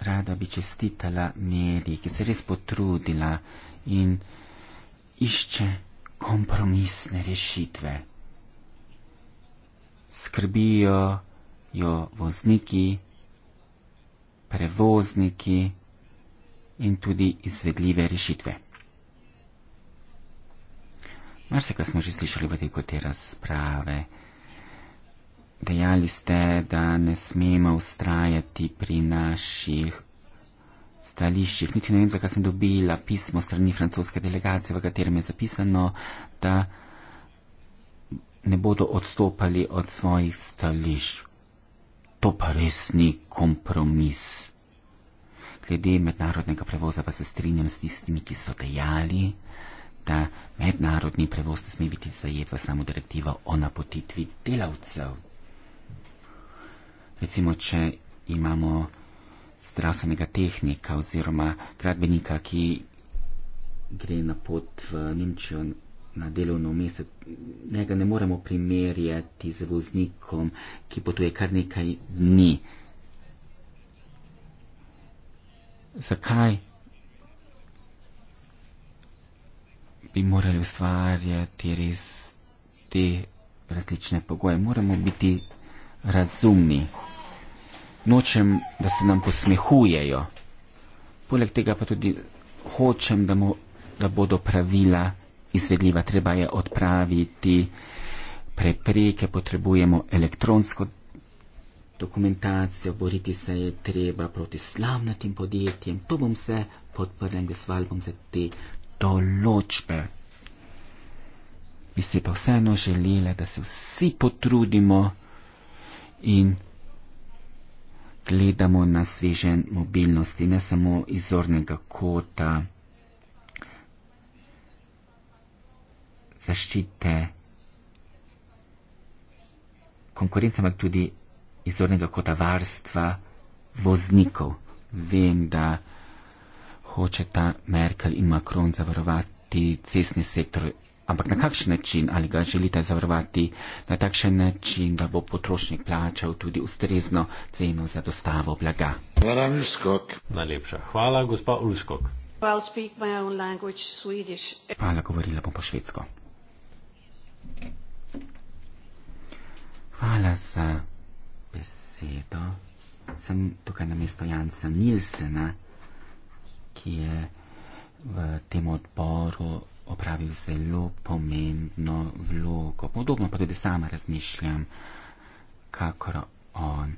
rada bi čestitala Meri, ki se je res potrudila in išče kompromisne rešitve. Skrbijo jo vozniki, prevozniki in tudi izvedljive rešitve. Mar se, kar smo že slišali v teku te razprave, dejali ste, da ne smemo ustrajati pri naših stališčih. Niti ne vem, zakaj sem dobila pismo strani francoske delegacije, v katerem je zapisano, da ne bodo odstopali od svojih stališč. To pa res ni kompromis. Glede mednarodnega prevoza pa se strinjam s tistimi, ki so dejali, da mednarodni prevoz ne sme biti zajet v samo direktivo o napotitvi delavcev. Recimo, če imamo zdravstvenega tehnika oziroma gradbenika, ki gre na pot v Nemčijo na delovno mesto, njega ne moremo primerjati z voznikom, ki potuje kar nekaj dni. Zakaj bi morali ustvarjati res te različne pogoje? Moramo biti razumni nočem, da se nam posmehujejo. Poleg tega pa tudi hočem, da, mu, da bodo pravila izvedljiva. Treba je odpraviti prepreke, potrebujemo elektronsko dokumentacijo, boriti se je treba proti slavnatim podjetjem. To bom se podprl in glasoval bom za te določbe. Bi se pa vseeno želela, da se vsi potrudimo in gledamo na sveže mobilnosti, ne samo izornega kota zaščite konkurence, ampak tudi izornega kota varstva voznikov. Vem, da hočeta Merkel in Macron zavarovati cestni sektor Ampak na kakšen način, ali ga želite zavarovati na takšen način, da bo potrošnik plačal tudi ustrezno ceno za dostavo blaga? Hvala, Ulskok. Najlepša hvala, gospa Ulskok. Hvala, govorila bom po švedsko. Hvala za besedo. Sem tukaj na mesto Jansa Nilsena, ki je v tem odboru opravil zelo pomembno vlogo. Podobno pa tudi sama razmišljam, kakor on.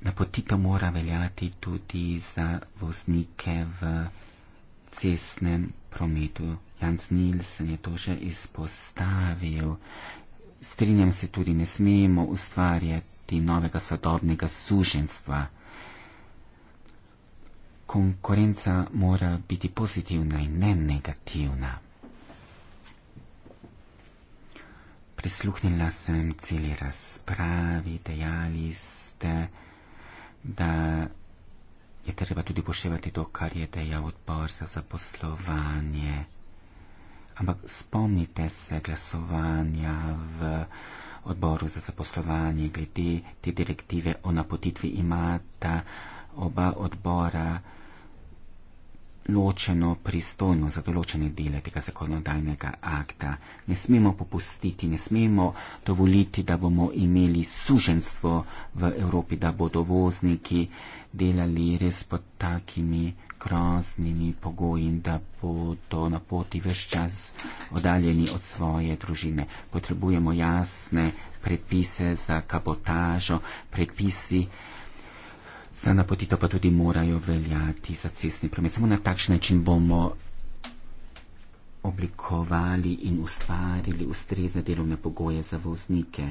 Napotito mora veljati tudi za voznike v cestnem prometu. Jans Nilsen je to že izpostavil. Strinjam se tudi, ne smemo ustvarjati novega sodobnega suženstva konkurenca mora biti pozitivna in ne negativna. Prisluhnila sem celi razpravi, dejali ste, da je treba tudi poševati to, kar je dejal odbor za zaposlovanje. Ampak spomnite se glasovanja v odboru za zaposlovanje glede te direktive o napotitvi imata oba odbora ločeno pristojno za določene dele tega zakonodajnega akta. Ne smemo popustiti, ne smemo dovoliti, da bomo imeli suženstvo v Evropi, da bodo vozniki delali res pod takimi groznimi pogoji in da bodo na poti vse čas oddaljeni od svoje družine. Potrebujemo jasne predpise za kabotažo, predpisi, za napotitev pa tudi morajo veljati za cestni promet. Samo na takšen način bomo oblikovali in ustvarili ustrezne delovne pogoje za voznike.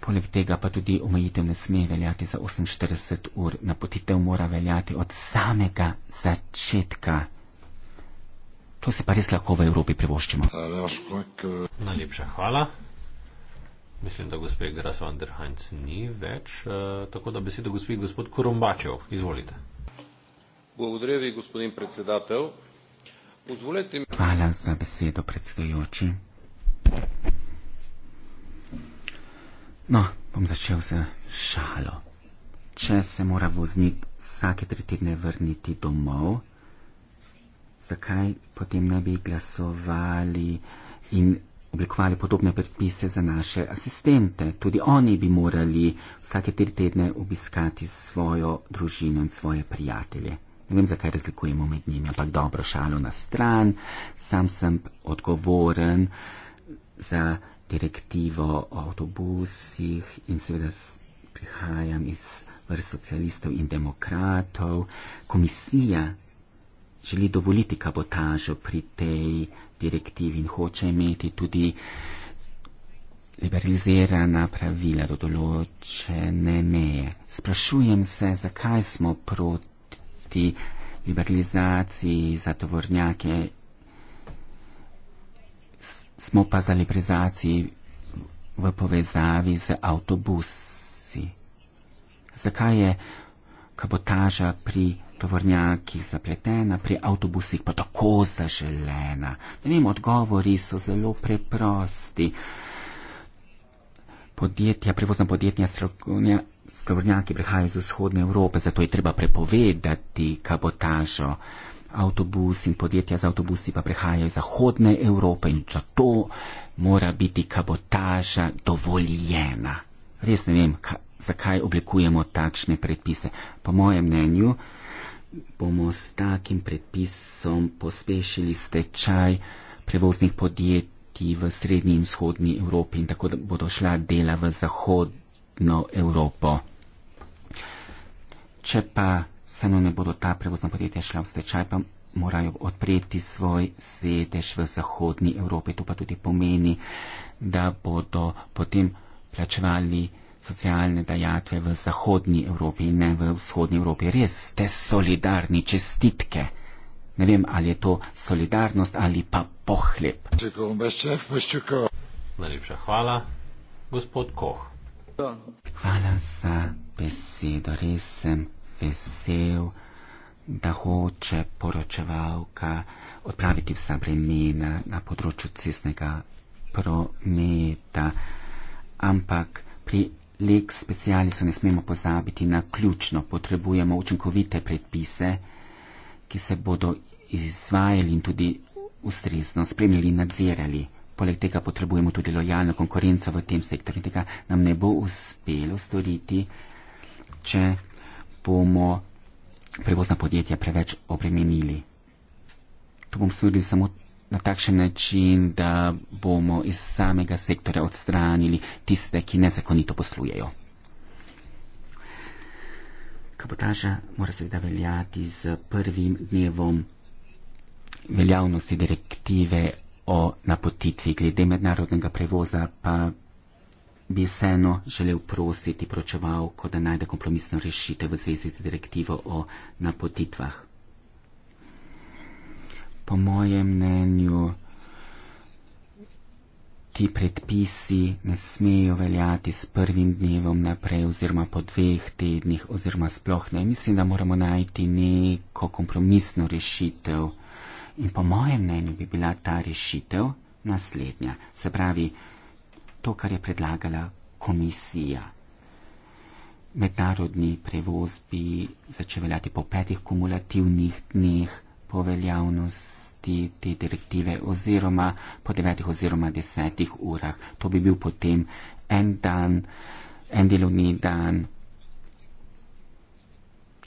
Poleg tega pa tudi omejitev ne sme veljati za 48 ur. Napotitev mora veljati od samega začetka. To se pa res lahko v Evropi privoščimo. Najlepša hvala. Mislim, da gospe Gras van der Heinz ni več, uh, tako da besedo gospod, gospod Korombačev. Izvolite. Благодаря ви, господин председател. Позволете ми... Хваля за беседо, предсвеючи. Но, бом зачел за шало. Че се мора возник всаки три тигне върнити домов, закай потем не би гласовали и oblikovali podobne predpise za naše asistente. Tudi oni bi morali vsake tri tedne obiskati svojo družino in svoje prijatelje. Ne vem, zakaj razlikujemo med njimi, ampak dobro šalo na stran. Sam sem odgovoren za direktivo o avtobusih in seveda prihajam iz vrst socialistov in demokratov. Komisija želi dovoliti kabotažo pri tej direktiv in hoče imeti tudi liberalizirana pravila do določene meje. Sprašujem se, zakaj smo proti liberalizaciji za tovornjake, smo pa za liberalizaciji v povezavi z avtobusi. Zakaj je kabotaža pri tovornjakih zapletena, pri avtobusih pa tako zaželena. Ne vem, odgovori so zelo preprosti. Podjetja, prevozna podjetja s tovornjaki prihajajo iz vzhodne Evrope, zato je treba prepovedati kabotažo. Avtobus in podjetja z avtobusi pa prihajajo iz zahodne Evrope in zato mora biti kabotaža dovoljena. Res ne vem, kaj zakaj oblikujemo takšne predpise. Po mojem mnenju bomo s takim predpisom pospešili stečaj prevoznih podjetij v srednji in vzhodni Evropi in tako bodo šla dela v zahodno Evropo. Če pa vseeno ne bodo ta prevozna podjetja šla v stečaj, pa morajo odpreti svoj sedež v zahodni Evropi. To pa tudi pomeni, da bodo potem plačevali socialne dajatve v zahodnji Evropi in ne v vzhodnji Evropi. Res ste solidarni, čestitke. Ne vem, ali je to solidarnost ali pa pohlep. Najlepša hvala, gospod Koh. Hvala za besedo. Res sem vesel, da hoče poročevalka odpraviti vsa bremena na področju cestnega prometa. Ampak pri lek specialisu ne smemo pozabiti na ključno. Potrebujemo učinkovite predpise, ki se bodo izvajali in tudi ustrezno spremljali in nadzirali. Poleg tega potrebujemo tudi lojalno konkurenco v tem sektorju. Tega nam ne bo uspelo storiti, če bomo prevozna podjetja preveč obremenili. Tu bom sodil samo na takšen način, da bomo iz samega sektorja odstranili tiste, ki nezakonito poslujejo. Kapotaža mora seveda veljati z prvim dnevom veljavnosti direktive o napotitvi glede mednarodnega prevoza, pa bi vseeno želel prositi pročevalko, da najde kompromisno rešitev v zvezi z direktivo o napotitvah po mojem mnenju ti predpisi ne smejo veljati s prvim dnevom naprej oziroma po dveh tednih oziroma sploh ne. Mislim, da moramo najti neko kompromisno rešitev in po mojem mnenju bi bila ta rešitev naslednja. Se pravi, to, kar je predlagala komisija. Mednarodni prevoz bi začel veljati po petih kumulativnih dneh po veljavnosti te direktive oziroma po devetih oziroma desetih urah. To bi bil potem en dan, en delovni dan.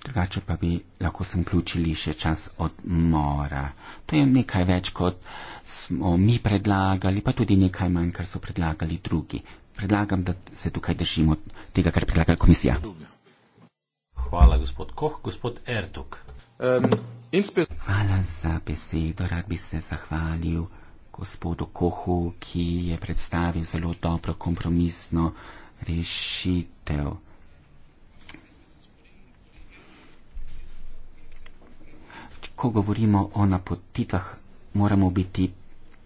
Drugače pa bi lahko sem vključili še čas odmora. To je nekaj več, kot smo mi predlagali, pa tudi nekaj manj, kar so predlagali drugi. Predlagam, da se tukaj držimo tega, kar predlaga komisija. Hvala, gospod Koh. Gospod Ertuk. Um, Hvala za besedo. Rad bi se zahvalil gospodu Kohu, ki je predstavil zelo dobro kompromisno rešitev. Ko govorimo o napotitvah, moramo biti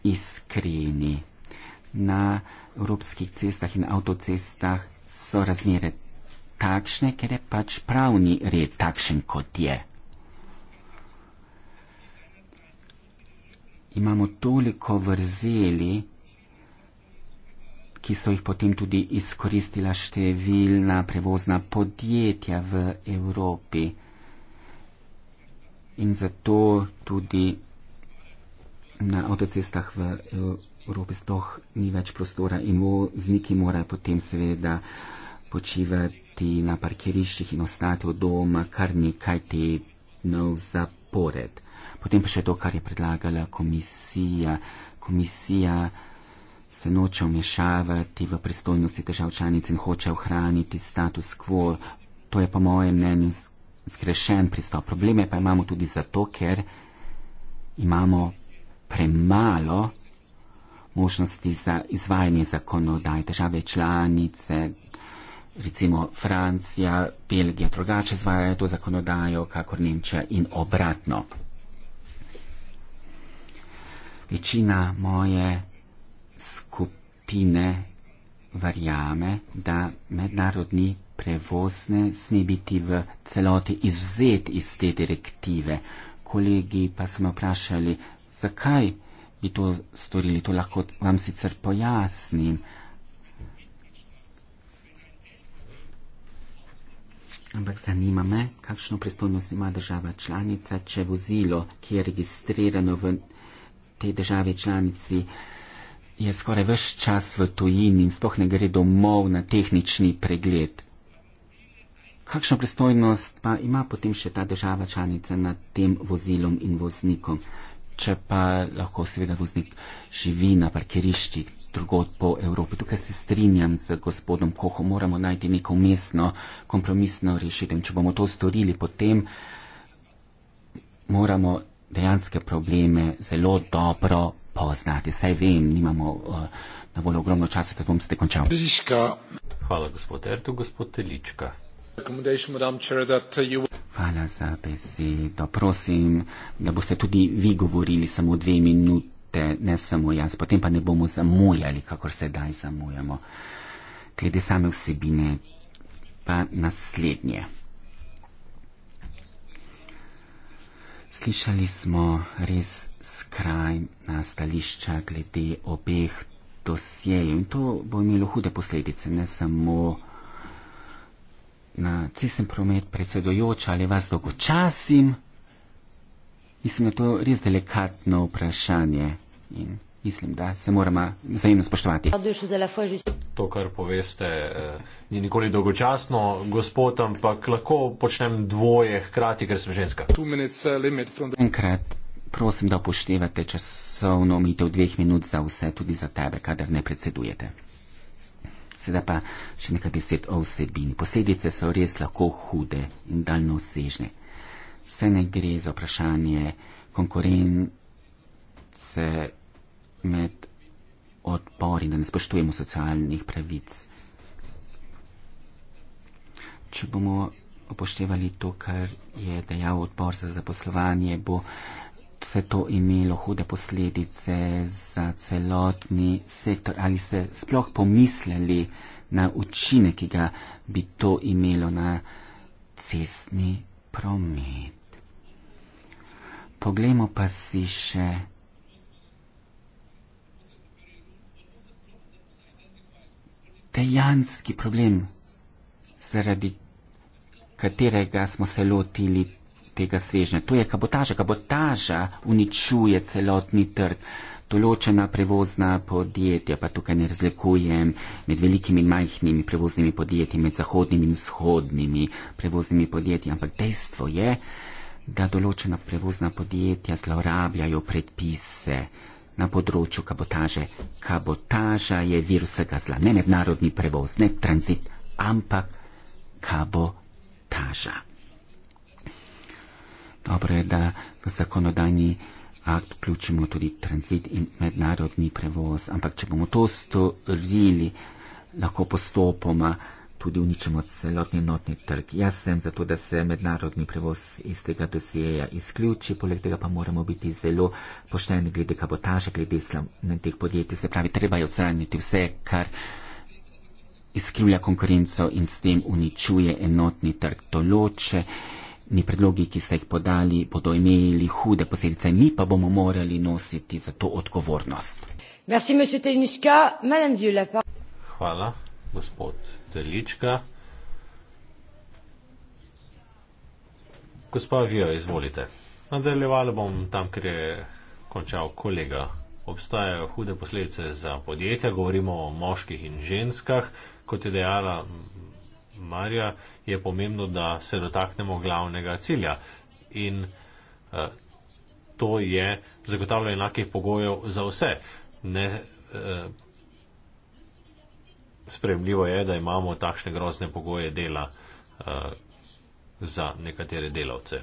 iskreni. Na evropskih cestah in avtocestah so razmere takšne, ker je pač pravni red takšen, kot je. imamo toliko vrzeli, ki so jih potem tudi izkoristila številna prevozna podjetja v Evropi. In zato tudi na avtocestah v Evropi sploh ni več prostora in vozniki morajo potem seveda počivati na parkiriščih in ostati v doma kar nekaj tednov zapored. Potem pa še to, kar je predlagala komisija. Komisija se noče vmešavati v pristojnosti držav članic in hoče ohraniti status quo. To je po mojem mnenju zgrešen pristop. Probleme pa imamo tudi zato, ker imamo premalo možnosti za izvajanje zakonodaj. Države članice, recimo Francija, Belgija, drugače izvajajo to zakonodajo, kakor Nemčija in obratno večina moje skupine verjame, da mednarodni prevoz ne sme biti v celoti izvzet iz te direktive. Kolegi pa so me vprašali, zakaj bi to storili, to lahko vam sicer pojasnim. Ampak zanima me, kakšno pristojnost ima država članica, če vozilo, ki je registrirano v tej državi članici je skoraj vse čas v tujini in spoh ne gre domov na tehnični pregled. Kakšno pristojnost pa ima potem še ta država članica nad tem vozilom in voznikom, če pa lahko seveda voznik živi na parkiriščih drugod po Evropi. Tukaj se strinjam z gospodom Koho, moramo najti neko umestno, kompromisno rešitev. Če bomo to storili, potem moramo dejanske probleme zelo dobro poznati. Saj vem, nimamo uh, na voljo ogromno časa, zato bom ste končal. Priška. Hvala, gospod Ertu, gospod Telička. Uh, Hvala za besedo. Prosim, da boste tudi vi govorili samo dve minute, ne samo jaz, potem pa ne bomo zamujali, kakor sedaj zamujamo. Glede same vsebine, pa naslednje. Slišali smo res skrajna stališča glede obeh dosjejev in to bo imelo hude posledice, ne samo na cesen promet predsedojoča ali vas dolgočasim. Mislim, da je to res delikatno vprašanje in mislim, da se moramo vzajemno spoštovati. To, kar poveste, eh, ni nikoli dolgočasno, gospod, ampak lahko počnem dvoje hkrati, ker sem ženska. Uh, Enkrat prosim, da upoštevate časovno omitev dveh minut za vse, tudi za tebe, kadar ne predsedujete. Sedaj pa še nekaj besed o vsebini. Posledice so res lahko hude in daljnosežne. Vse ne gre za vprašanje konkurence med odpori, da ne spoštujemo socialnih pravic. Če bomo upoštevali to, kar je dejal odpor za zaposlovanje, bo vse to imelo hude posledice za celotni sektor. Ali ste sploh pomislili na učine, ki ga bi to imelo na cestni promet? Poglejmo pa si še dejanski problem, zaradi katerega smo se lotili tega svežnja. To je kabotaža. Kabotaža uničuje celotni trg. Določena prevozna podjetja, pa tukaj ne razlikujem med velikimi in majhnimi prevoznimi podjetji, med zahodnimi in vzhodnimi prevoznimi podjetji, ampak dejstvo je, da določena prevozna podjetja zlorabljajo predpise, na področju kabotaže. Kabotaža je vir vsega zla, ne mednarodni prevoz, ne tranzit, ampak kabotaža. Dobro je, da v zakonodajni akt vključimo tudi tranzit in mednarodni prevoz, ampak če bomo to storili, lahko postopoma tudi uničimo celotni notni trg. Jaz sem zato, da se mednarodni prevoz iz tega dosijeja izključi, poleg tega pa moramo biti zelo pošteni glede kabotaže, glede slavne teh podjetij. Se pravi, treba je odstraniti vse, kar izkrivlja konkurenco in s tem uničuje enotni trg. To loče, ni predlogi, ki ste jih podali, bodo imeli hude posledice, mi pa bomo morali nositi za to odgovornost. Merci, Hvala gospod Telička. Gospa Vijo, izvolite. Nadaljeval bom tam, kjer je končal kolega. Obstajajo hude posledice za podjetja, govorimo o moških in ženskah. Kot je dejala Marja, je pomembno, da se dotaknemo glavnega cilja. In eh, to je zagotavljanje enakih pogojev za vse. Ne, eh, Spremljivo je, da imamo takšne grozne pogoje dela uh, za nekatere delavce.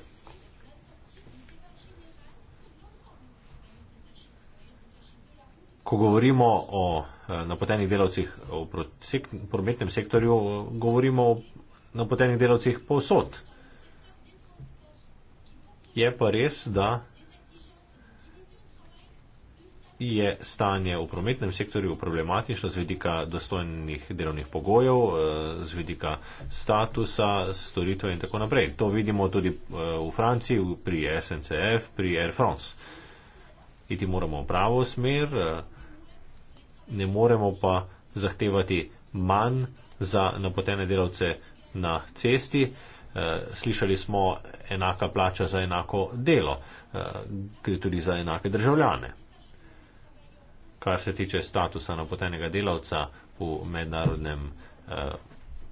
Ko govorimo o uh, napotenih delavcih v sek prometnem sektorju, govorimo o napotenih delavcih povsod. Je pa res, da je stanje v prometnem sektorju problematično z vidika dostojnih delovnih pogojev, eh, z vidika statusa, storitve in tako naprej. To vidimo tudi eh, v Franciji, pri SNCF, pri Air France. Iti moramo v pravo smer, eh, ne moremo pa zahtevati manj za napotene delavce na cesti. Slišali smo enaka plača za enako delo, gre tudi za enake državljane kar se tiče statusa napotenega delavca v mednarodnem eh,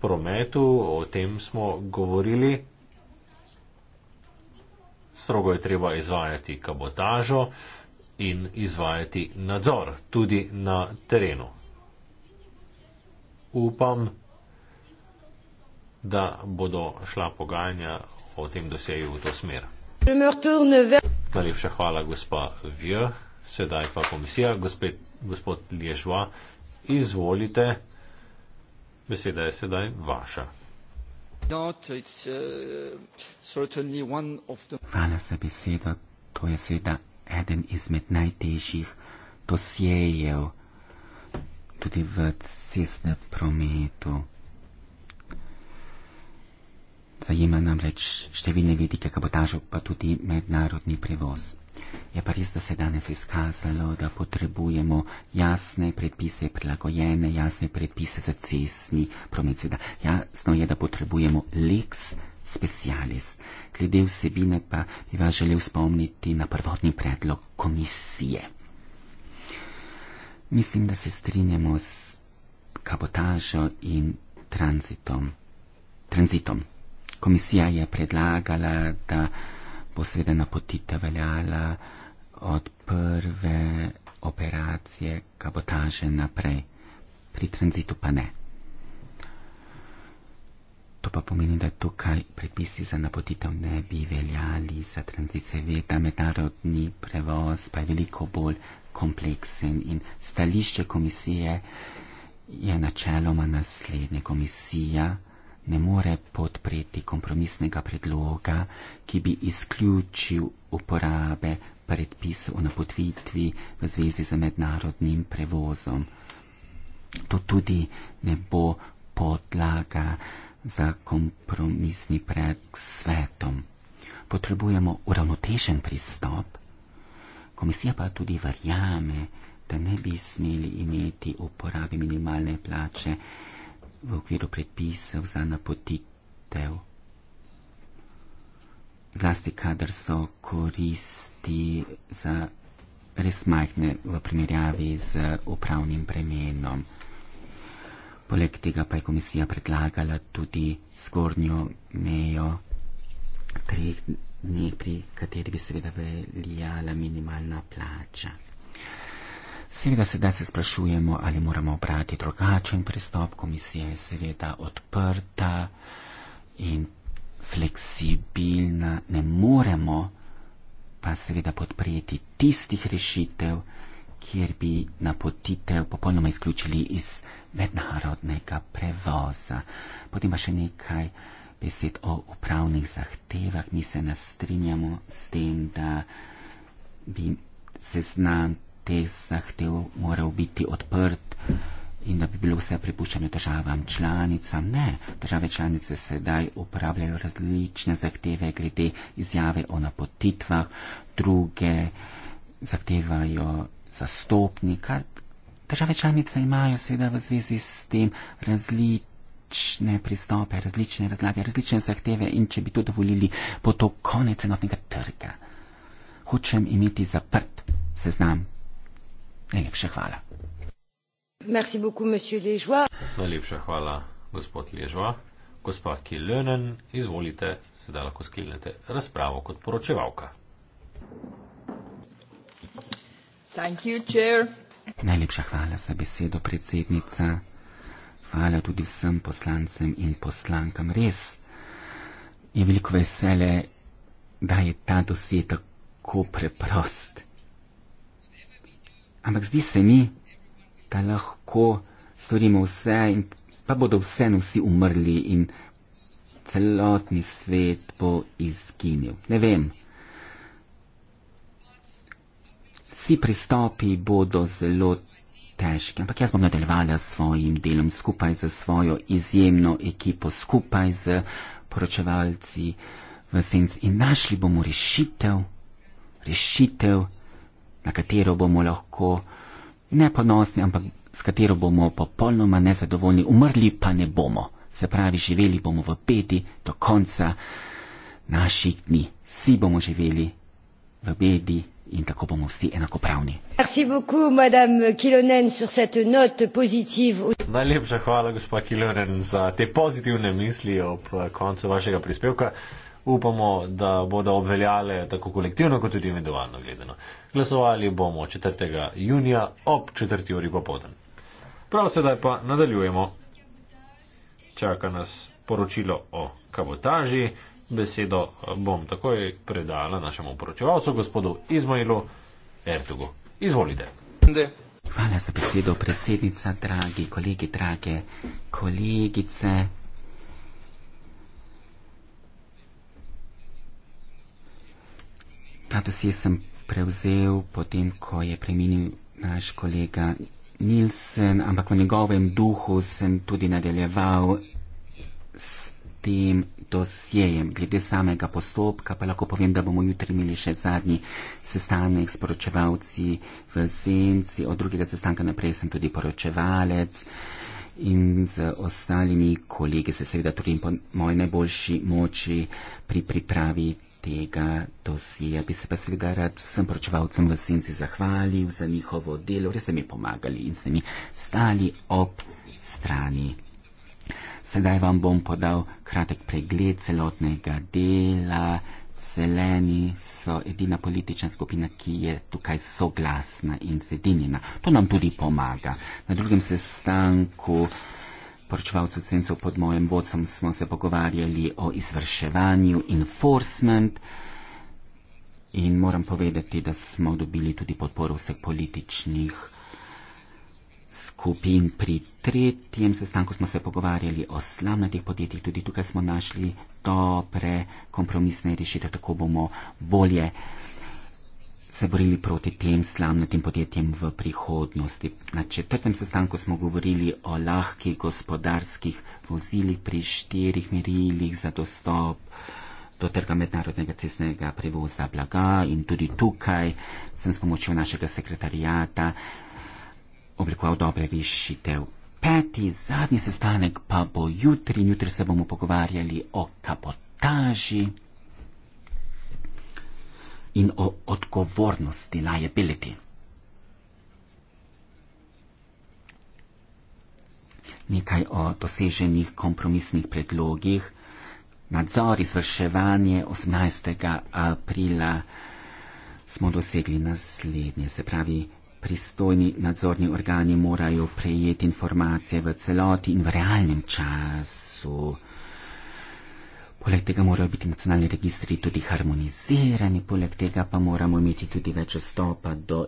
prometu, o tem smo govorili. Strogo je treba izvajati kabotažo in izvajati nadzor tudi na terenu. Upam, da bodo šla pogajanja o tem dosegu v to smer. Najlepša hvala, gospa Vjo sedaj pa komisija, gospod, gospod Lježva, izvolite, beseda je sedaj vaša. Uh, Hvala za besedo. To je seveda eden izmed najtežjih dosjejev tudi v cestnem prometu. Zajema namreč številne vidike kabotažo, pa tudi mednarodni prevoz. Je pa res, da se je danes izkazalo, da potrebujemo jasne predpise, prilagojene jasne predpise za cestni promet. Seda jasno je, da potrebujemo lex specialis. Glede vsebine pa bi vas želel spomniti na prvotni predlog komisije. Mislim, da se strinjamo s kabotažo in tranzitom. tranzitom. Komisija je predlagala, da bo seveda napotitev veljala od prve operacije kabotaže naprej, pri tranzitu pa ne. To pa pomeni, da tukaj predpisi za napotitev ne bi veljali za tranzit. Seveda, mednarodni prevoz pa je veliko bolj kompleksen in stališče komisije je načeloma naslednje. Komisija ne more podpreti kompromisnega predloga, ki bi izključil uporabe predpisov o napotvitvi v zvezi z mednarodnim prevozom. To tudi ne bo podlaga za kompromisni pred svetom. Potrebujemo uravnotežen pristop. Komisija pa tudi verjame, da ne bi smeli imeti uporabe minimalne plače v okviru predpisov za napotitev. Zlasti, kadar so koristi za res majhne v primerjavi z upravnim bremenom. Poleg tega pa je komisija predlagala tudi zgornjo mejo treh dni, pri kateri bi seveda veljala minimalna plača. Seveda sedaj se sprašujemo, ali moramo obrati drugačen pristop. Komisija je seveda odprta in fleksibilna. Ne moremo pa seveda podpreti tistih rešitev, kjer bi napotitev popolnoma izključili iz mednarodnega prevoza. Potem pa še nekaj besed o upravnih zahtevah. Mi se nastrinjamo s tem, da bi seznam pesah te moral biti odprt in da bi bilo vse pripuščeno državam članicam. Ne, države članice sedaj uporabljajo različne zahteve glede izjave o napotitvah, druge zahtevajo zastopnika. Države članice imajo seveda v zvezi s tem različne pristope, različne razlage, različne zahteve in če bi to dovolili, bo to konec enotnega trga. Hočem imeti zaprt seznam Najlepša hvala. Merci beaucoup, monsieur Ležva. Najlepša hvala, gospod Ležva. Gospa Kilönen, izvolite, sedaj lahko sklenete razpravo kot poročevalka. Thank you, chair. Najlepša hvala za besedo, predsednica. Hvala tudi vsem poslancem in poslankam. Res je veliko vesele, da je ta dosje tako preprost. Ampak zdi se mi, da lahko storimo vse in pa bodo vseeno vsi umrli in celotni svet bo izginil. Ne vem. Vsi pristopi bodo zelo težki, ampak jaz bom nadaljevala s svojim delom skupaj z svojo izjemno ekipo, skupaj z poročevalci v senc in našli bomo rešitev, rešitev na katero bomo lahko ne ponosni, ampak s katero bomo popolnoma nezadovoljni, umrli pa ne bomo. Se pravi, živeli bomo v bedi do konca naših dni. Vsi bomo živeli v bedi in tako bomo vsi enakopravni. Najlepša hvala, gospod Kilonen, za te pozitivne misli ob koncu vašega prispevka upamo, da bodo obveljale tako kolektivno kot tudi individualno gledano. Glasovali bomo 4. junija ob 4. uri popoldne. Prav sedaj pa nadaljujemo. Čaka nas poročilo o kabotaži. Besedo bom takoj predala našemu poročevalcu, gospodu Izmailu Ertugu. Izvolite. De. Hvala za besedo, predsednica, dragi kolegi, drage kolegice, Ta dosje sem prevzel potem, ko je preminil naš kolega Nilsen, ampak v njegovem duhu sem tudi nadaljeval s tem dosjejem. Glede samega postopka pa lahko povem, da bomo jutri imeli še zadnji sestanek s poročevalci v Zenci. Od drugega sestanka naprej sem tudi poročevalec in z ostalimi kolegi se seveda tudi po moji najboljši moči pri pripravi tega dosija, bi se pa seveda rad vsem poročevalcem v Senci zahvalil za njihovo delo, res ste mi pomagali in ste mi stali ob strani. Sedaj vam bom podal kratek pregled celotnega dela. Zeleni so edina politična skupina, ki je tukaj soglasna in sedinjena. To nam tudi pomaga. Na drugem sestanku poročevalcu Censov pod mojim vodcem smo se pogovarjali o izvrševanju enforcement in moram povedati, da smo dobili tudi podporo vseh političnih skupin. Pri tretjem sestanku smo se pogovarjali o slamnatih podjetjih, tudi tukaj smo našli dobre kompromisne rešitve, tako bomo bolje se borili proti tem slamnatim podjetjem v prihodnosti. Na četrtem sestanku smo govorili o lahkih gospodarskih vozilih pri štirih merilih za dostop do trga mednarodnega cestnega prevoza blaga in tudi tukaj sem s pomočjo našega sekretarijata oblikoval dobre rešitev. Peti, zadnji sestanek pa bo jutri. Jutri se bomo pogovarjali o kapotaži in o odgovornosti liability. Nekaj o doseženih kompromisnih predlogih. Nadzor, izvrševanje 18. aprila smo dosegli naslednje. Se pravi, pristojni nadzorni organi morajo prejeti informacije v celoti in v realnem času. Poleg tega morajo biti nacionalni registri tudi harmonizirani, poleg tega pa moramo imeti tudi več dostopa do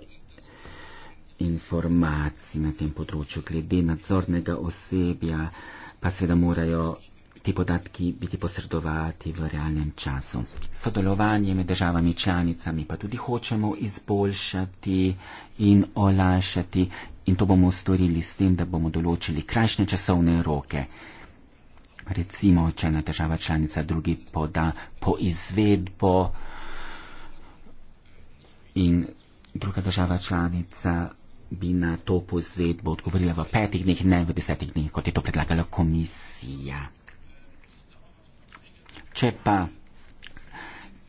informacij na tem področju. Glede nadzornega osebja pa seveda morajo ti podatki biti posredovati v realnem času. Sodelovanje med državami članicami pa tudi hočemo izboljšati in olajšati in to bomo storili s tem, da bomo določili krajšne časovne roke recimo, če ena država članica drugi poda po izvedbo in druga država članica bi na to po izvedbo odgovorila v petih dneh, ne v desetih dneh, kot je to predlagala komisija. Če pa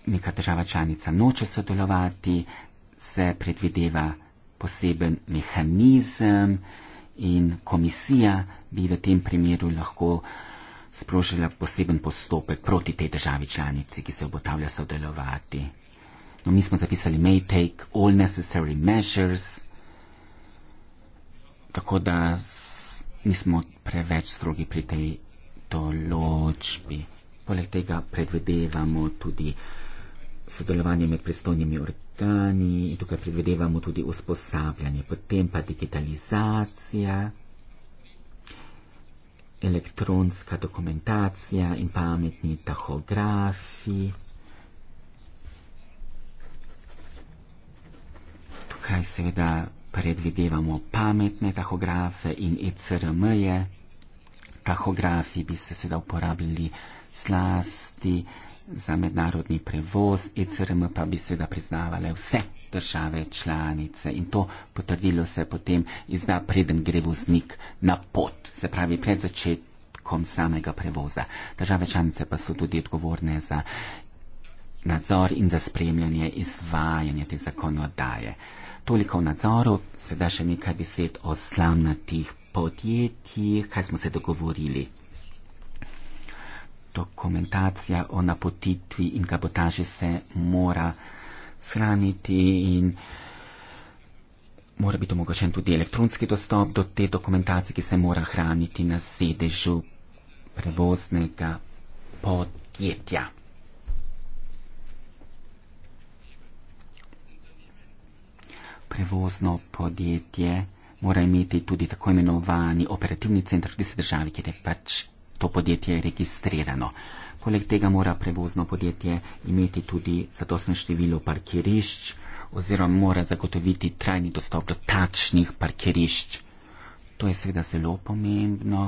neka država članica noče sodelovati, se predvideva poseben mehanizem in komisija bi v tem primeru lahko uh, sprožila poseben postopek proti tej državi članici, ki se obotavlja sodelovati. No, mi smo zapisali, may take all necessary measures, tako da nismo preveč strogi pri tej določbi. Poleg tega predvedevamo tudi sodelovanje med pristojnimi organi, tukaj predvedevamo tudi usposabljanje, potem pa digitalizacija elektronska dokumentacija in pametni tahografi. Tukaj seveda predvidevamo pametne tahografe in ECRM-je. Tahografi bi se seveda uporabljali slasti za mednarodni prevoz, ECRM pa bi seveda priznavale vse države članice in to potrdilo se potem izda preden gre voznik na pot, se pravi pred začetkom samega prevoza. Države članice pa so tudi odgovorne za nadzor in za spremljanje izvajanja te zakonodaje. Toliko o nadzoru, sedaj še nekaj besed o slamnatih podjetjih, kaj smo se dogovorili. Dokumentacija o napotitvi in kabotaži se mora shraniti in mora biti omogočen tudi elektronski dostop do te dokumentacije, ki se mora hraniti na sedežu prevoznega podjetja. Prevozno podjetje mora imeti tudi tako imenovani operativni center v tisti državi, kjer je pač to podjetje registrirano. Uh, Poleg tega mora prevozno podjetje imeti tudi zadostno število parkirišč oziroma mora zagotoviti trajni dostop do takšnih parkirišč. To je seveda zelo pomembno,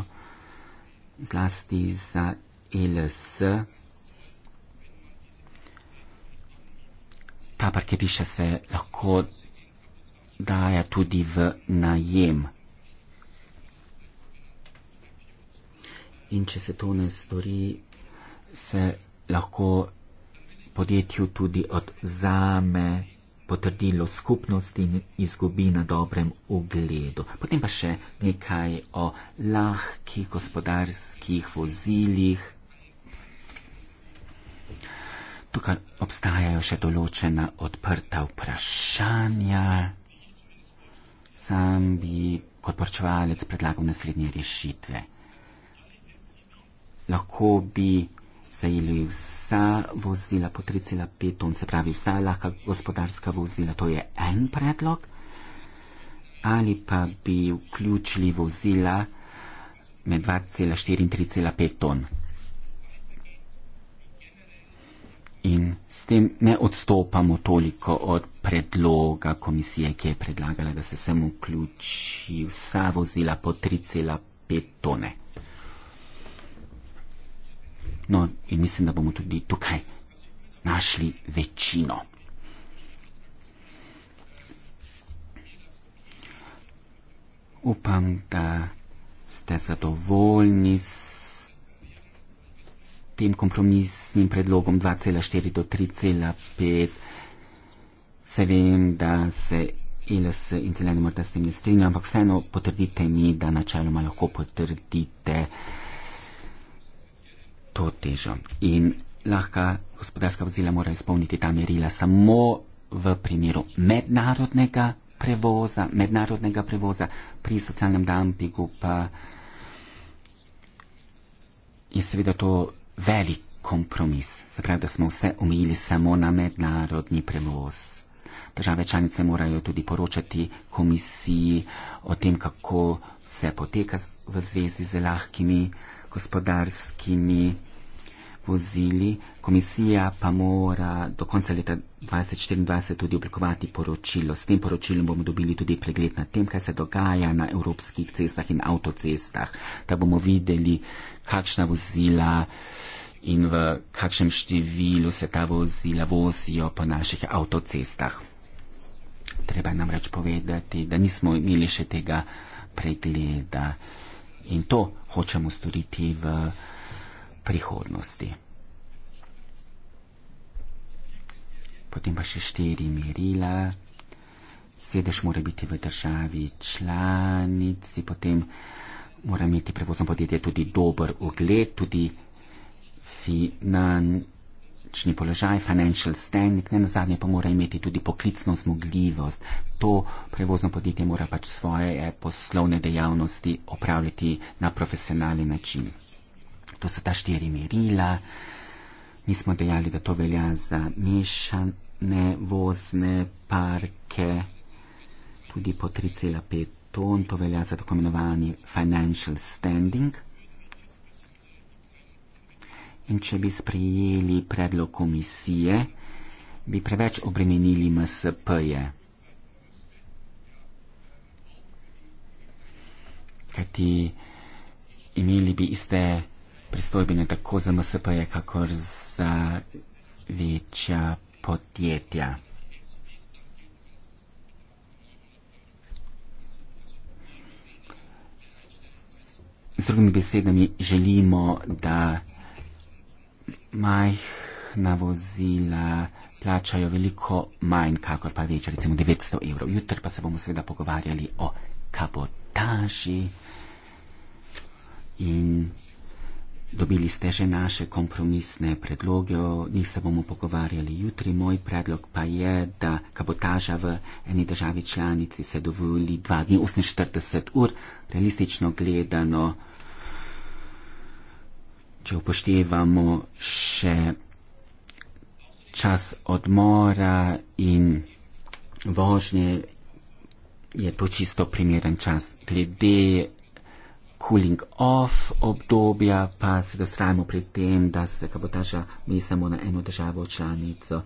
zlasti za LS. Ta parkirišča se lahko daja tudi v najem. In če se to ne stori, se lahko podjetju tudi odzame potrdilo skupnosti in izgubi na dobrem ugledu. Potem pa še nekaj o lahkih gospodarskih vozilih. Tukaj obstajajo še določena odprta vprašanja. Sam bi kot poročevalec predlagal naslednje rešitve. Lahko bi zajeli vsa vozila po 3,5 ton, se pravi vsa lahka gospodarska vozila, to je en predlog, ali pa bi vključili vozila med 2,4 in 3,5 ton. In s tem ne odstopamo toliko od predloga komisije, ki je predlagala, da se sem vključi vsa vozila po 3,5 tone. No, in mislim, da bomo tudi tukaj našli večino. Upam, da ste zadovoljni s tem kompromisnim predlogom 2,4 do 3,5. Se vem, da se ILS in celene morda s tem ne strinjajo, ampak vseeno potrdite mi, da načeloma lahko potrdite to težo. In lahka gospodarska vozila mora izpolniti ta merila samo v primeru mednarodnega prevoza, mednarodnega prevoza pri socialnem dampingu pa je seveda to velik kompromis. Se pravi, da smo vse omejili samo na mednarodni prevoz. Države članice morajo tudi poročati komisiji o tem, kako se poteka v zvezi z lahkimi uh, gospodarskimi vozili. Komisija pa mora do konca leta 2024 tudi oblikovati poročilo. S tem poročilom bomo dobili tudi pregled na tem, kaj se dogaja na evropskih cestah in avtocestah, da bomo videli, kakšna vozila in v kakšnem številu se ta vozila vozijo po naših avtocestah. Treba nam reč povedati, da nismo imeli še tega pregleda in to hočemo storiti v prihodnosti. Potem pa še štiri merila. Sedež mora biti v državi članici, potem mora imeti prevozno podjetje tudi dober ugled, tudi finančni finančni položaj, financial standing, ne nazadnje pa mora imeti tudi poklicno zmogljivost. To prevozno podjetje mora pač svoje eh, poslovne dejavnosti opravljati na profesionalni način. To so ta štiri merila. Mi smo dejali, da to velja za mešane vozne parke, tudi po 3,5 ton, to velja za tako imenovani financial standing in če bi sprejeli predlog komisije, bi preveč obremenili MSP-je. Kajti imeli bi iste pristojbine tako za MSP-je, kakor za večja podjetja. Z drugimi besedami želimo, da majhna vozila plačajo veliko manj, kakor pa večja, recimo 900 evrov. Jutri pa se bomo seveda pogovarjali o kabotaži in dobili ste že naše kompromisne predloge, o njih se bomo pogovarjali jutri. Moj predlog pa je, da kabotaža v eni državi članici se dovoli 2 dni 48 ur, realistično gledano če upoštevamo še čas odmora in vožnje, je to čisto primeren čas. Glede cooling off obdobja pa se dostrajamo pri tem, da se kabotaža mi samo na eno državo članico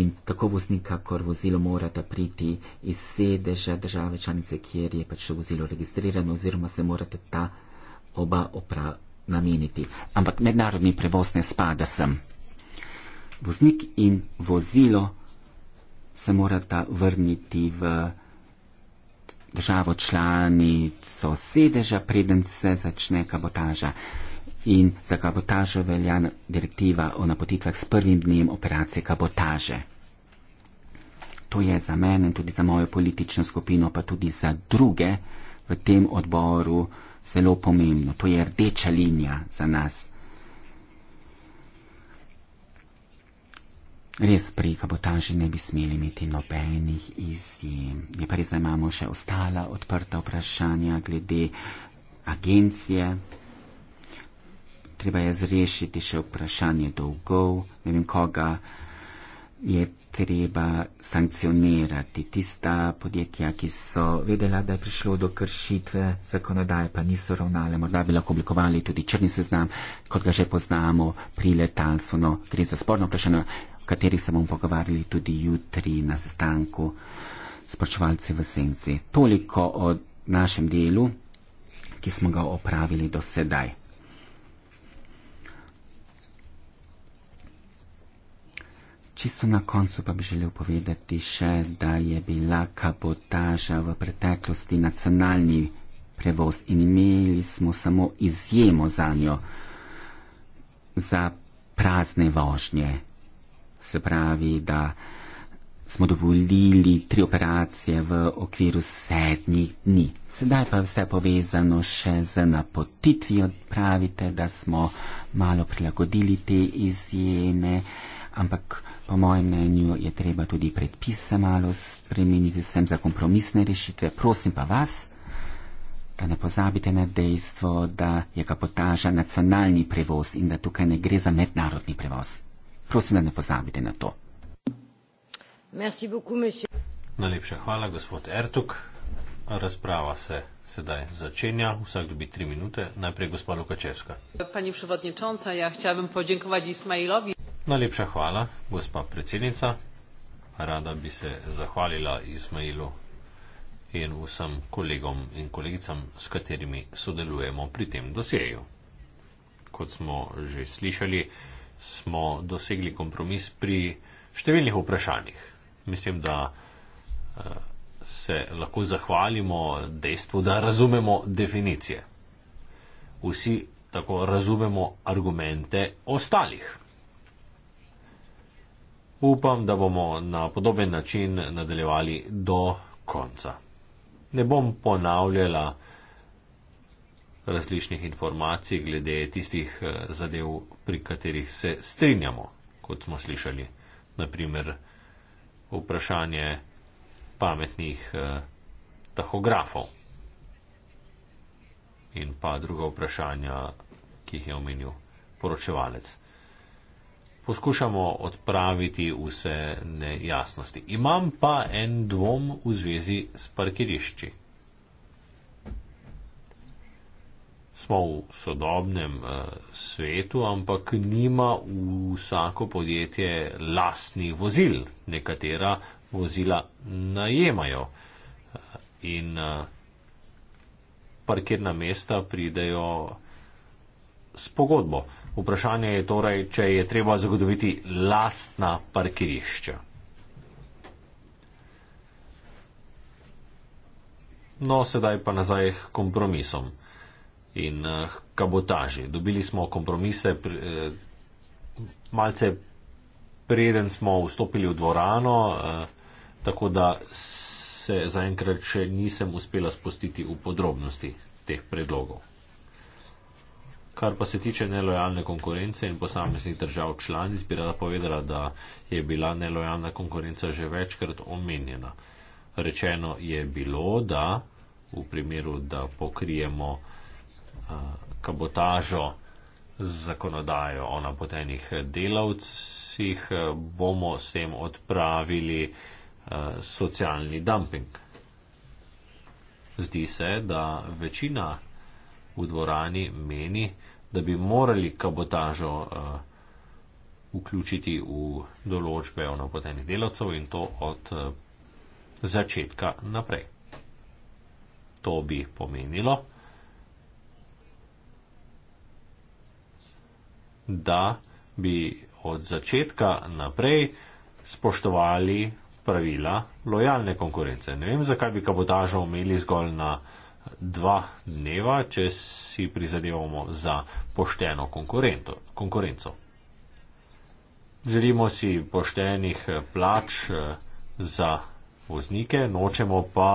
in tako voznik, kakor vozilo mora da priti iz sedeža države članice, kjer je pač vozilo registrirano oziroma se mora ta oba opraviti nameniti. Ampak mednarodni prevoz ne spada sem. Voznik in vozilo se morata vrniti v državo članico sedeža, preden se začne kabotaža. In za kabotažo velja direktiva o napotitvah s prvim dnem operacije kabotaže. To je za mene in tudi za mojo politično skupino, pa tudi za druge v tem odboru zelo pomembno, to je rdeča linija za nas. Res pri kabotaži ne bi smeli imeti nobenih izjem. Je pa res, da imamo še ostala odprta vprašanja glede agencije. Treba je zrešiti še vprašanje dolgov. Ne vem, koga je treba sankcionirati. Tista podjetja, ki so vedela, da je prišlo do kršitve zakonodaje, pa niso ravnale, morda bi lahko oblikovali tudi črni seznam, kot ga že poznamo pri letalstvu. No, gre za sporno vprašanje, o kateri se bomo pogovarjali tudi jutri na sestanku s počevalci v senci. Toliko o našem delu, ki smo ga opravili do sedaj. Čisto na koncu pa bi želel povedati še, da je bila kabotaža v preteklosti nacionalni prevoz in imeli smo samo izjemo za njo, za prazne vožnje. Se pravi, da smo dovolili tri operacije v okviru sedmih dni. Sedaj pa vse povezano še z napotitvijo. Pravite, da smo malo prilagodili te izjeme ampak po mojem mnenju je treba tudi predpise malo spremeniti, sem za kompromisne rešitve. Prosim pa vas, da ne pozabite na dejstvo, da je kapotaža nacionalni prevoz in da tukaj ne gre za mednarodni prevoz. Prosim, da ne pozabite na to. Najlepša hvala, gospod Ertuk. Razprava se sedaj začenja. Vsak dobi tri minute. Najprej gospod Lukačevska. Pani predsednica, ja, htela bi podjenkovati Ismailovi. Najlepša hvala, gospa predsednica. Rada bi se zahvalila Ismailu in vsem kolegom in kolegicam, s katerimi sodelujemo pri tem dosjeju. Kot smo že slišali, smo dosegli kompromis pri številnih vprašanjih. Mislim, da eh, se lahko zahvalimo dejstvu, da razumemo definicije. Vsi tako razumemo argumente ostalih upam, da bomo na podoben način nadaljevali do konca. Ne bom ponavljala različnih informacij glede tistih eh, zadev, pri katerih se strinjamo, kot smo slišali, naprimer vprašanje pametnih eh, tahografov in pa druga vprašanja, ki jih je omenil poročevalec poskušamo odpraviti vse nejasnosti. Imam pa en dvom v zvezi s parkirišči. Smo v sodobnem eh, svetu, ampak nima vsako podjetje lastnih vozil. Nekatera vozila najemajo eh, in eh, parkirna mesta pridejo s pogodbo. Eh, Vprašanje je torej, če je treba zagotoviti lastna parkirišča. No, sedaj pa nazaj k kompromisom in eh, k kabotaži. Dobili smo kompromise, eh, malce preden smo vstopili v dvorano, eh, tako da se zaenkrat še nisem uspela spustiti v podrobnosti teh predlogov. Kar pa se tiče nelojalne konkurence in posameznih držav članic, bi rada povedala, da je bila nelojalna konkurenca že večkrat omenjena. Rečeno je bilo, da v primeru, da pokrijemo uh, kabotažo z zakonodajo o napotenih delavcih, bomo s tem odpravili uh, socialni dumping. Zdi se, da večina v dvorani meni, da bi morali kabotažo uh, vključiti v določbe o napotenih delavcev in to od uh, začetka naprej. To bi pomenilo, da bi od začetka naprej spoštovali pravila lojalne konkurence. Ne vem, zakaj bi kabotažo omeli zgolj na uh, dva dneva, če si prizadevamo za pošteno konkurenco. Želimo si poštenih eh, plač eh, za voznike, nočemo pa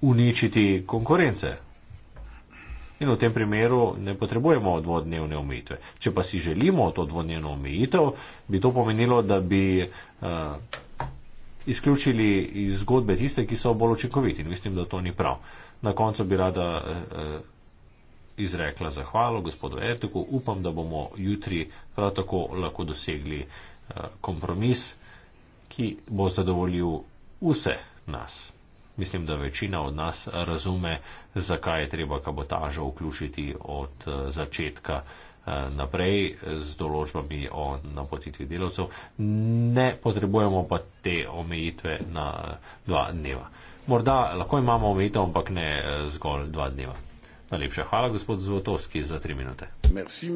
uničiti konkurence. In v tem primeru ne potrebujemo dvodnevne omejitve. Če pa si želimo to dvodnevno omejitev, bi to pomenilo, da bi uh, izključili iz zgodbe tiste, ki so bolj učinkoviti. In mislim, da to ni prav. Uh, Na koncu bi rada eh, eh, izrekla zahvalo gospodu Ertuku. Upam, da bomo jutri prav tako lahko dosegli eh, kompromis, ki bo zadovoljil vse nas. Mislim, da večina od nas razume, zakaj je treba kabotažo vključiti od eh, začetka eh, naprej z določbami o napotitvi delavcev. Ne potrebujemo pa te omejitve na eh, dva dneva morda lahko imamo omejitev, ampak ne eh, zgolj dva dneva. Najlepša hvala, gospod Zvotovski, za tri minute. Merci,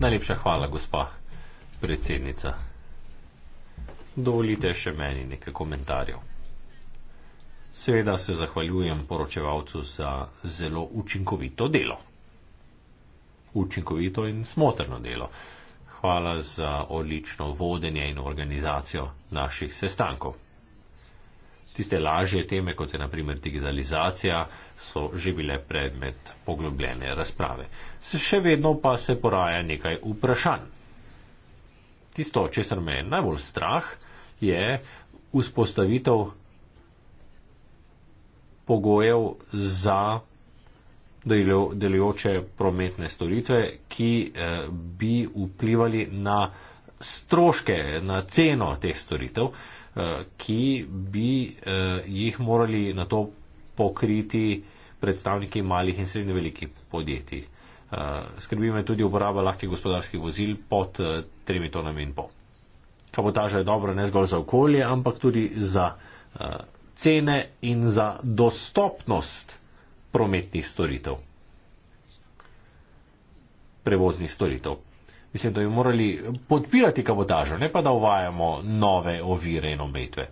Najlepša hvala, gospa predsednica. Dovolite še meni nekaj komentarjev. Seveda se zahvaljujem poročevalcu za zelo učinkovito delo. Učinkovito in smotrno delo. Hvala za odlično vodenje in organizacijo naših sestankov tiste lažje teme, kot je naprimer digitalizacija, so že bile predmet poglobljene razprave. Še vedno pa se poraja nekaj vprašanj. Tisto, česar me je najbolj strah, je vzpostavitev pogojev za delujoče prometne storitve, ki eh, bi vplivali na stroške, na ceno teh storitev ki bi eh, jih morali na to pokriti predstavniki malih in srednje velikih podjetij. Eh, skrbi me tudi uporaba lahkih gospodarskih vozil pod 3 eh, tonami in pol. Kapotaža je dobra ne zgolj za okolje, ampak tudi za cene in za dostopnost prometnih storitev. Prevoznih storitev, mislim, da bi morali podpirati kabotažo, ne pa da uvajamo nove ovire in omejitve.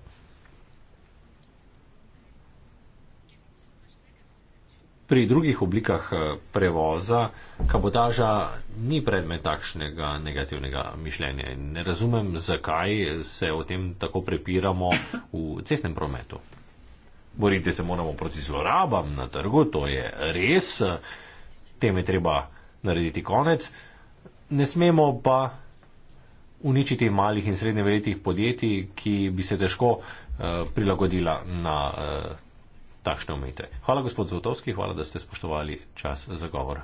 Pri drugih oblikah eh, prevoza kabotaža ni predmet takšnega negativnega mišljenja. Ne razumem, zakaj se o tem tako prepiramo v cestnem prometu. Boriti se moramo proti zlorabam na trgu, to je res, tem je treba narediti konec ne smemo pa uničiti malih in srednje velikih podjetij, ki bi se težko eh, prilagodila na eh, takšne omejitve. Hvala, gospod Zvotovski, hvala, da ste spoštovali čas za govor.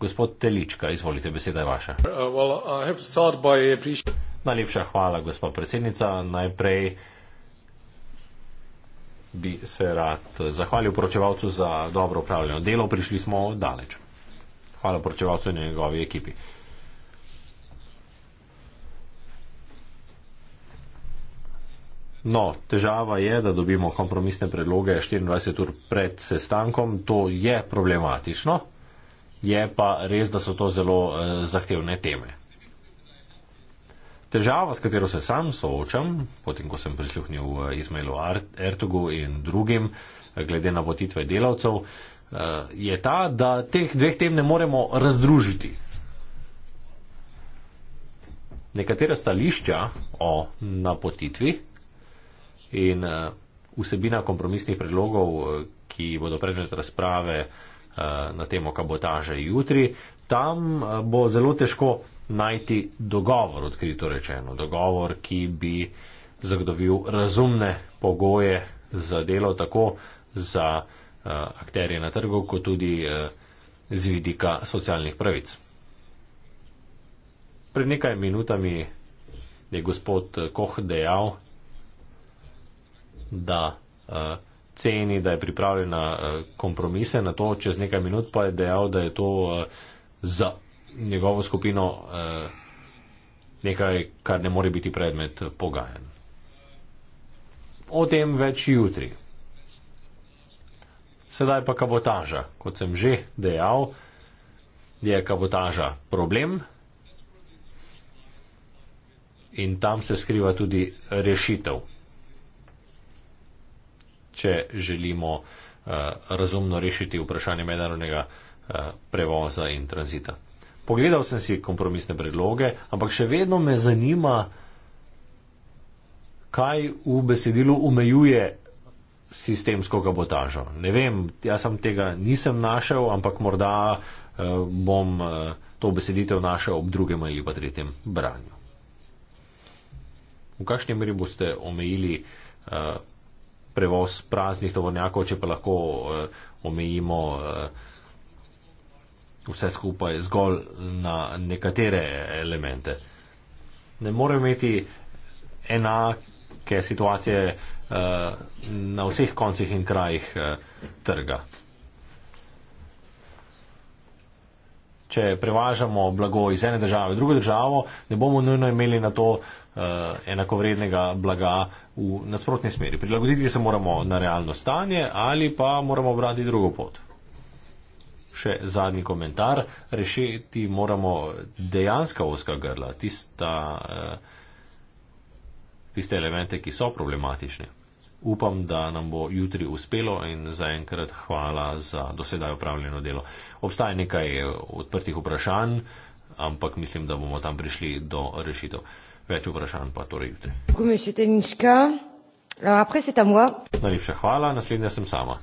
Gospod Telička, izvolite, beseda je vaša. Uh, well, by... Najlepša hvala, gospod predsednica. Najprej bi se rad zahvalil poročevalcu za dobro upravljeno delo. Prišli smo daleč. Hvala poročevalcu in njegovi ekipi. No, težava je, da dobimo kompromisne predloge 24 ur pred sestankom. To je problematično. Je pa res, da so to zelo eh, zahtevne teme. Težava, s katero se sam soočam, potem ko sem prisluhnil eh, Izmailu Ertugu in drugim, eh, glede na potitve delavcev, eh, je ta, da teh dveh tem ne moremo razdružiti. Nekatera stališča o napotitvi In uh, vsebina kompromisnih predlogov, eh, ki bodo predmet razprave uh, na temo kabotaže jutri, tam uh, bo zelo težko najti dogovor, odkrito rečeno, dogovor, ki bi zagotovil razumne pogoje za delo tako za uh, akterje na trgu, kot tudi uh, z vidika socialnih pravic. Pred nekaj minutami je gospod Koh dejal, da uh, ceni, da je pripravljena uh, eh, kompromise na to, čez nekaj minut pa je dejal, da je to uh, za njegovo skupino uh, nekaj, kar ne more biti predmet pogajen. O tem več jutri. Sedaj pa kabotaža. Kot sem že dejal, je kabotaža problem in tam se skriva tudi rešitev če želimo eh, razumno rešiti vprašanje mednarodnega eh, prevoza in tranzita. Pogledal sem si kompromisne predloge, ampak še vedno me zanima, kaj v besedilu omejuje sistemsko kabotažo. Ne vem, jaz sem tega nisem našel, ampak morda eh, bom eh, to beseditev našel ob drugem ali pa tretjem branju. V kakšni meri boste omejili eh, prevoz praznih tovornjakov, če pa lahko eh, omejimo eh, vse skupaj zgolj na nekatere elemente. Ne moremo imeti enake situacije eh, na vseh koncih in krajih eh, trga. če prevažamo blago iz ene države v drugo državo, ne bomo nujno imeli na to uh, enakovrednega blaga v nasprotni smeri. Prilagoditi se moramo na realno stanje ali pa moramo obrati drugo pot. Še zadnji komentar. Rešiti moramo dejanska oska grla, tista, uh, tiste elemente, ki so problematični upam, da nam bo jutri uspelo in zaenkrat hvala za dosedaj upravljeno delo. Obstaja nekaj odprtih vprašanj, ampak mislim, da bomo tam prišli do rešitev. Več vprašanj pa torej jutri. Najlepša hvala, naslednja sem sama.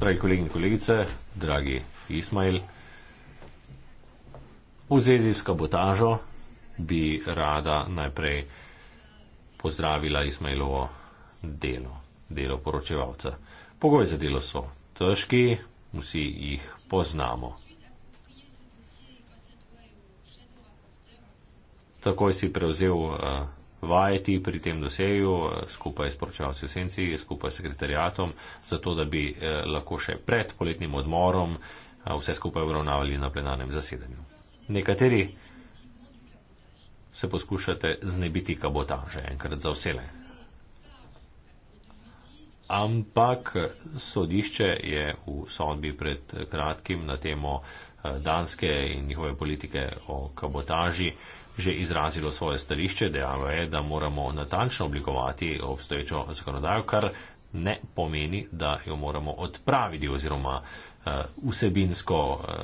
Dragi kolegi in kolegice, dragi Ismail, v zvezi s kabotažo bi rada najprej pozdravila Ismailovo delo, delo poročevalca. Pogoji za delo so težki, vsi jih poznamo. Takoj si prevzel uh, vajeti pri tem doseju, uh, skupaj s poročevalci v senci, skupaj s sekretarijatom, zato da bi uh, lahko še pred poletnim odmorom uh, vse skupaj obravnavali na plenarnem zasedanju. Nekateri se poskušate znebiti kabotaže enkrat za vsele. Ampak sodišče je v sodbi pred kratkim na temo eh, danske in njihove politike o kabotaži že izrazilo svoje stališče, dejalo je, da moramo natančno oblikovati obstoječo zakonodajo, kar ne pomeni, da jo moramo odpraviti oziroma uh, vsebinsko uh,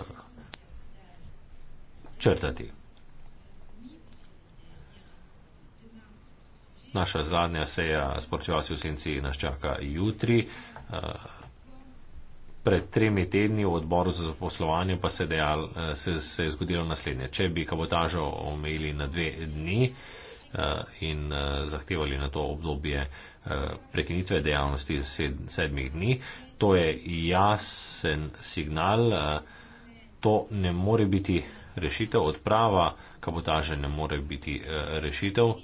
črtati. Naša zadnja seja sporočevalcev v senci nas čaka jutri. Eh, pred tremi tedni v odboru za zaposlovanje pa se, dejal, eh, se, se je zgodilo naslednje. Če bi kabotažo omejili na dve dni eh, in zahtevali na to obdobje prekinitve dejavnosti z sed, sedmih dni, to je jasen signal, to ne more biti rešitev, odprava kabotaže ne more biti rešitev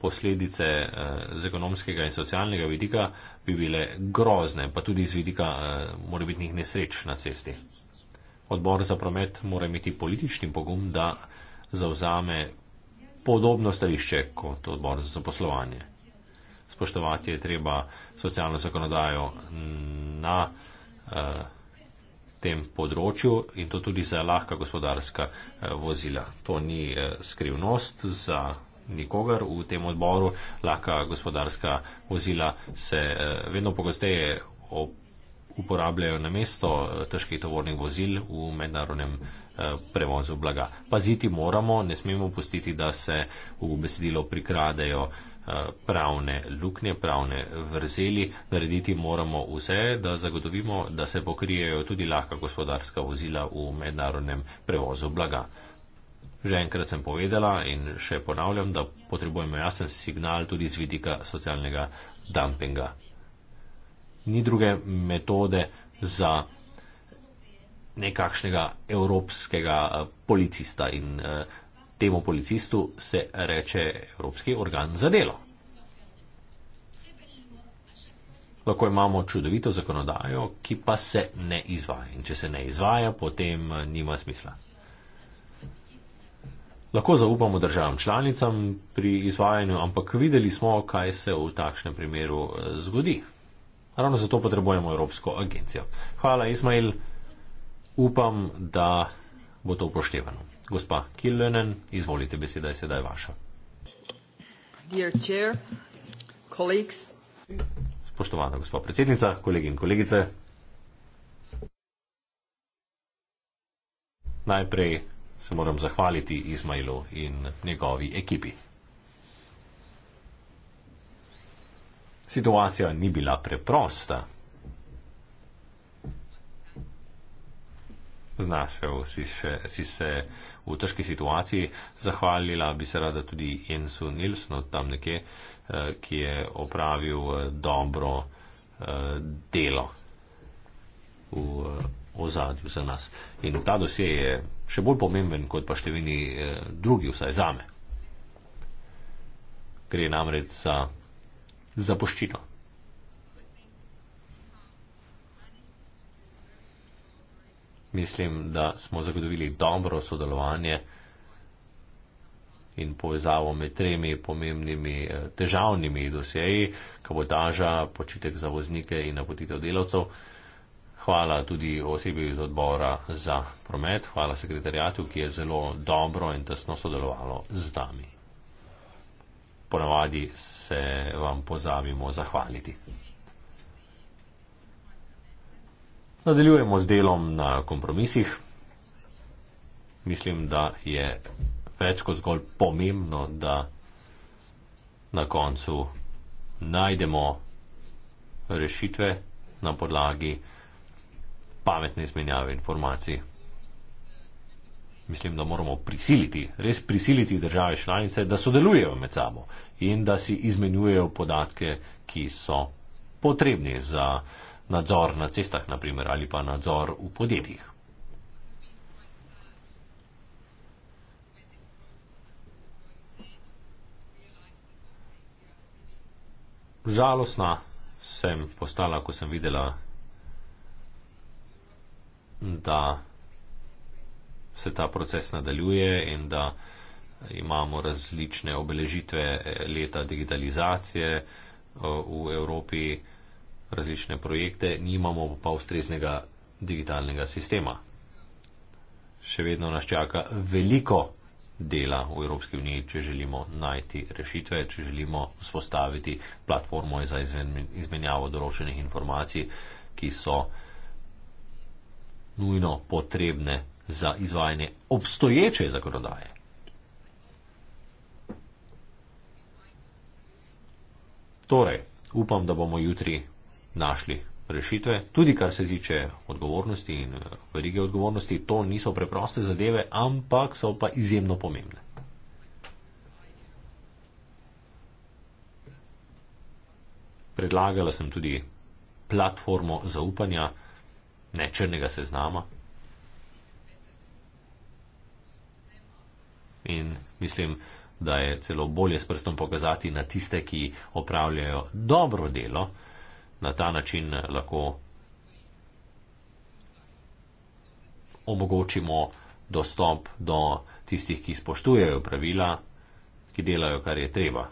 posledice eh, z ekonomskega in socialnega vidika bi bile grozne, pa tudi z vidika eh, morebitnih nesreč na cesti. Odbor za promet mora imeti politični pogum, da zauzame podobno stališče kot odbor za zaposlovanje. Spoštovati je treba socialno zakonodajo na eh, tem področju in to tudi za lahka gospodarska eh, vozila. To ni eh, skrivnost za nikogar v tem odboru, laka gospodarska vozila se eh, vedno pogosteje uporabljajo na mesto eh, težkih tovornih vozil v mednarodnem eh, prevozu blaga. Paziti moramo, ne smemo pustiti, da se v besedilo prikradejo pravne luknje, pravne vrzeli. Narediti moramo vse, da zagotovimo, da se pokrijejo tudi lahka gospodarska vozila v mednarodnem prevozu blaga. Že enkrat sem povedala in še ponavljam, da potrebujemo jasen signal tudi z vidika socialnega dumpinga. Ni druge metode za nekakšnega evropskega eh, policista in eh, temu policistu se reče Evropski organ za delo. Lahko imamo čudovito zakonodajo, ki pa se ne izvaja. In če se ne izvaja, potem eh, nima smisla lahko zaupamo državam članicam pri izvajanju, ampak videli smo, kaj se v takšnem primeru eh, zgodi. Ravno zato potrebujemo Evropsko agencijo. Hvala, Ismail. Upam, da bo to upoštevano. Gospa Killenen, izvolite, beseda je sedaj vaša. Chair, Spoštovana gospa predsednica, kolegi in kolegice. Najprej se moram zahvaliti Izmailu in njegovi ekipi. Situacija ni bila preprosta. Znašel si, še, si se v težki situaciji, zahvalila bi se rada tudi Jensu Nilsnu tam nekje, eh, ki je opravil eh, dobro eh, delo ozadju za nas. In ta dosje je še bolj pomemben kot pa številni eh, drugi, vsaj zame. Gre namreč za zapoščino. Mislim, da smo zagotovili dobro sodelovanje in povezavo med tremi pomembnimi eh, težavnimi doseji, kabotaža, počitek za voznike in napotitev delavcev. Hvala tudi osebi iz odbora za promet, hvala sekretarjatu, ki je zelo dobro in tesno sodelovalo z nami. Ponavadi se vam pozabimo zahvaliti. Nadaljujemo z delom na kompromisih. Mislim, da je več kot zgolj pomembno, da na koncu najdemo rešitve na podlagi pametne izmenjave informacij. Mislim, da moramo prisiliti, res prisiliti države članice, da sodelujejo med sabo in da si izmenjujejo podatke, ki so potrebni za nadzor na cestah, naprimer, ali pa nadzor v podjetjih. Žalostna sem postala, ko sem videla da se ta proces nadaljuje in da imamo različne obeležitve eh, leta digitalizacije eh, v Evropi, različne projekte, nimamo pa ustreznega digitalnega sistema. Še vedno nas čaka veliko dela v Evropski uniji, če želimo najti rešitve, če želimo vzpostaviti platformo za izmenjavo določenih informacij, ki so nujno potrebne za izvajanje obstoječe zakonodaje. Torej, upam, da bomo jutri našli rešitve, tudi kar se tiče odgovornosti in eh, verige odgovornosti. To niso preproste zadeve, ampak so pa izjemno pomembne. Predlagala sem tudi platformo zaupanja ne črnega seznama. In mislim, da je celo bolje s prstom pokazati na tiste, ki opravljajo dobro delo, na ta način lahko omogočimo dostop do tistih, ki spoštujejo pravila, ki delajo, kar je treba.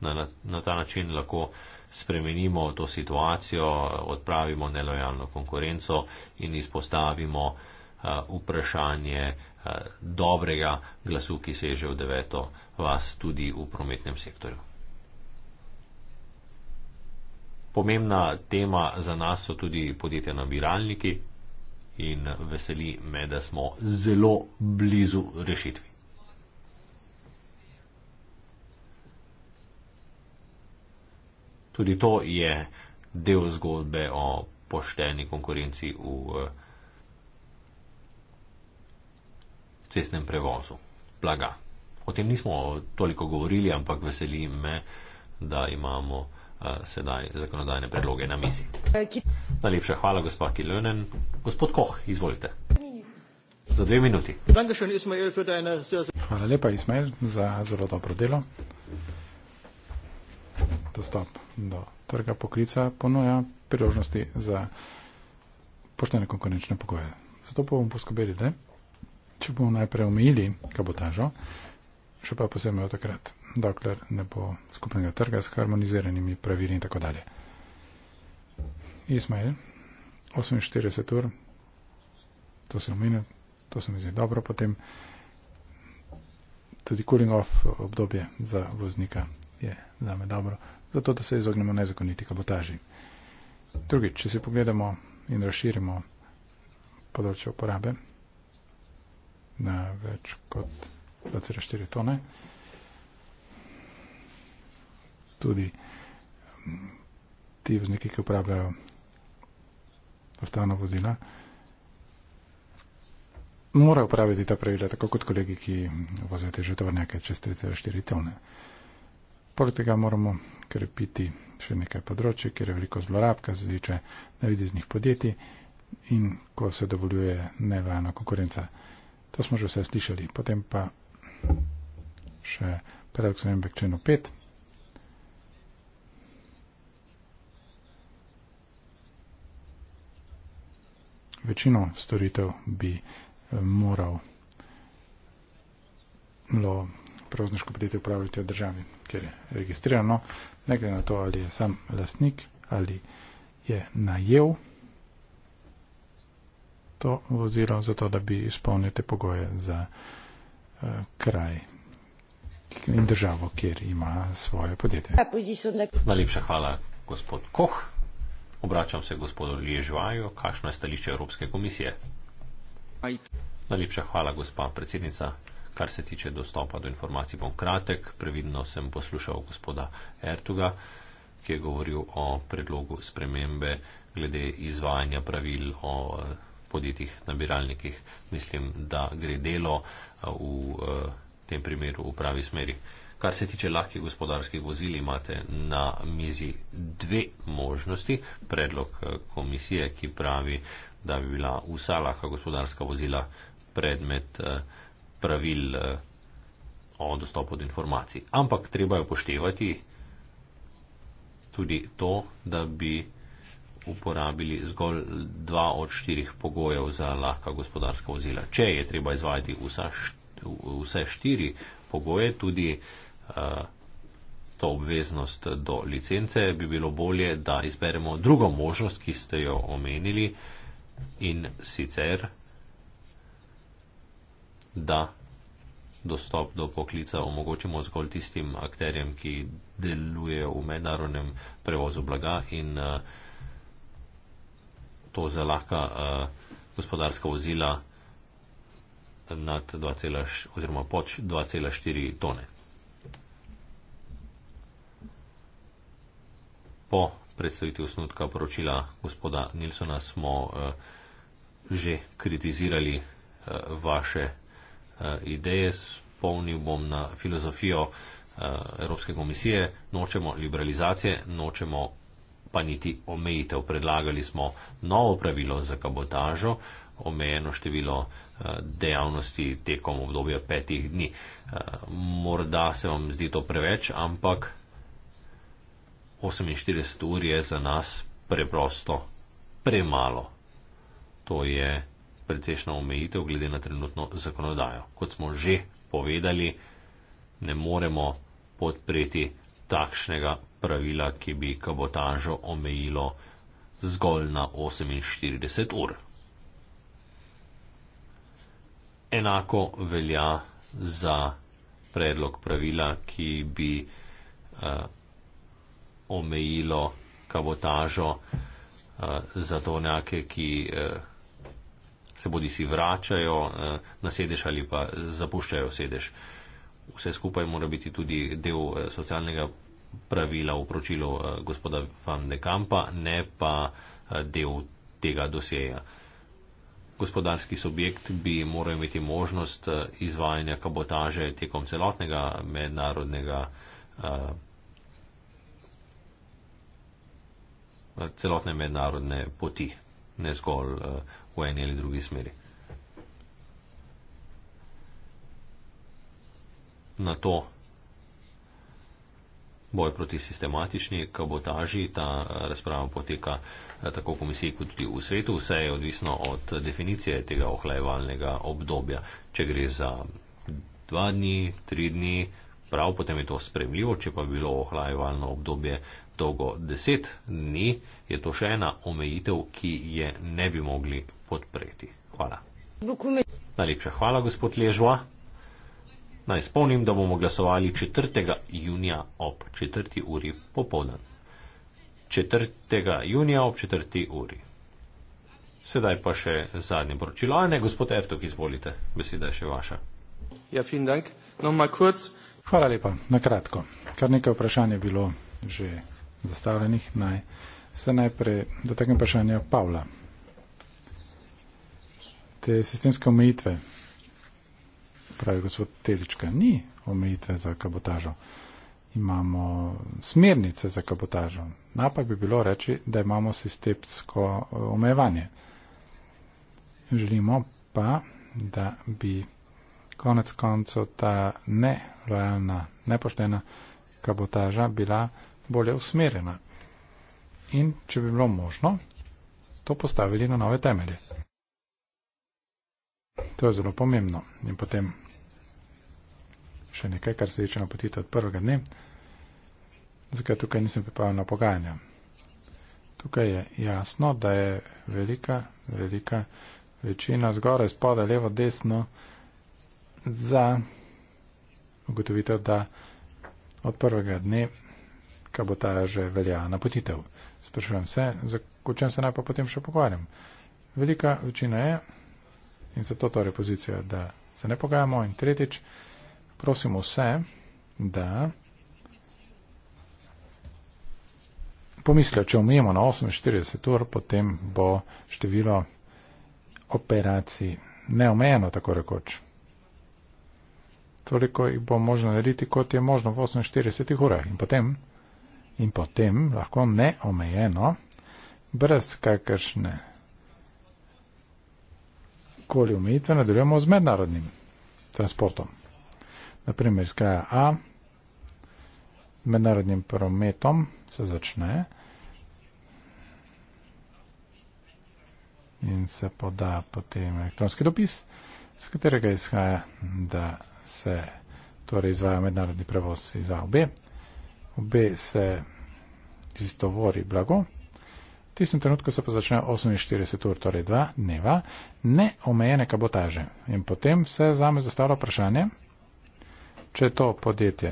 Na, na, na ta način lahko spremenimo to situacijo, odpravimo nelojalno konkurenco in izpostavimo eh, vprašanje eh, dobrega glasu, ki seže v deveto vas tudi v prometnem sektorju. Pomembna tema za nas so tudi podjetja nabiralniki in veseli me, da smo zelo blizu rešitvi. Tudi to je del zgodbe o pošteni konkurenci v eh, cestnem prevozu blaga. O tem nismo toliko govorili, ampak veseli me, da imamo eh, sedaj zakonodajne predloge na mizi. Najlepša hvala, gospod Kilönen. Gospod Koh, izvolite. Za dve minuti. Hvala lepa, Ismail, za zelo dobro delo dostop do trga poklica ponuja priložnosti za poštene konkurenčne pogoje. Zato pa bomo poskobili, da če bomo najprej omejili kabotažo, še pa posebej od takrat, dokler ne bo skupnega trga s harmoniziranimi pravili in tako dalje. Ismail, 48 ur, to se omenil, to se mi zdi dobro, potem tudi cooling off obdobje za voznika je zame dobro zato da se izognemo nezakoniti kabotaži. Drugič, če si pogledamo in razširimo področje uporabe na več kot 2,4 tone, tudi mm, ti vzniki, ki upravljajo ostalo vozila, morajo upraviti ta pravila, tako kot kolegi, ki vozijo te že tovornjake čez 3,4 tone. Poleg tega moramo krepiti še nekaj področji, kjer je veliko zlorab, kar se tiče navideznih podjetij in ko se dovoljuje nevajna konkurenca. To smo že vse slišali. Potem pa še predlog sem v členu 5. Večino storitev bi eh, moral prevozniško podjetje upravljate v državi, kjer je registrirano, ne glede na to, ali je sam lastnik ali je najel to vozilo, zato da bi izpolnili pogoje za uh, kraj in državo, kjer ima svoje podjetje. Najlepša hvala, gospod Koh. Obračam se gospodu Ježvaju, kakšno je stališče Evropske komisije. Najlepša hvala, gospa predsednica kar se tiče dostopa do informacij, bom kratek. Previdno sem poslušal gospoda Ertuga, ki je govoril o predlogu spremembe glede izvajanja pravil o eh, podjetjih nabiralnikih. Mislim, da gre delo eh, v eh, tem primeru v pravi smeri. Kar se tiče lahkih gospodarskih vozil, imate na mizi dve možnosti. Predlog komisije, ki pravi, da bi bila vsa lahka gospodarska vozila predmet eh, pravil eh, o dostopu do informacij. Ampak treba je upoštevati tudi to, da bi uporabili zgolj dva od štirih pogojev za lahka gospodarska vozila. Če je treba izvajati vse štiri pogoje, tudi eh, to obveznost do licence, bi bilo bolje, da izberemo drugo možnost, ki ste jo omenili in sicer da dostop do poklica omogočimo zgolj tistim akterjem, ki delujejo v mednarodnem prevozu blaga in eh, to za lahka eh, gospodarska vozila nad 2,4 oziroma pod 2,4 tone. Po predstavitvi osnutka poročila gospoda Nilsona smo eh, že kritizirali vaše uh, ideje, spomnil bom na filozofijo uh, Evropske komisije, nočemo liberalizacije, nočemo pa niti omejitev. Predlagali smo novo pravilo za kabotažo, omejeno število uh, dejavnosti tekom obdobja petih dni. Uh, morda se vam zdi to preveč, ampak 48 ur je za nas preprosto premalo. To je precejšna omejitev glede na trenutno zakonodajo. Kot smo že povedali, ne moremo podpreti takšnega pravila, ki bi kabotažo omejilo zgolj na 48 ur. Enako velja za predlog pravila, ki bi uh, omejilo kabotažo uh, za tovornjake, ki uh, se bodi si vračajo eh, na sedež ali pa zapuščajo sedež. Vse skupaj mora biti tudi del eh, socialnega pravila v pročilu eh, gospoda Van de Kampa, ne pa del tega dosjeja. Gospodarski subjekt bi moral imeti možnost izvajanja kabotaže tekom celotnega mednarodnega, celotne mednarodne poti, ne zgolj v eni ali drugi smeri. Na to boj proti sistematični kabotaži, ta eh, razprava poteka eh, tako v komisiji kot tudi v svetu, vse je odvisno od definicije tega ohlajevalnega obdobja. Če gre za dva dni, tri dni, prav potem je to spremljivo, če pa bi bilo ohlajevalno obdobje dolgo deset dni, je to še ena omejitev, ki je ne bi mogli podpreti. Hvala. Najlepša hvala, gospod Ležva. Naj spomnim, da bomo glasovali 4. junija ob 4. uri popoldan. 4. junija ob 4. uri. Sedaj pa še zadnje poročilo. Ane, gospod Ertok, izvolite. Beseda je še vaša. Ja, fin dank. No, ma kurz. Hvala lepa. Na kratko. Kar nekaj vprašanj je bilo že zastavljenih. Naj se najprej dotaknem vprašanja Pavla te sistemske omejitve, pravi gospod Telička, ni omejitve za kabotažo. Imamo smernice za kabotažo. Napak bi bilo reči, da imamo sistemsko eh, omejevanje. Želimo pa, da bi konec konco ta ne lojalna, nepoštena kabotaža bila bolje usmerjena. In če bi bilo možno, to postavili na nove temelje. To je zelo pomembno. In potem še nekaj, kar se tiče napotitev od prvega dne. Zakaj tukaj nisem pripravljen na pogajanja? Tukaj je jasno, da je velika, velika večina zgoraj, spodaj, levo, desno za ugotovitev, da od prvega dne kabotaja že velja napotitev. Sprašujem se, zakočem se naj pa potem še pogovarjam. Velika večina je, In zato torej pozicija, da se ne pogajamo. In tretjič, prosimo vse, da pomislijo, če umijemo na 48 ur, potem bo število operacij neomejeno, tako rekoč. Toliko jih bo možno narediti, kot je možno v 48 urah. In potem, in potem lahko neomejeno, brez kakršne koli omejitve nadaljujemo z mednarodnim transportom. Naprimer, iz kraja A z mednarodnim prometom se začne in se poda potem elektronski dopis, z katerega izhaja, da se torej izvaja mednarodni prevoz iz A v B. V B se istovori blago, V tistem trenutku se pa začne 48 ur, torej dva dneva, neomejene kabotaže. In potem se za me zastavlja vprašanje, če to podjetje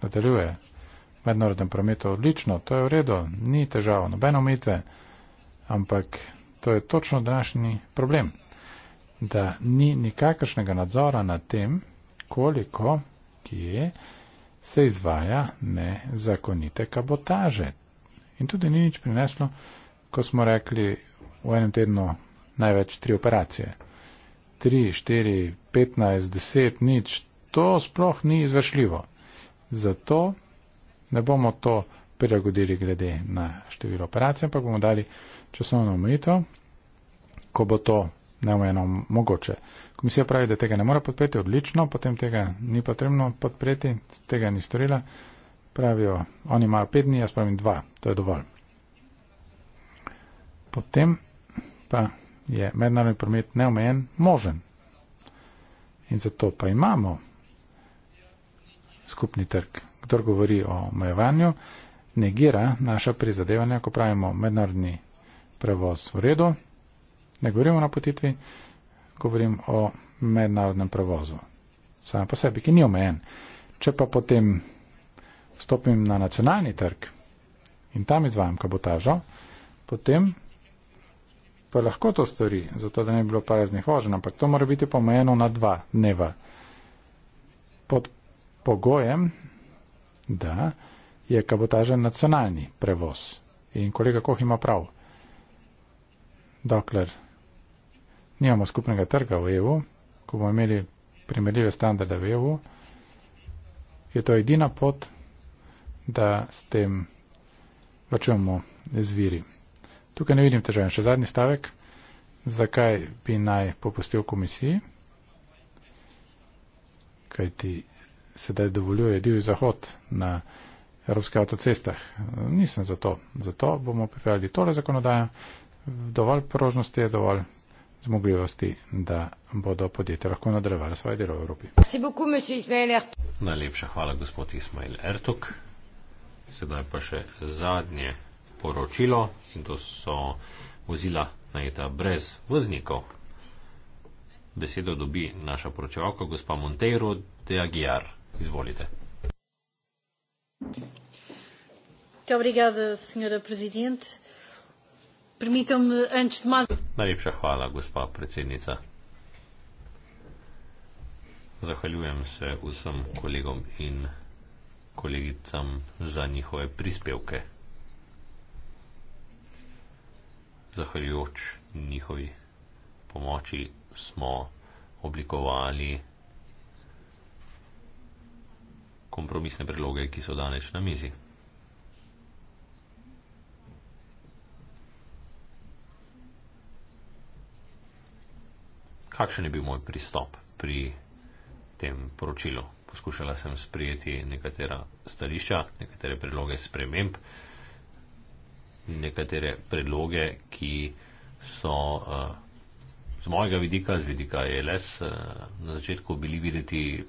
nadaljuje v mednarodnem prometu odlično, to je v redu, ni težav, nobene omejitve, ampak to je točno današnji problem, da ni nikakršnega nadzora nad tem, koliko, kje se izvaja nezakonite kabotaže. In tudi ni nič prineslo, ko smo rekli v enem tednu največ tri operacije. Tri, štiri, petnajst, deset, nič. To sploh ni izvršljivo. Zato ne bomo to prilagodili glede na število operacij, ampak bomo dali časovno omejitev, ko bo to neomejeno mogoče. Komisija pravi, da tega ne mora podpreti, odlično, potem tega ni potrebno podpreti, tega ni storila pravijo, oni imajo pet dni, jaz pravim dva, to je dovolj. Potem pa je mednarodni promet neomejen možen. In zato pa imamo skupni trg. Kdor govori o omejevanju, negira naša prizadevanja, ko pravimo mednarodni prevoz v redu, ne govorimo o napotitvi, govorim o mednarodnem prevozu. Sam po sebi, ki ni omejen. Če pa potem stopim na nacionalni trg in tam izvajam kabotažo, potem pa lahko to stori, zato da ne bi bilo paraznih voženj, ampak to mora biti pomenjeno na dva dneva. Pod pogojem, da je kabotaža nacionalni prevoz. In kolega Koh ima prav. Dokler nimamo skupnega trga v EU, ko bomo imeli primerljive standarde v EU, je to edina pot, da s tem vačujemo izviri. Tukaj ne vidim težave. Še zadnji stavek. Zakaj bi naj popustil komisiji? Kaj ti sedaj dovoljuje divji zahod na evropskih avtocestah? Nisem za to. Zato bomo pripravili tole zakonodajo. Dovolj prožnosti je dovolj zmogljivosti, da bodo podjetja lahko nadaljevala svoje delo v Evropi. Najlepša hvala, gospod Ismail Ertuk. Sedaj pa še zadnje poročilo in to so vozila najeta brez voznikov. Besedo dobi naša poročevalka, gospa Monteiro de Aguiar. Izvolite. Najlepša hvala, gospa predsednica. Zahvaljujem se vsem kolegom in kolegicam za njihove prispevke. Zahvaljujoč njihovi pomoči smo oblikovali kompromisne predloge, ki so danes na mizi. Kakšen je bil moj pristop pri tem poročilu? poskušala sem sprijeti nekatera stališča, nekatere predloge sprememb, nekatere predloge, ki so eh, z mojega vidika, z vidika ELS, eh, na začetku bili videti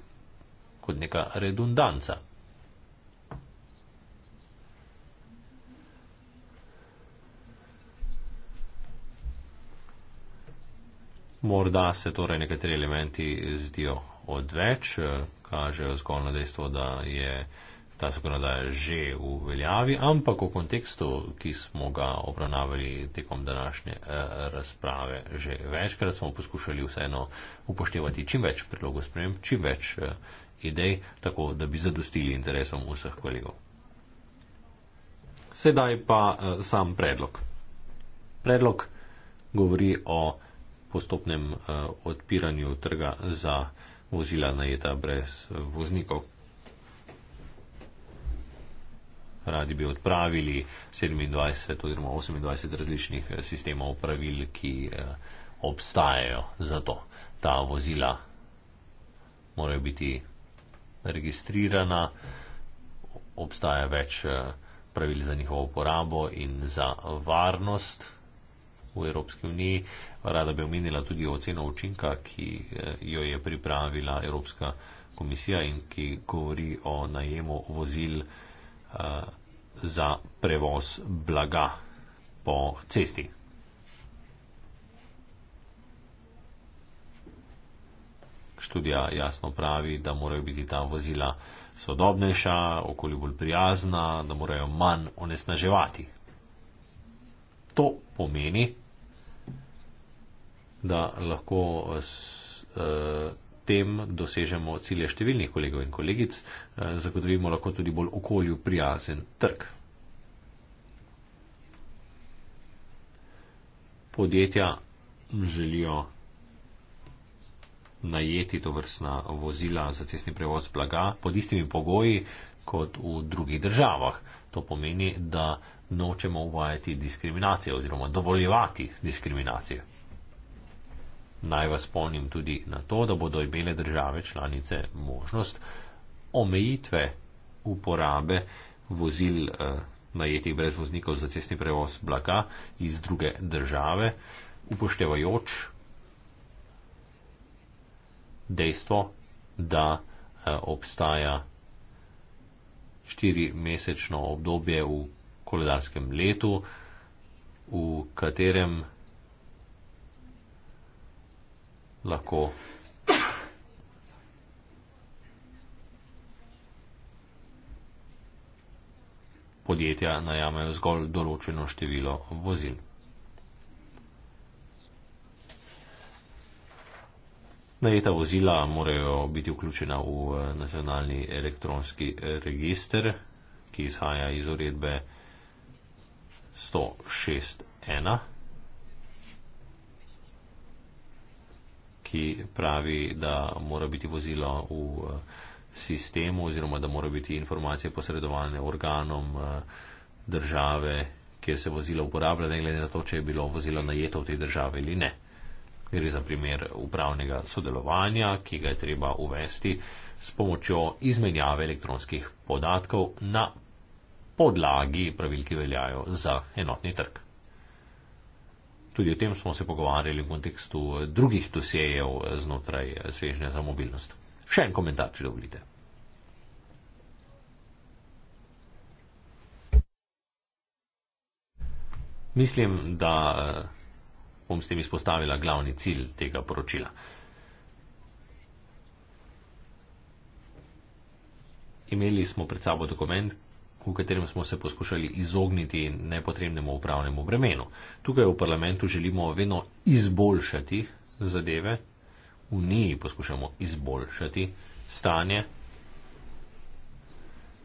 kot neka redundanca. Morda se torej nekateri elementi zdijo odveč, eh, kažejo zgolj na dejstvo, da je ta zakonodaja že v veljavi, ampak v kontekstu, ki smo ga obravnavali tekom današnje eh, razprave, že večkrat smo poskušali vseeno upoštevati čim več predlogov sprem, čim več eh, idej, tako da bi zadostili interesom vseh kolegov. Sedaj pa sam predlog. Predlog govori o postopnem odpiranju trga za vozila najeta brez voznikov. Radi bi odpravili 27 oziroma 28 različnih eh, sistemov pravil, ki eh, obstajajo za to. Ta vozila morajo biti registrirana, obstaja več eh, pravil za njihovo uporabo in za varnost v Evropski uniji. Rada bi omenila tudi oceno učinka, ki eh, jo je pripravila Evropska komisija in ki govori o najemu vozil eh, za prevoz blaga po cesti. Študija jasno pravi, da morajo biti ta vozila sodobnejša, okolju bolj prijazna, da morajo manj onesnaževati. To pomeni, da lahko s uh, tem dosežemo cilje številnih kolegov in kolegic, uh, zagotovimo lahko tudi bolj okolju prijazen trg. Podjetja želijo najeti to vrstna vozila za cestni prevoz blaga pod istimi pogoji kot v drugih državah. To pomeni, da nočemo uvajati diskriminacije oziroma dovoljevati diskriminacije. Naj vas spomnim tudi na to, da bodo imele države članice možnost omejitve uporabe vozil eh, najetih brez voznikov za cestni prevoz blaga iz druge države, upoštevajoč dejstvo, da eh, obstaja štirimesečno obdobje v koledarskem letu, v katerem lahko. Podjetja najamejo zgolj določeno število vozil. Najeta vozila morajo biti vključena v eh, nacionalni elektronski eh, register, ki izhaja iz uredbe 106.1. ki pravi, da mora biti vozilo v eh, sistemu oziroma da mora biti informacije posredovane organom eh, države, kjer se vozilo uporablja, ne glede na to, če je bilo vozilo najeto v tej državi ali ne. Gre za primer upravnega sodelovanja, ki ga je treba uvesti s pomočjo izmenjave elektronskih podatkov na podlagi pravil, ki veljajo za enotni trg. Tudi o tem smo se pogovarjali v kontekstu eh, drugih dosjejev eh, znotraj eh, svežnja za mobilnost. Še en komentar, če dovolite. Mislim, da bom s tem izpostavila glavni cilj tega poročila. Imeli smo pred sabo dokument, v katerem smo se poskušali izogniti nepotrebnemu upravnemu bremenu. Tukaj v parlamentu želimo vedno izboljšati zadeve, v njih poskušamo izboljšati stanje,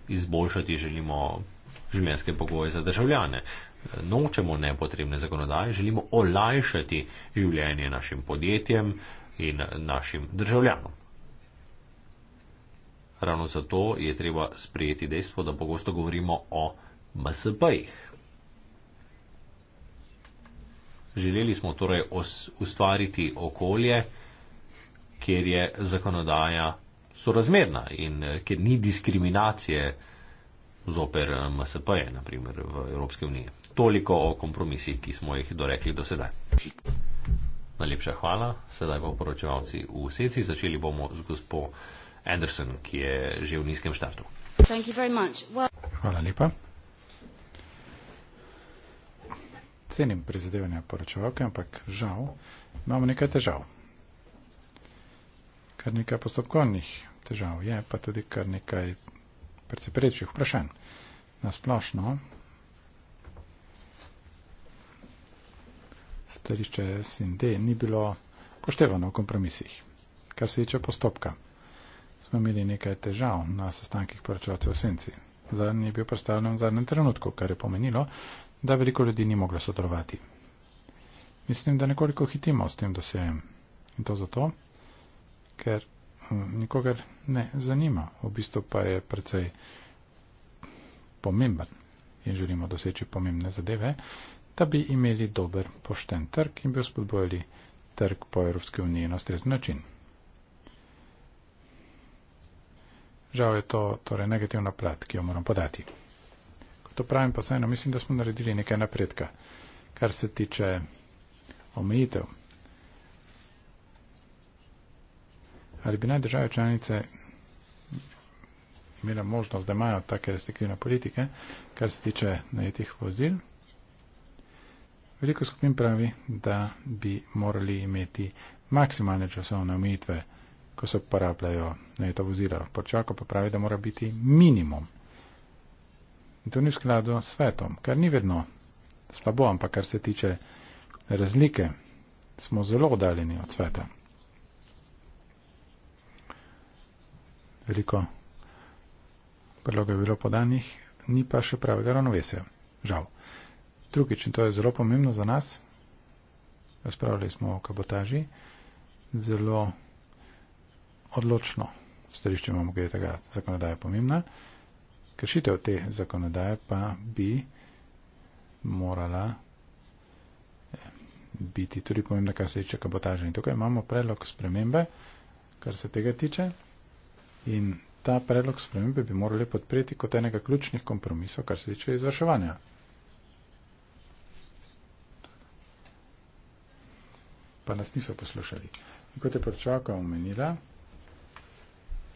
izboljšati želimo življenjske pogoje za državljane. Nočemo nepotrebne zakonodaje, želimo olajšati življenje našim podjetjem in našim državljanom. Ravno zato je treba sprejeti dejstvo, da pogosto govorimo o MSP-jih. Želeli smo torej ustvariti okolje, kjer je zakonodaja sorazmerna in kjer ni diskriminacije zoper MSP-je, naprimer v Evropske unije. Toliko o kompromisih, ki smo jih dorekli do sedaj. Najlepša hvala. Sedaj pa poročevalci v Senci. Začeli bomo z gospod. Anderson, ki je že v nizkem štartu. Well... Hvala lepa. Cenim prizadevanja poročevalke, ampak žal imamo nekaj težav. Kar nekaj postopkovnih težav je, pa tudi kar nekaj predseprečjih vprašanj. Nasplošno stališče SND ni bilo poštevano v kompromisih, kar se tiče postopka smo imeli nekaj težav na sestankih poročevalcev v senci. Zadnji je bil predstavljen v zadnjem trenutku, kar je pomenilo, da veliko ljudi ni moglo sodelovati. Mislim, da nekoliko hitimo s tem dosejem. In to zato, ker hm, nikogar ne zanima. V bistvu pa je precej pomemben in želimo doseči pomembne zadeve, da bi imeli dober pošten trg in bi vzpodbojali trg po Evropski uniji na ustrezen način. Žal je to torej negativna plat, ki jo moram podati. Ko to pravim, pa vseeno mislim, da smo naredili nekaj napredka, kar se tiče omejitev. Ali bi naj države članice imela možnost, da imajo take restriktivne politike, kar se tiče najetih vozil? Veliko skupin pravi, da bi morali imeti maksimalne časovne omejitve ko se uporabljajo ta vozila. Počakal pa pravi, da mora biti minimum. In to ni v skladu s svetom, kar ni vedno slabo, ampak kar se tiče razlike, smo zelo oddaljeni od sveta. Veliko predlogov je bilo podanih, ni pa še pravega ravnovesja. Žal. Drugič, in to je zelo pomembno za nas, razpravljali smo o kabotaži, zelo odločno stališče imamo, kaj je tega zakonodaja pomembna. Kršitev te zakonodaje pa bi morala eh, biti tudi pomembna, kar se tiče kabotaže. In tukaj imamo predlog spremembe, kar se tega tiče. In ta predlog spremembe bi morali podpreti kot enega ključnih kompromisov, kar se tiče izvrševanja. Pa nas niso poslušali. In kot je pravčaka omenila,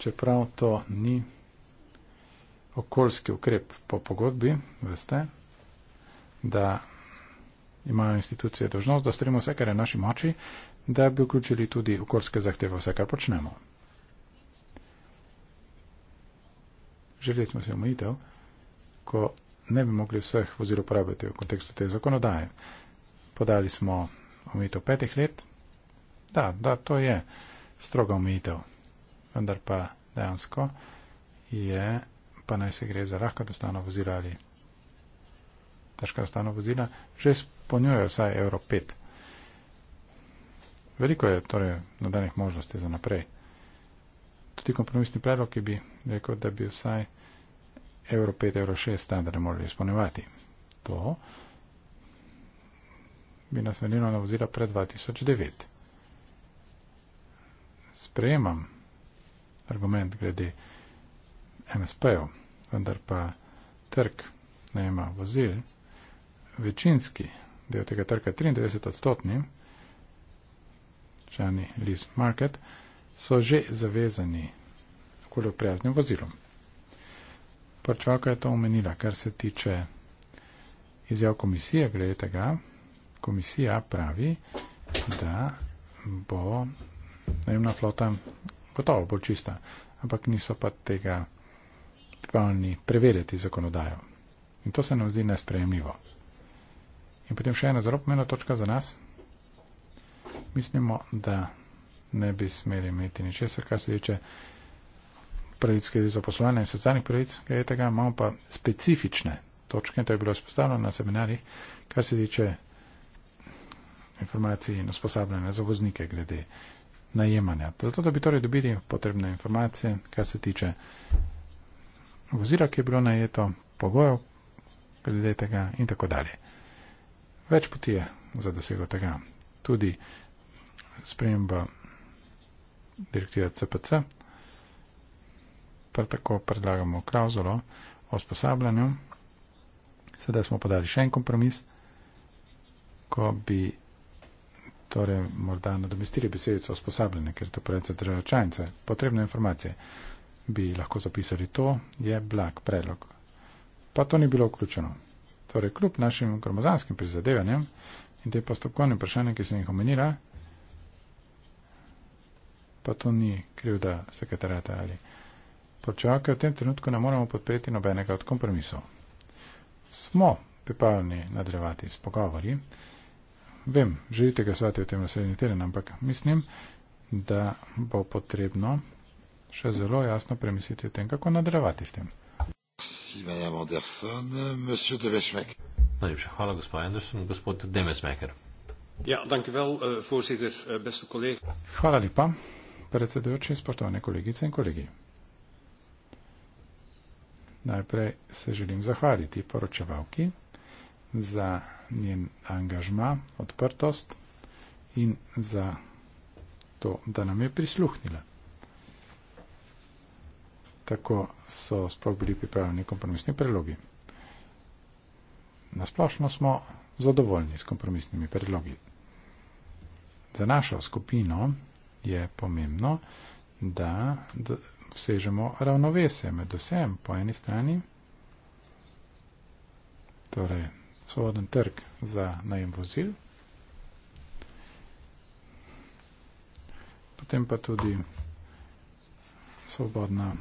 čeprav to ni okoljski ukrep po pogodbi, veste, da imajo institucije dožnost, da storimo vse, kar je naši moči, da bi vključili tudi okoljske zahteve vse, kar počnemo. Želeli smo si omejitev, ko ne bi mogli vseh vozil uporabiti v kontekstu te zakonodaje. Podali smo omejitev petih let. Da, da, to je stroga omejitev vendar pa dejansko je, pa naj se gre za lahko dostano vozila ali težko dostano vozila, že spolnjujejo vsaj Euro 5. Veliko je torej nadaljnih možnosti za naprej. Tudi kompromisni predlog, ki bi rekel, da bi vsaj Euro 5, Euro 6 standarde morali izpolnjevati. To bi nas venilo na vozila pred 2009. Sprejemam argument glede MSP-jev, vendar pa trg najema vozil, večinski del tega trga, 93 odstotni, člani Lease Market, so že zavezani okoljo prijaznim vozilom. Prčvaka je to omenila, kar se tiče izjav komisije glede tega. Komisija pravi, da bo najemna flota gotovo bolj čista, ampak niso pa tega pripravljeni preverjati zakonodajo. In to se nam zdi nesprejemljivo. In potem še ena zelo pomena točka za nas. Mislimo, da ne bi smeli imeti ničesar, kar se tiče pravic, ki je zaposlovanja in socialnih pravic, kaj je tega, imamo pa specifične točke, to je bilo izpostavljeno na seminarjih, kar se tiče informacij in usposabljanja za voznike glede najemanja. Zato, da bi torej dobili potrebne informacije, kar se tiče vozila, ki je bilo najeto, pogojev glede tega in tako dalje. Več poti je za dosego tega. Tudi sprememba direktive CPC, prav tako predlagamo klauzulo o usposabljanju. Sedaj smo podali še en kompromis, ko bi torej morda nadomestili besedico usposabljene, ker to predvsej držajo članice, potrebne informacije. Bi lahko zapisali to, je blag predlog. Pa to ni bilo vključeno. Torej, kljub našim gromozanskim prizadevanjem in te postopkovne vprašanje, ki sem jih omenila, pa to ni krivda sekretarata ali počevalke, v tem trenutku ne moremo podpreti nobenega od kompromisov. Smo pripravljeni nadrevati s pogovori vem, želite glasovati v tem naslednjem tednu, ampak mislim, da bo potrebno še zelo jasno premisliti o tem, kako nadaljevati s tem. Najlepša hvala, gospod Anderson. Gospod Demesmeker. Ja, dankjewel, eh, voorzitter, eh, beste kolega. Hvala lepa, predsedujoči, spoštovane kolegice in kolegi. Najprej se želim zahvaliti poročevalki za njen angažma, odprtost in za to, da nam je prisluhnila. Tako so sploh bili pripravljeni kompromisni predlogi. Nasplošno smo zadovoljni s kompromisnimi predlogi. Za našo skupino je pomembno, da vsežemo ravnovesje med vsem po eni strani, torej svoboden trg za najem vozil. Potem pa tudi svobodna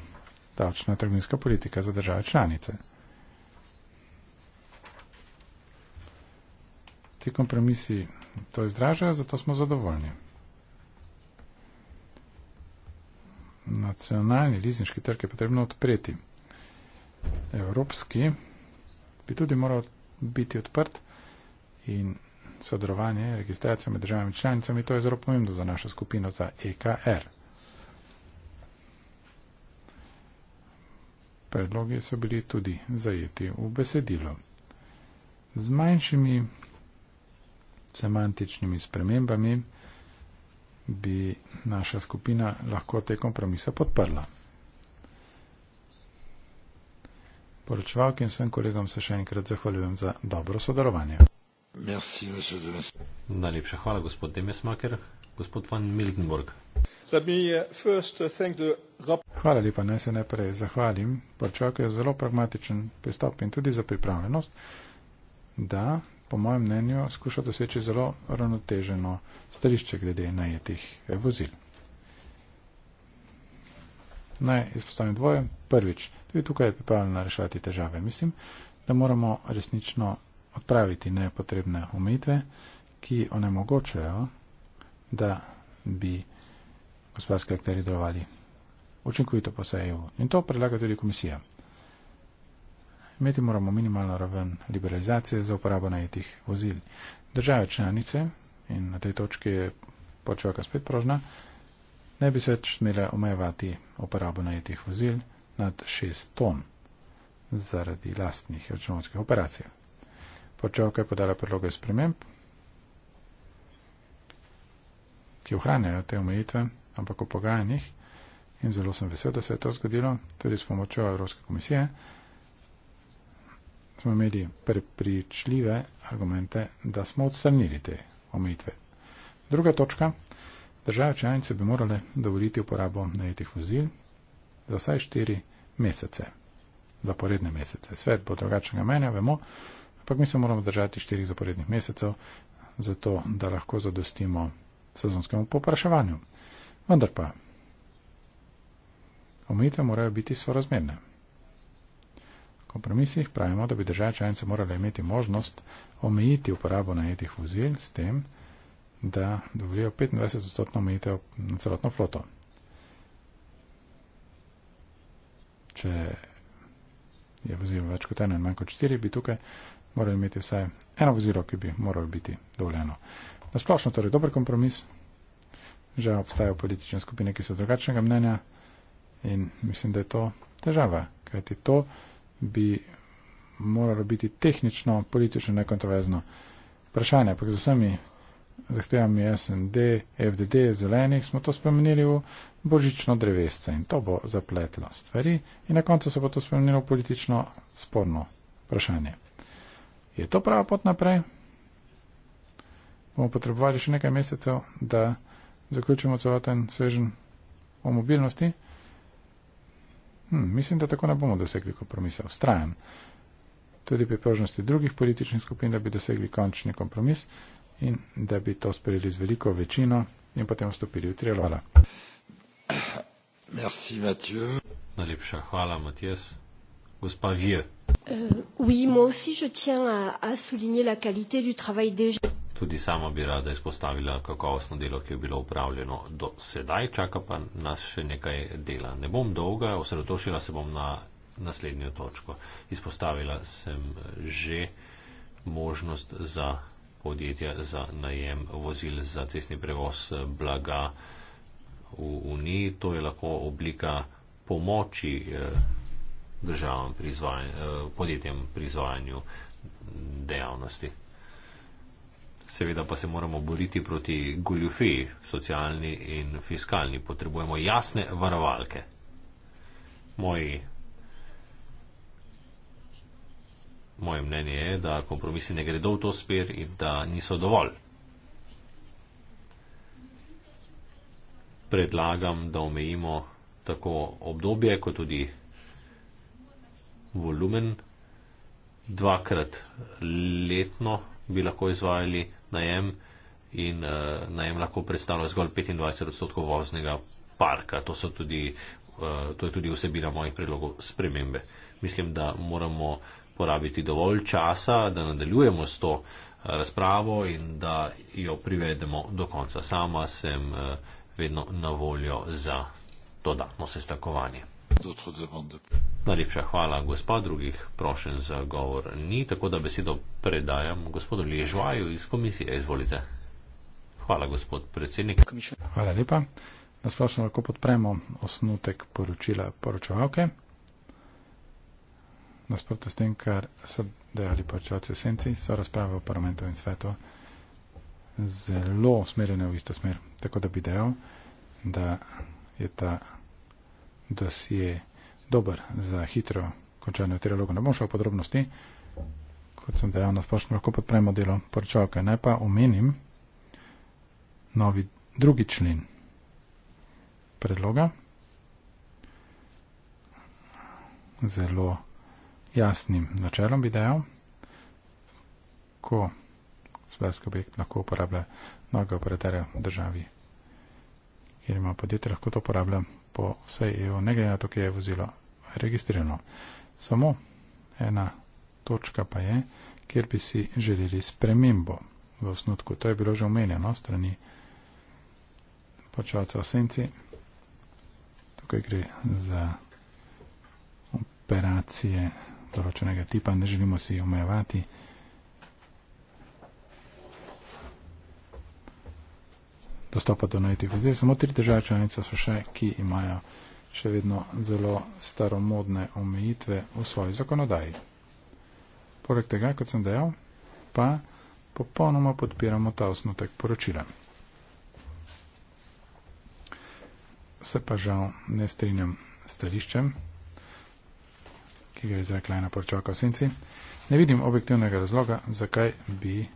davčna trgovinska politika za države članice. Ti kompromisi to izražajo, zato smo zadovoljni. Nacionalni lizniški trg je potrebno odpreti. Evropski bi tudi moral odpreti biti odprt in sodelovanje, registracijo med državami članicami, to je zelo pomembno za našo skupino, za EKR. Predlogi so bili tudi zajeti v besedilo. Z manjšimi semantičnimi spremembami bi naša skupina lahko te kompromise podprla. poročevalk in vsem kolegom se še enkrat zahvaljujem za dobro sodelovanje. Merci, Najlepša hvala, gospod Demesmaker. Gospod van Miltenburg. Uh, uh, hvala lepa, naj se najprej zahvalim. Poročevalk je zelo pragmatičen pristop in tudi za pripravljenost, da po mojem mnenju skuša doseči zelo ravnoteženo stališče glede najetih eh, vozil. Naj izpostavim dvoje. Prvič, tudi tukaj je pripravljeno reševati težave. Mislim, da moramo resnično odpraviti nepotrebne omejitve, ki onemogočajo, da bi gospodarski akteri delovali učinkovito po vsej EU. In to predlaga tudi komisija. Imeti moramo minimalno raven liberalizacije za uporabo najetih vozil. Države članice, in na tej točki je počevaka spet prožna, ne bi se več smele omejevati uporabo najetih vozil nad 6 ton zaradi lastnih računovskih operacij. Počevka je podala predloge sprememb, ki ohranjajo te omejitve, ampak v pogajanjih in zelo sem vesel, da se je to zgodilo, tudi s pomočjo Evropske komisije, smo imeli prepričljive argumente, da smo odstranili te omejitve. Druga točka, Države članice bi morale dovoliti uporabo najetih vozil za vsaj štiri mesece, zaporedne mesece. Svet bo drugačnega mnenja, vemo, ampak mi se moramo držati štirih zaporednih mesecev, zato da lahko zadostimo sezonskemu popraševanju. Vendar pa, omejitve morajo biti sorazmerne. V kompromisih pravimo, da bi države članice morale imeti možnost omejiti uporabo najetih vozil s tem, da da dovolijo 25-odstotno omejitev na celotno floto. Če je vozilo več kot eno in manj kot štiri, bi tukaj morali imeti vsaj eno vozilo, ki bi moralo biti dovoljeno. Na splošno torej dober kompromis. Žal obstajajo politične skupine, ki so drugačnega mnenja in mislim, da je to težava, kajti to bi moralo biti tehnično, politično nekontroverzno vprašanje. Ampak za vsemi zahtevami SND, FDD, zelenih smo to spremenili v božično drevesce in to bo zapletlo stvari in na koncu se bo to spremenilo v politično sporno vprašanje. Je to prava pot naprej? Bomo potrebovali še nekaj mesecev, da zaključimo celoten svežen o mobilnosti. Hm, mislim, da tako ne bomo dosegli kompromisa. Ustrajam. Tudi pri prožnosti drugih političnih skupin, da bi dosegli končni kompromis in da bi to sprejeli z veliko večino in potem vstopili v trialog. Hvala. Merci, Najlepša hvala, Matjes. Gospa Vije. Uh, oui, moi aussi je tiens à, à souligner la qualité du travail déjà. Tudi sama bi rada izpostavila kakovostno delo, ki je bilo upravljeno do sedaj, čaka pa nas še nekaj dela. Ne bom dolga, osredotočila se bom na naslednjo točko. Izpostavila sem že možnost za podjetja za najem vozil za cestni prevoz blaga v Uniji. To je lahko oblika pomoči eh, državam pri izvajanju, eh, podjetjem pri izvajanju dejavnosti. Seveda pa se moramo boriti proti goljufiji, socialni in fiskalni. Potrebujemo jasne varovalke. Moji moje mnenje je, da kompromisi ne gredo v to smer in da niso dovolj. Predlagam, da omejimo tako obdobje, kot tudi volumen. Dvakrat letno bi lahko izvajali najem in uh, najem lahko predstavlja zgolj 25 odstotkov voznega parka. To, tudi, uh, to je tudi vsebina mojih predlogov spremembe. Mislim, da moramo uh, porabiti dovolj časa, da nadaljujemo s to eh, razpravo in da jo privedemo do konca. Sama sem eh, vedno na voljo za dodatno sestakovanje. Najlepša hvala, gospod. Drugih prošen za govor ni, tako da besedo predajam gospodu Ležvaju iz komisije. Izvolite. Hvala, gospod predsednik. Hvala lepa. Nasplošno lahko podpremo osnutek poročila poročevalke nasprotno s tem, kar so dejali pač oče senci, so razprave v parlamentu in svetu zelo usmerjene v isto smer. Tako da bi dejal, da je ta dosje dober za hitro končanje v trilogu. Ne bom šel v podrobnosti, kot sem dejal, na splošno lahko podpremo delo poročavke. Naj pa omenim novi drugi člen predloga. Zelo jasnim načelom bi dejal, ko gospodarski objekt lahko uporablja mnoge operaterje v državi, kjer ima podjetje, lahko to uporablja po vsej EU, ne glede na to, kje je vozilo registrirano. Samo ena točka pa je, kjer bi si želeli spremembo v osnutku. To je bilo že omenjeno strani počevalca v senci. Tukaj gre za operacije določenega tipa, ne želimo si omejevati. dostopa do najtih vozil. Samo tri države članice so še, ki imajo še vedno zelo staromodne omejitve v svoji zakonodaji. Poleg tega, kot sem dejal, pa popolnoma podpiramo ta osnutek poročila. Se pa žal ne strinjam stališčem ki ga je izrekla ena porčaka v senci. Ne vidim objektivnega razloga, zakaj bi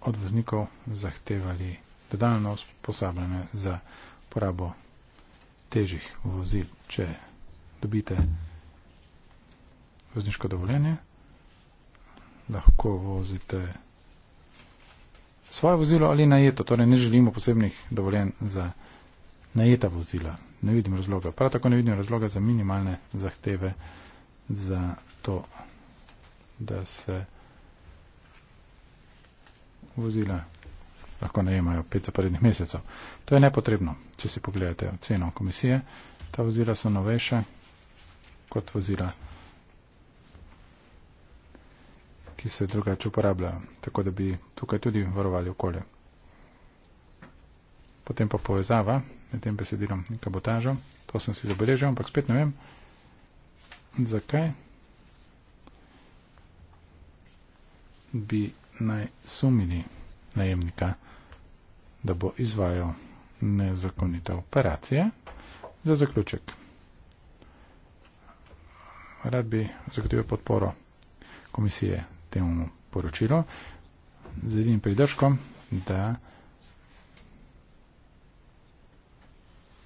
od voznikov zahtevali dodaljno usposabljanje za porabo težjih vozil, če dobite vozniško dovoljenje. Lahko vozite svoje vozilo ali najeto, torej ne želimo posebnih dovoljenj za najeta vozila. Ne vidim razloga. Prav tako ne vidim razloga za minimalne zahteve za to, da se vozila lahko najemajo 500 prednih mesecev. To je nepotrebno, če si pogledate ceno komisije. Ta vozila so novejša kot vozila, ki se drugače uporabljajo, tako da bi tukaj tudi varovali okolje. Potem pa povezava med tem besedilom in kabotažo. To sem si zabeležil, ampak spet ne vem zakaj bi naj sumili najemnika, da bo izvajal nezakonite operacije. Za zaključek. Rad bi zagotovil podporo komisije temu poročilo z edinim pridržkom, da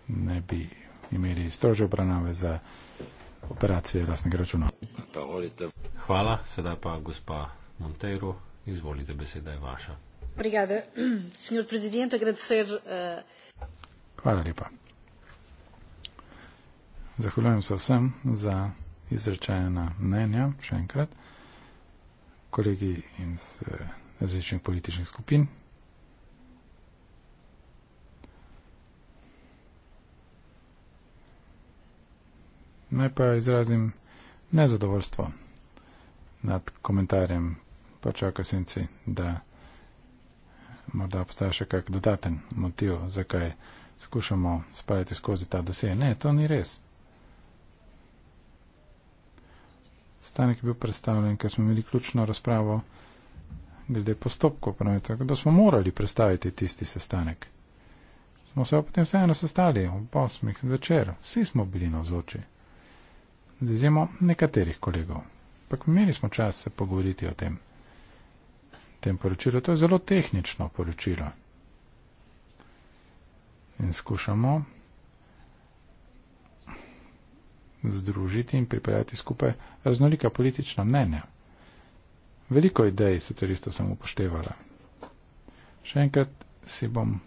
ne bi imeli strože obranave za operacije lastnega računa. Hvala, sedaj pa gospa Monteiro, izvolite, beseda je vaša. Eh, Hvala lepa. Zahvaljujem se vsem za izrečena mnenja, še enkrat, kolegi iz eh, različnih političnih skupin, Naj pa izrazim nezadovoljstvo nad komentarjem Pačaka Senci, da morda obstaja še kak dodaten motiv, zakaj skušamo spraviti skozi ta dosej. Ne, to ni res. Stanek je bil predstavljen, ker smo imeli ključno razpravo glede postopkov, pravi tako, da smo morali predstaviti tisti sestanek. Smo se potem vseeno sestali ob osmih zvečer, vsi smo bili na zoči z izjemo nekaterih kolegov. Pa imeli smo čas se pogovoriti o tem, tem poročilu. To je zelo tehnično poročilo. In skušamo združiti in pripravljati skupaj raznolika politična mnenja. Veliko idej sicer isto sem upoštevala. Še enkrat si bom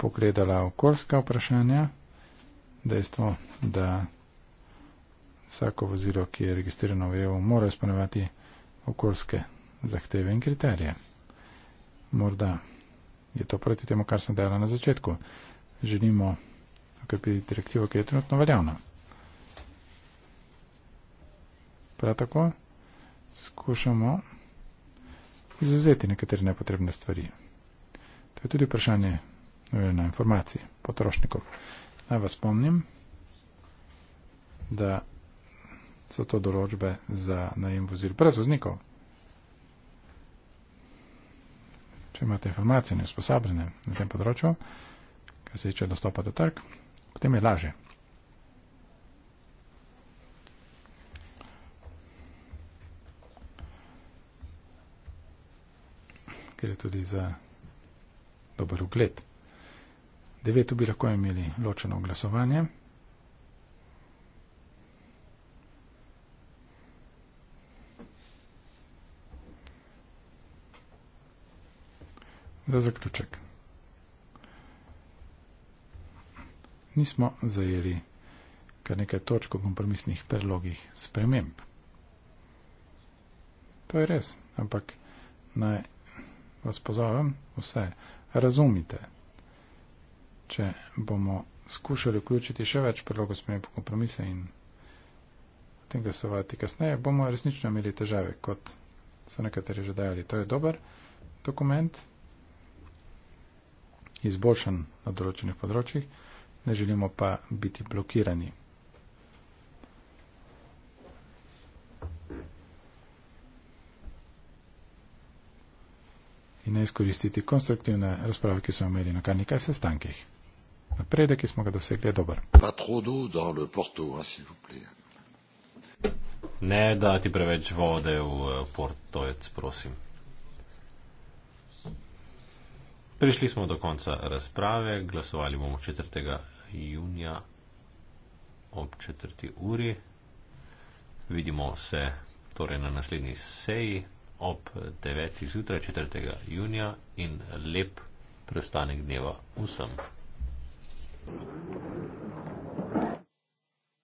pogledala okoljska vprašanja. Dejstvo, da Vsako vozilo, ki je registrirano v EU, mora izpolnjevati okoljske zahteve in kriterije. Morda je to proti temu, kar sem delala na začetku. Želimo okrepiti direktivo, ki je trenutno veljavna. Prav tako skušamo izuzeti nekatere nepotrebne stvari. To je tudi vprašanje na informaciji potrošnikov. Naj vas spomnim, da so to določbe za najem vozil brez voznikov. Če imate informacije neusposabljene na tem področju, kar se tiče dostopa do trg, potem je laže. Ker je tudi za dober ugled. Devet tu bi lahko imeli ločeno glasovanje. Za zaključek. Nismo zajeli kar nekaj točk o kompromisnih predlogih sprememb. To je res, ampak naj vas pozovem vse. Razumite, če bomo skušali vključiti še več predlogov sprememb kompromise in o tem glasovati kasneje, bomo resnično imeli težave, kot so nekateri že dajali. To je dober dokument, izboljšan na določenih področjih, ne želimo pa biti blokirani. In ne izkoristiti konstruktivne razprave, ki smo imeli na kar nekaj sestankih. Napredek, ki smo ga dosegli, je dober. Ne dati preveč vode v eh, portojec, prosim. Prišli smo do konca razprave, glasovali bomo 4. junija ob 4. uri. Vidimo se torej na naslednji seji ob 9. zjutraj 4. junija in lep preostanek dneva vsem. Thank you.